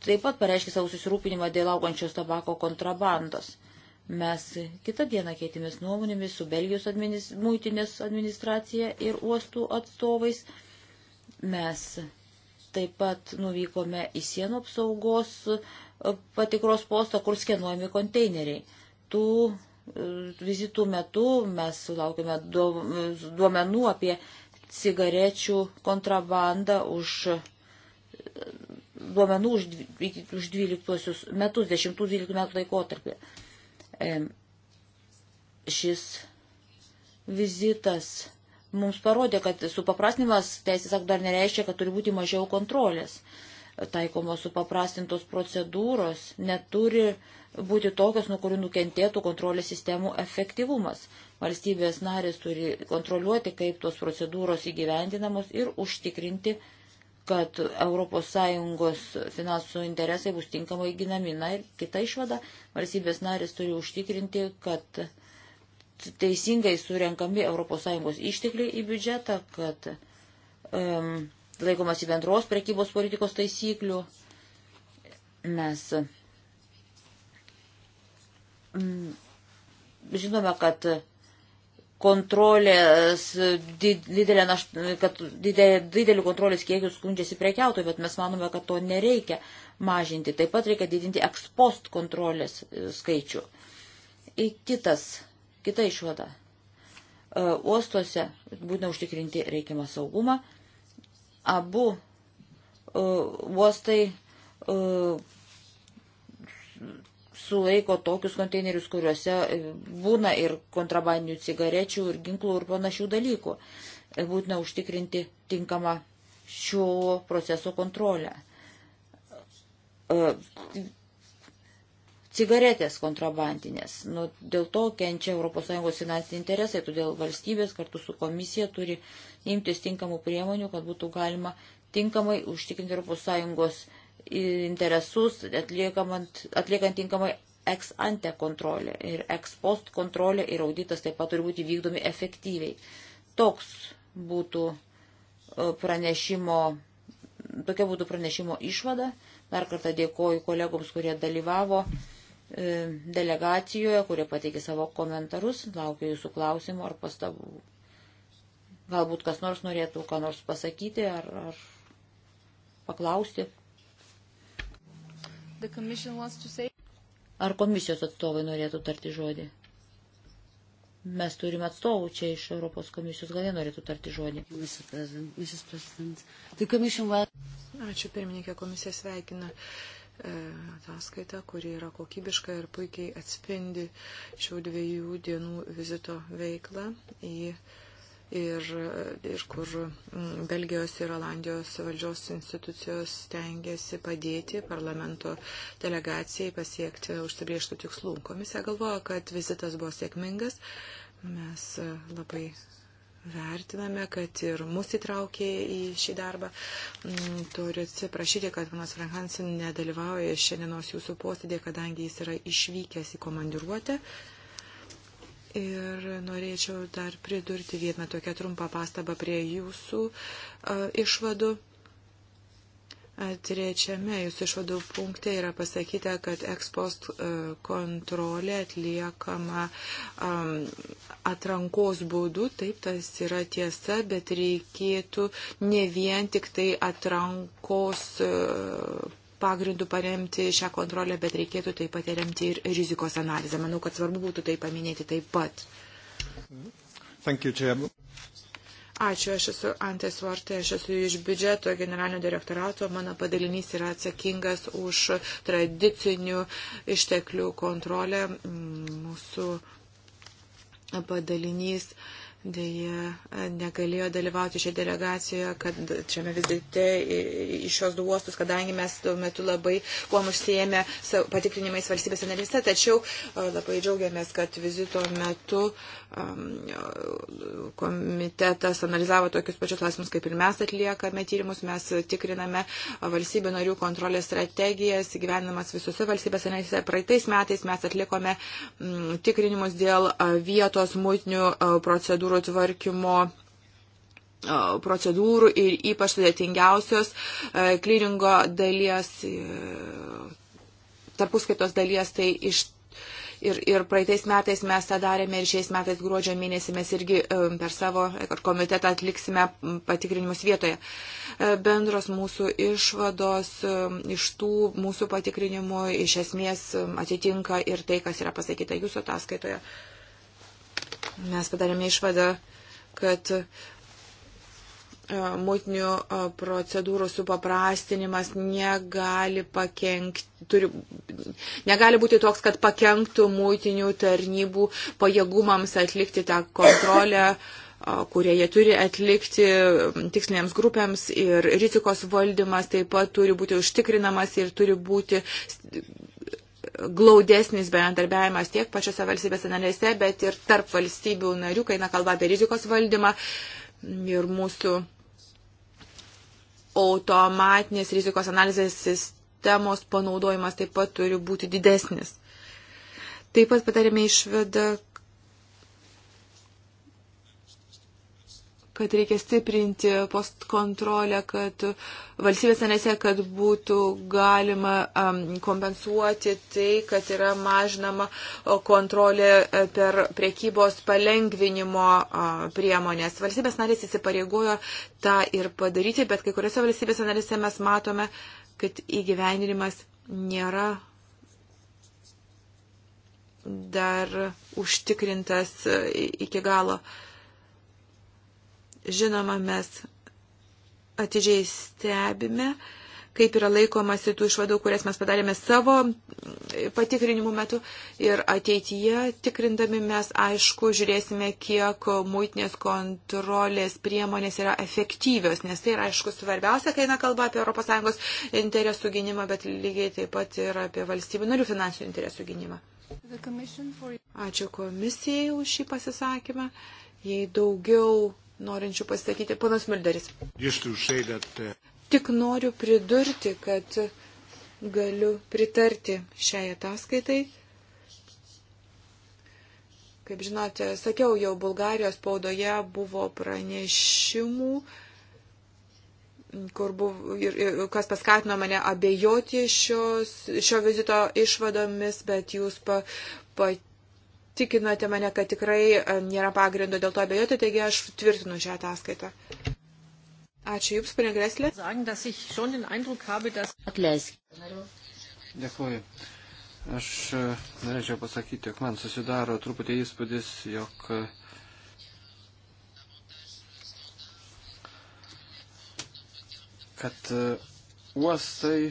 taip pat pareiškė savo susirūpinimą dėl augančios tabako kontrabandos. Mes kitą dieną keitėmės nuomonėmis su Belgijos administ... muitinės administracija ir uostų atstovais. Mes taip pat nuvykome į sienų apsaugos e, patikros postą, kur skenuojami konteineriai. Tų vizitų metu mes sulaukėme duomenų apie cigarečių kontrabandą už duomenų už, už 12 metus, 10-12 metų laikotarpį. E, šis vizitas mums parodė, kad supaprastinimas teisės aktų dar nereiškia, kad turi būti mažiau kontrolės. Taikomos supaprastintos procedūros neturi būti tokios, nuo kurių nukentėtų kontrolės sistemų efektyvumas. Valstybės narės turi kontroliuoti, kaip tos procedūros įgyvendinamos ir užtikrinti, kad ES finansų interesai bus tinkamai ginami. Na ir kita išvada, valstybės narės turi užtikrinti, kad teisingai surenkami ES ištekliai į biudžetą, kad um, laikomas į bendros prekybos politikos taisyklių. Mes Mm, žinome, kad kontrolės, didelė, kad didelė, didelių kontrolės kiekių skundžiasi prekiautojai, bet mes manome, kad to nereikia mažinti. Taip pat reikia didinti ekspost kontrolės e, skaičių. Į kitas, kita išvada. E, uostuose būtina užtikrinti reikiamą saugumą. Abu e, uostai sulaiko tokius konteinerius, kuriuose e, būna ir kontrabandinių cigarečių, ir ginklų, ir panašių dalykų. E, būtina užtikrinti tinkamą šio proceso kontrolę. E, cigaretės kontrabandinės. Nu, dėl to kenčia ES finansiniai interesai, todėl valstybės kartu su komisija turi imtis tinkamų priemonių, kad būtų galima tinkamai užtikrinti ES interesus, atliekant tinkamai ex ante kontrolę ir ex post kontrolę ir auditas taip pat turi būti vykdomi efektyviai. Toks būtų e, pranešimo, tokia būtų pranešimo išvada. Dar kartą dėkoju kolegoms, kurie dalyvavo e, delegacijoje, kurie pateikė savo komentarus, laukiu jūsų klausimų ar pastabų. Galbūt kas nors norėtų ką nors pasakyti ar, ar paklausti. Ar komisijos atstovai norėtų tarti žodį? Mes turime atstovų čia iš Europos komisijos, gal jie norėtų tarti žodį. Ačiū pirmininkė, komisija sveikina e, ataskaita, kuri yra kokybiška ir puikiai atspindi šių dviejų dienų vizito veiklą į uh, ir, ir kur mm, Belgijos ir Olandijos valdžios institucijos stengiasi padėti parlamento delegacijai pasiekti užsibrieštų tikslų. Komisija galvoja, kad vizitas buvo sėkmingas. Mes e, labai vertiname, kad ir mus įtraukė į šį darbą. Mm, turiu atsiprašyti, kad panas Frankansin nedalyvauja šiandienos jūsų posėdė, kadangi jis yra išvykęs į komandiruotę. Ir norėčiau dar pridurti vieną tokią trumpą pastabą prie jūsų uh, išvadų. Trečiame jūsų išvadų punkte yra pasakyta, kad ekspost uh, kontrolė atliekama um, atrankos būdu. Taip, tas yra tiesa, bet reikėtų ne vien tik tai atrankos uh, pagrindų paremti šią kontrolę, bet reikėtų taip pat remti ir rizikos analizę. Manau, kad svarbu būtų tai paminėti taip pat. Thank you, Chair. Ačiū, aš esu Antės Vartai, aš esu iš biudžeto generalinio direktorato, mano padalinys yra atsakingas už tradicinių išteklių kontrolę mm, mūsų padalinys. Uh, dėje negalėjo dalyvauti šioje delegacijoje, kad šiame vizite į šios du uostus, kadangi mes tuo metu labai buvom užsijėmę patikrinimais valstybės analise, tačiau e, labai džiaugiamės, kad vizito metu uh, Um, komitetas analizavo tokius pačius klausimus, kaip ir mes atliekame tyrimus, mes tikriname valstybių narių kontrolės strategijas, gyvenamas visose valstybėse. Praeitais metais mes atlikome mm, tikrinimus dėl vietos mūtinių procedūrų tvarkymo procedūrų ir ypač sudėtingiausios klyringo dalies, tarpuskaitos dalies, tai iš Ir, ir praeitais metais mes tą darėme ir šiais metais gruodžio mėnesį mes irgi e, per savo e, komitetą atliksime patikrinimus vietoje. E, bendros mūsų išvados iš tų mūsų patikrinimų iš esmės atitinka ir tai, kas yra pasakyta jūsų ataskaitoje. Mes padarėme išvadą kad E, muitinių e, procedūrų supaprastinimas negali pakenkti. Turi, negali būti toks, kad pakenktų muitinių tarnybų pajėgumams atlikti tą kontrolę, e, kurie jie turi atlikti tikslinėms grupėms ir rizikos valdymas taip pat turi būti užtikrinamas ir turi būti glaudesnis bendradarbiavimas tiek pačiose valstybėse narėse, bet ir tarp valstybių narių, kai eina kalba apie rizikos valdymą. Uh, ir mūsų automatinės rizikos analizės sistemos panaudojimas taip pat turi būti didesnis. Taip pat patarėme išvadą, kad reikia stiprinti postkontrolę, kad valstybės narėse, kad būtų galima um, kompensuoti tai, kad yra mažinama kontrolė e, per priekybos palengvinimo uh, priemonės. Valstybės narės įsipareigojo tą ir padaryti, bet kai kuriuose valstybės narėse mes matome, kad įgyveninimas nėra dar užtikrintas e, iki galo. Uh, Žinoma, mes atidžiai stebime, kaip yra laikomasi tų išvadų, kurias mes padarėme savo patikrinimų metu. Ir ateityje tikrindami mes, aišku, žiūrėsime, kiek muitinės kontrolės priemonės yra efektyvios, nes tai yra, aišku, svarbiausia, kai eina kalba apie ES interesų gynimą, bet lygiai taip pat ir apie valstybių narių finansinių interesų gynimą. Ačiū komisijai už šį pasisakymą. Jei daugiau norinčių pasakyti. Ponas Mulderis. E, Tik noriu pridurti, kad galiu pritarti šiai ataskaitai. Kaip žinote, sakiau, jau Bulgarijos spaudoje buvo pranešimų, kur buvo, ir, ir, kas paskatino mane abejoti šios, šio vizito išvadomis, bet jūs pa, pat tikinote mane, kad tikrai nėra pagrindo dėl to abejoti, taigi aš tvirtinu šią ataskaitą. Ačiū Jums, ponė Greslė. Atleiskite. Dėkuoju. Aš e, norėčiau pasakyti, jog man susidaro truputį įspūdis, jog e, kad e, uostai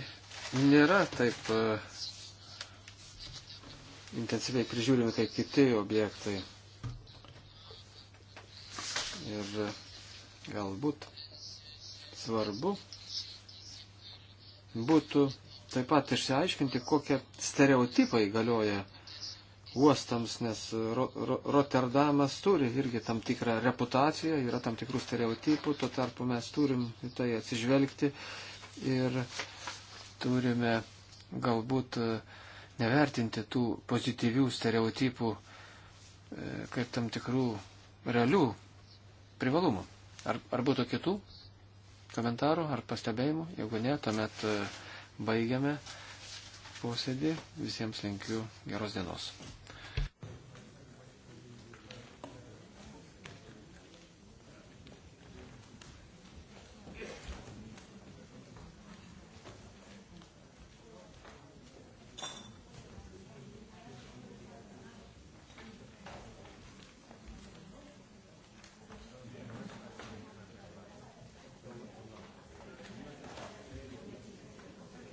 nėra taip intensyviai prižiūrimi kaip kiti objektai. Ir galbūt svarbu būtų taip pat išsiaiškinti, kokie stereotipai galioja uostams, nes Ro Ro Rotterdamas turi irgi tam tikrą reputaciją, yra tam tikrų stereotipų, tuo tarpu mes turim į tai atsižvelgti ir turime galbūt uh, nevertinti tų pozityvių stereotipų e, kaip tam tikrų realių privalumų. Ar, ar būtų kitų komentarų ar pastebėjimų? Jeigu ne, tuomet e, baigiame posėdį. Visiems linkiu geros dienos.